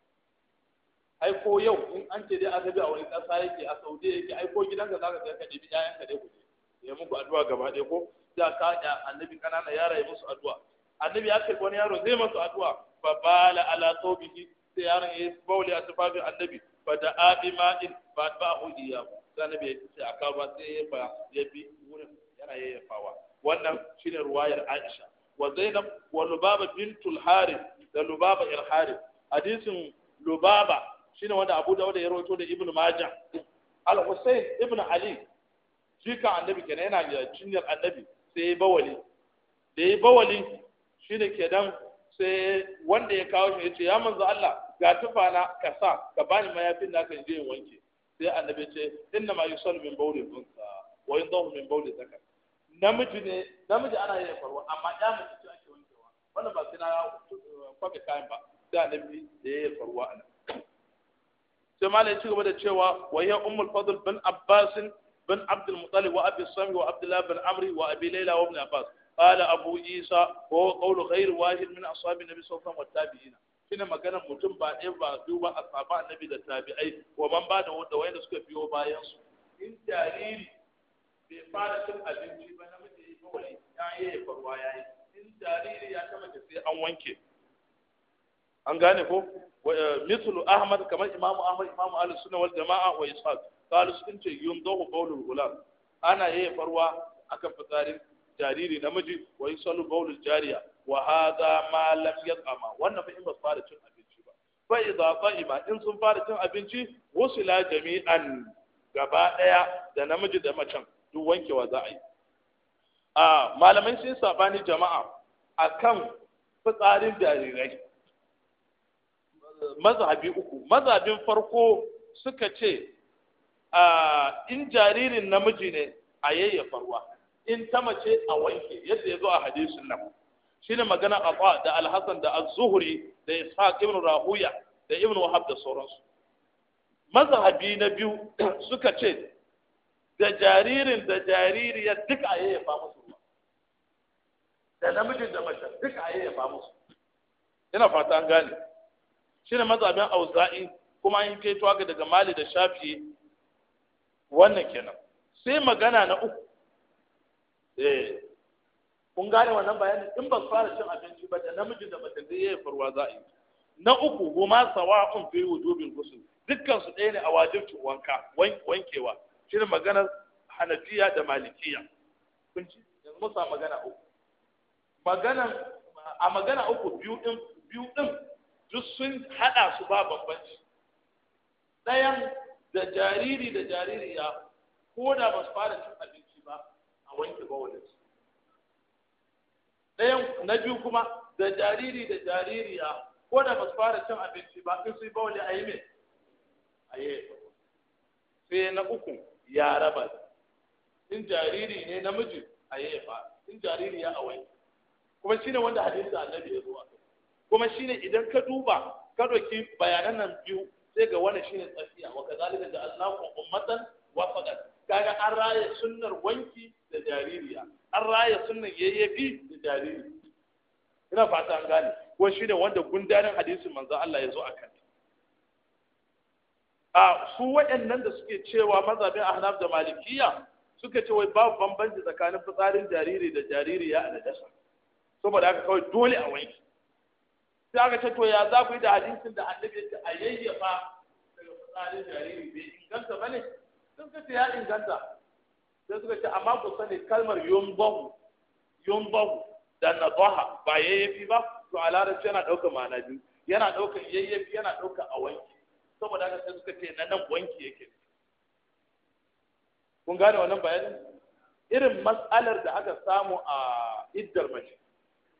ai ko yau in an ce dai bi a wani ƙasa yake a Saudi yake ai ko gidanka zaka ga ka dibi ƴaƴan ka dai ku ya muku addu'a gaba ɗaya ko da ka da annabi ƙananan yara ya musu addu'a annabi ya ce wani yaro zai masa addu'a fa bala ala tawbihi sai yaron ya bauli a tufafin annabi fa da abi ma'in fa ya iya sai annabi ya ce aka ba sai ya ba ya bi wurin yana yayyafawa wannan shine ruwayar Aisha wa zainab wa lubaba bintul harith da lubaba al harith hadisin lubaba shine wanda abu dawud ya rawaito da ibnu majah al husayn ibnu ali jika annabi kenan yana da cinyar annabi sai ya bawali da ya bawali shine dan sai wanda ya kawo shi ya ce ya manzo Allah ga tufana ka sa ka bani mayafin naka je in wanke sai annabi ce inna ma yusallu min bawli unsa wa yandahu min bawli zakar namiji ne namiji ana yin faruwa, amma ya mace ce ake wankewa wannan ba sai na kwabe kayan ba sai annabi da ya yi faruwa a nan sai malai ci gaba da cewa wa ya ummul fadl bin abbas bin abd al-muttalib wa abi sami wa abdullah bin amri wa abi layla wa ibn abbas qala abu isa wa qawlu ghayr wahid min ashabi nabi sallallahu alaihi wasallam wa tabi'ina shine maganar mutum ba ɗaya ba biyu ba a saba annabi da tabi'ai wa man ba da wanda wanda suka biyo bayan su in jariri bai fara cin abinci ba namiji kawai ya yi farwa ya yi in jariri ya kama sai an wanke an gane ko eh, mislu ahmad kamar imamu ahmad imamu ahlus sunna wal jamaa wa ishaq qalu sun ce yumdahu qawlul gulam ana yi farwa akan fitarin jariri namiji wa yusallu qawlul jariya wa hadha ma lam yat'ama wannan fa in ba fara cin abinci ba fa idza ba. in sun fara cin abinci wusila jami'an gaba daya da namiji da macen duk wankewa za a yi a malamai sun sabani jama'a a kan fitsarin jarirai mazhabi uku mazhabin farko suka ce in jaririn namiji ne a yayyafa ruwa in ta mace a wanke yadda ya zo a hadisin nan Shi ne magana ƙwa da Alhassan da Az-Zuhri da Ishaq ibn Rahuya da Ibn Wahab da sauransu mazhabi na biyu [clears throat] suka ce da jaririn da jaririyar duk a yayyafa musu da namijin da mace duk a yayyafa musu ina fata an gane shi ne mazabin auza'i kuma an kai ga daga mali da shafi wannan kenan sai magana na uku eh kun gane wannan bayanin in ba fara cin abinci ba da namijin da mace da yayyafa farwa za'i a na uku goma sawa'un fi wujubin gusul dukkan su ɗaya ne a wajibcin wanka wankewa shine maganar hanafiya da malikiya kun ci yanzu musa magana uku magana a magana uku biyu din biyu din duk sun hada su ba bambanci ɗayan da jariri da jaririya ko da ba su fara cin abinci ba a wanke bawalinsu ɗayan na biyu kuma da jariri da jaririya ko da ba su fara cin abinci ba in su yi bawali a yi mai a yi sai na uku ya raba in jariri ne namiji a yi yayyafa in jariri ya awai kuma shine wanda hadisin annabi ya zo kuma shine idan ka duba ka doki bayanan nan biyu sai ga shi shine tsafiya wa kazalika da Allahu ummatan wasaqat kaga an raya sunnar wanki da jaririya an raya sunnar yayyafi da jariri ina fata an gane ko shine wanda gundarin hadisin manzo Allah ya zo akan a su waɗannan da suke cewa mazabin ahnaf da malikiya suke ce wai babu bambanci tsakanin fitsarin jariri da jaririya a dasa, saboda haka kawai dole a wanki sai aka ce to ya za ku yi da hadisin da annabi ya ce a yayyafa daga fitsarin jariri bai inganta bane sun ka ce ya inganta sai suka ce amma ku sani kalmar yumbahu yumbahu da nadaha ba yayyafi ba to a larabci yana ɗaukar ma'ana biyu yana ɗaukar yayyafi yana ɗaukar a wanki saboda haka sai suka ce na nan wanki yake kun gane wannan bayani irin mas'alar da aka samu a iddar mace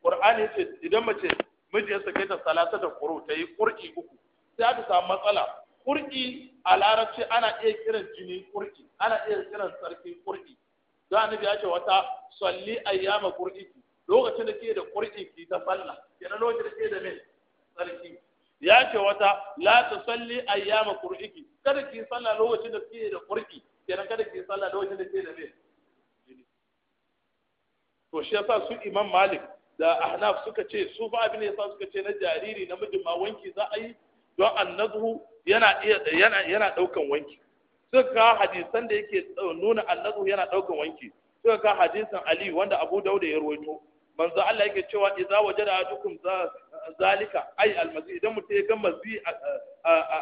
qur'ani ce idan mace miji ya sake ta salata da quru ta yi qur'i uku sai aka samu matsala qur'i a larabci ana iya kiran jini qur'i ana iya kiran sarki qur'i da annabi ya ce wata salli ayyama qur'i lokacin da ke da qur'i ki ta sallah kenan lokacin da ke da mai sarki ya ce wata la ta salli ayyama qur'iki kada ki salla lokacin da kike da qur'iki kenan kada ki salla lokacin da kike da me to shi yasa su imam malik da ahnaf suka ce su fa abin yasa suka ce na jariri namijin ma wanki za a yi don annazhu yana iya yana yana daukan wanki suka ka hadisan da yake eh, nuna annazhu yana daukan wanki suka ka hadisin ali wanda abu dauda ya ruwaito manzo Allah yake cewa idza wajada ajukum zalika ai almazi idan mutum ya ga mazi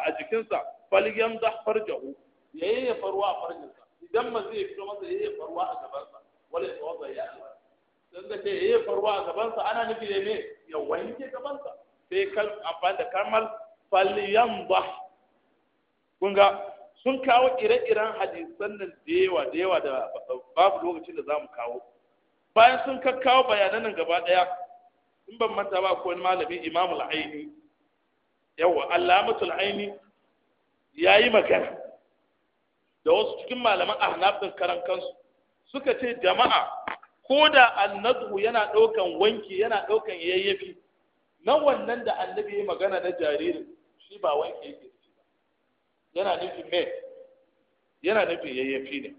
a jikinsa falyamza farjahu yayi ya farwa a farjinsa idan mazi ya fito masa yayi ya farwa a gabansa wala ya tawadda ya Allah dan da ke yayi farwa a gabansa ana nufi da me ya wanke gabansa sai kal amfani da kalmar falyamza kun ga sun kawo ire-iren hadisan nan da yawa da yawa da babu lokacin da za mu kawo bayan sun kakkawo bayanan nan gaba daya in ban manta ba ko wani malami imamul aini yawa allamatul aini yayi magana da wasu cikin malaman ahnaf din karan kansu suka ce jama'a ko da annadhu yana daukan wanki yana daukan yayyafi na wannan da annabi ya magana na jaririn shi ba wanki yake ba. yana nufin me yana nufin yayyafi ne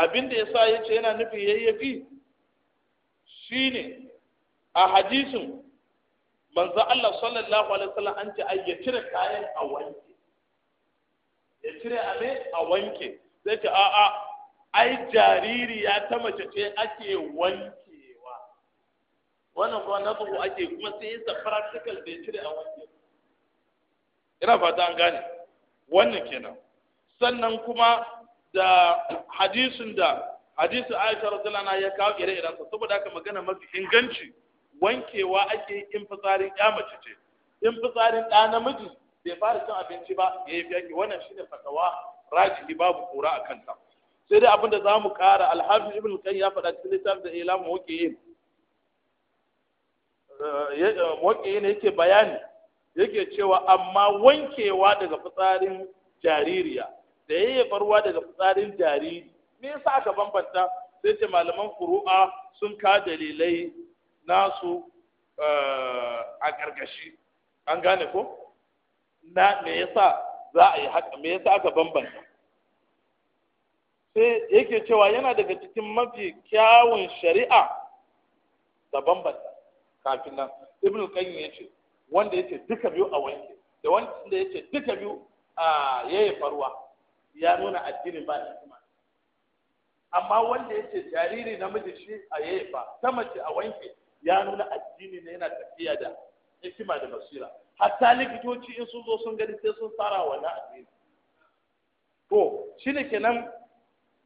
abin da yasa yace yana nufin yayyafi shine a hadisin manzo Allah sallallahu alaihi wasallam an ce ai ya cire kayan a wanke ya cire a me a wanke sai ce a a ai jariri ya ta mace ce ake wankewa wannan kuma na tsoro ake kuma sai yasa practical da ya cire a wanke ina fata an gane wannan kenan sannan kuma da hadisin da hadisu aisha radiyallahu anha ya kawo ire-iren sa saboda haka magana mafi inganci wankewa ake yi in fitsarin ya mace ce in fitsarin ɗa namiji bai fara cin abinci ba ya yi fiyaki wannan shine fatawa rajihi babu kura a kanta sai dai abinda za mu ƙara alhafi ibn kan ya faɗa cikin lissaf da ilamu wake yin eh, wake yin yake bayani yake cewa amma wankewa daga fitsarin jaririya da yayyafa ruwa daga fitsarin jariri me yasa aka bambanta sai ce malaman furu'a sun ka dalilai nasu eh, a gargashi an gane ko na me yasa za a yi haka me yasa aka bambanta sai yake cewa yana daga cikin mafi kyawun shari'a da bambanta kafin nan ibn qayyim yace wanda yake duka biyu a wanke da wanda yake duka biyu a ah, yayin faruwa ya nuna addinin ba hikima amma wanda yake jariri namiji shi a yayi ba, ta mace a wanke ya nuna addini ne yana tafiya da hikima da basira hatta likitoci in sun zo sun gani sai sun tsara wannan addini to shi kenan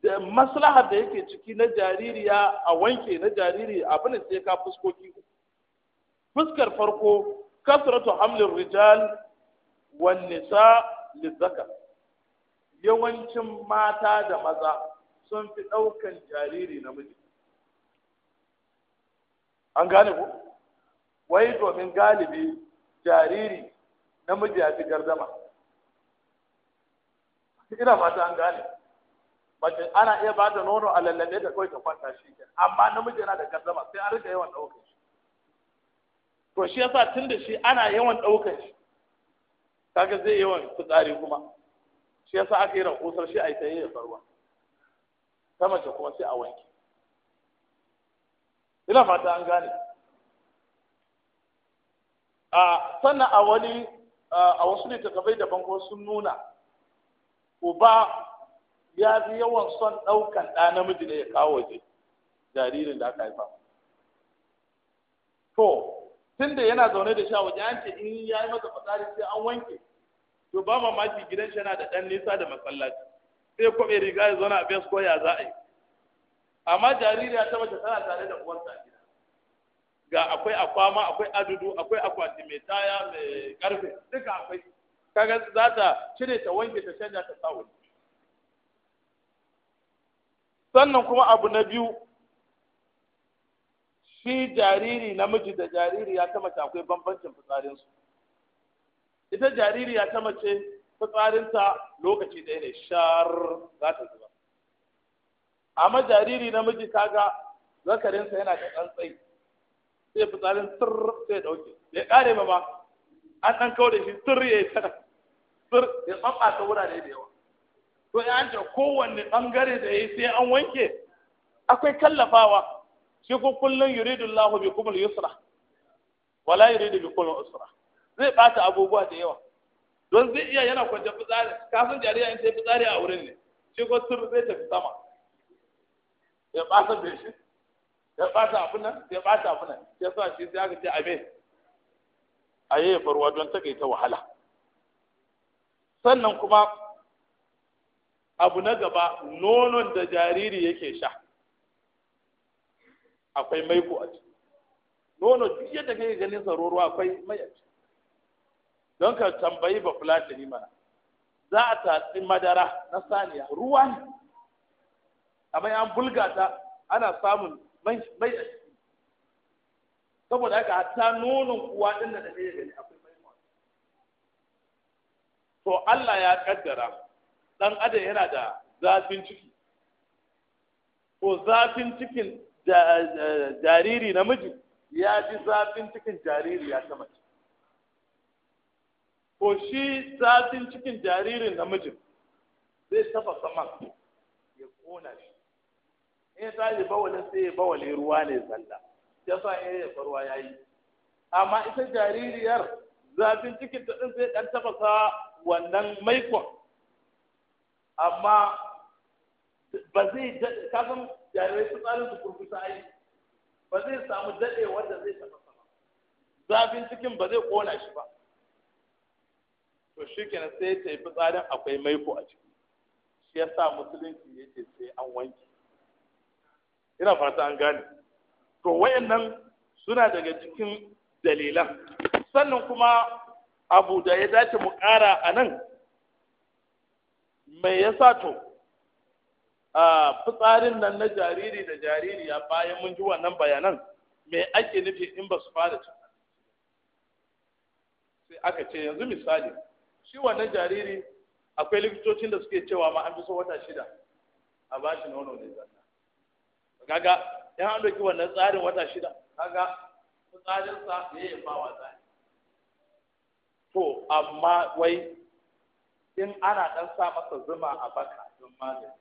da maslaha da yake ciki na jaririya a wanke na jariri abin sai ka fuskoki fuskar farko kasratu hamlir rijal wan nisa lizakar yawancin mata da maza sun fi ɗaukan jariri namiji an gane ku wai domin galibi jariri namiji ya fi gardama ina fata an gane mace ana iya ba da nono a lallabe da kawai ta kwanta shi ke amma namiji yana da gardama sai an rika yawan ɗaukan shi to shi yasa tun da shi ana yawan ɗaukan shi kaga zai yawan fitsari kuma shi yasa aka yi rahusar shi a yi ta yi ya faruwa ta mace kuma sai a wanke ina fata an gane a sannan a wani a wasu takabai daban ko sun nuna uba ya fi yawan son ɗaukan ɗa namiji ne ya kawo waje jaririn da aka haifa to tun da yana zaune da shi a waje an ce in ya yi masa fasari sai an wanke to ba mamaki gidan shi yana da ɗan nisa da masallaci sai kwabe riga ya zauna a bes ko ya za a yi amma jaririya ta mace tana tare da uwarta a gida ga akwai akwama akwai adudu akwai akwati mai taya mai karfe duka akwai kaga za ta cire ta wanke ta canja ta sa wani sannan kuma abu na biyu shi jariri namiji da jaririya ta mace akwai bambancin fitsarinsu ita jaririya ta mace fitsarinta lokaci ɗaya ne shar za ta zuba amma jariri namiji kaga zakarinsa yana da tsantsai sai fitsarin sir sai ɗauke bai kare ba ba an ɗan kawo da shi sir ya yi tara sir ya tsamma ta wurare da yawa to ya an ce kowanne ɓangare da ya yi sai an wanke akwai kallafawa shi ko kullum yuridun lahu bi kumul yusra wala yuridu bi kumul usra zai ɓata abubuwa da yawa don zai iya yana kwance fitsari kasan jariya in sai fitsari a wurin ne shi ko tur zai tafi sama ya ɓata bai shi ya ɓata abu nan ya ɓata abu nan ya sa shi sai aka ce abe a yi faruwa don ta ta wahala sannan kuma abu na gaba nonon da jariri yake sha akwai maiko a ciki nono duk yadda kake ganin sa akwai mai a ciki don ka tambayi ba kula da ni mana za a tatsi madara na saniya ruwa ne amma an bulga ta ana samun mai a saboda haka hatta nonon kuwa din da take gani akwai mai to Allah ya kaddara dan adam yana da zafin ciki ko zafin cikin eh, jariri namiji ya ji zafin cikin jariri ya ta mace ko shi satin cikin jaririn namijin zai tafa saman ya kona shi in ya yi wani sai ya bawale ruwa ne zalla ya sa ya yi ruwa ya yi amma ita jaririyar zafin cikin ta ɗin zai ɗan tafasa wannan maikon amma ba zai kasan jarirai su tsarin su kurkusa ai ba zai samu daɗe wanda zai tafa sama zafin cikin ba zai kona shi ba to shi kenan sai ta yi fitsarin akwai maiko a ciki shi ya sa musulunci ya ce sai an wanke ina fata an gane to wayannan suna daga cikin dalilan sannan kuma abu da ya dace mu ƙara a nan mai ya sa to fitsarin nan na jariri da jariri ya bayan mun ji wannan bayanan me ake nufi in ba su fara sai aka ce yanzu misali shi wannan jariri akwai likitocin da suke cewa ma an fi so wata shida a ba shi nono ne zanna kaga ya an doki wannan tsarin wata shida kaga tsarin sa ne ya ba wa tsari to amma wai in ana dan sa masa zuma a baka don magani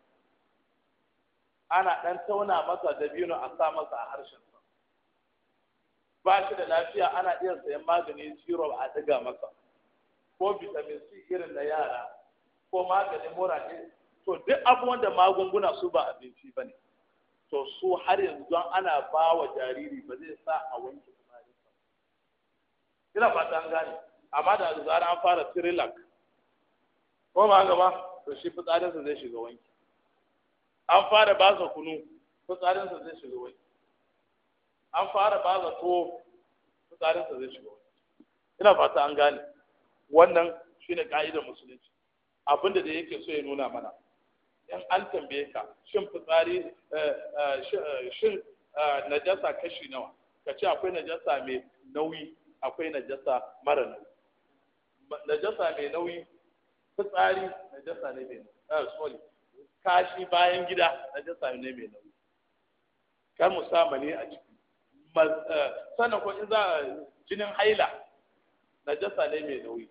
ana dan tauna masa dabino a sa masa a harshen ba shi da lafiya ana iya sayan magani zero a diga masa ko vitamin C irin na yara ko maganin mura ne to duk abubuwan da magunguna su ba abinci ba ne to su har yanzu don ana ba wa jariri ba zai sa a wanke kumari ba ina fata an gane amma da zara an fara tirilak ko ma gaba to shi fitsarinsa zai shiga wanki an fara ba sa kunu fitsarinsa zai shiga wanki an fara ba sa tuwo fitsarinsa zai shiga wanki ina fata an gane wannan shine ka'idar musulunci abinda da yake so ya nuna mana in an tambaye ka shin fitsari eh, eh, eh, shin najasa kashi nawa ka ce akwai najasa mai nauyi akwai najasa mara nauyi najasa mai nauyi fitsari najasa ne mai nauyi sorry kashi bayan gida najasa ne mai nauyi kar mu sa ne a ciki sannan ko in za jinin haila najasa ne mai nauyi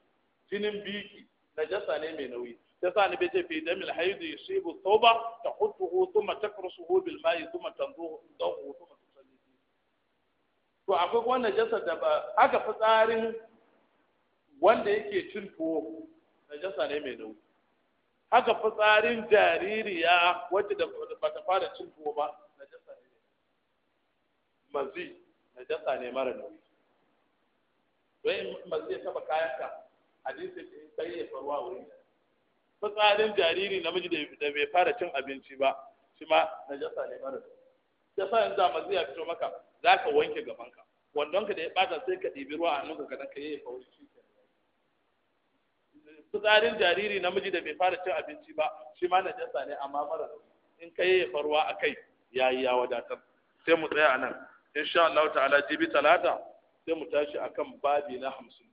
jinin biki na jasa ne mai nauyi sai sa bai ce fi damil haidu yusibu tauba tahuttuhu thumma takrusuhu bil ma'i thumma tanzuhu dahu thumma tusalli to akwai kuma jasa da ba aka fitsarin wanda yake cin tuwo na jasa ne mai nauyi haka fitsarin jaririya wacce da bata fara cin tuwo ba na jasa ne mazi na jasa ne mara nauyi don mazi ya taba kayanka hadisi da ya tsayyafa wuri. wurin tsarin jariri namiji da bai fara cin abinci ba shi ma najasa ne mara da sa yanzu amma zai fito maka za ka wanke ka da ya bata sai ka dibi ruwa a ka kaɗan ka yayyafa fawo shi tsarin jariri namiji da bai fara cin abinci ba shi ma najasa ne amma mara in ka yi farwa a kai ya yi ya wadatar sai mu tsaya a nan insha Allah ta'ala jibi talata sai mu tashi akan babi na hamsin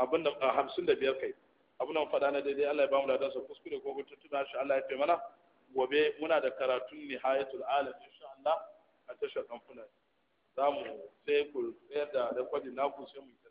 abin da hamsin da biyar kai abin da faɗa na daidai Allah ya bamu da sa kuskure ko gutu tuna shi Allah ya fi mana gobe muna da karatun nihayatul alam insha Allah a tashar kamfuna za mu sai ku tsayar da rekodin naku sai mu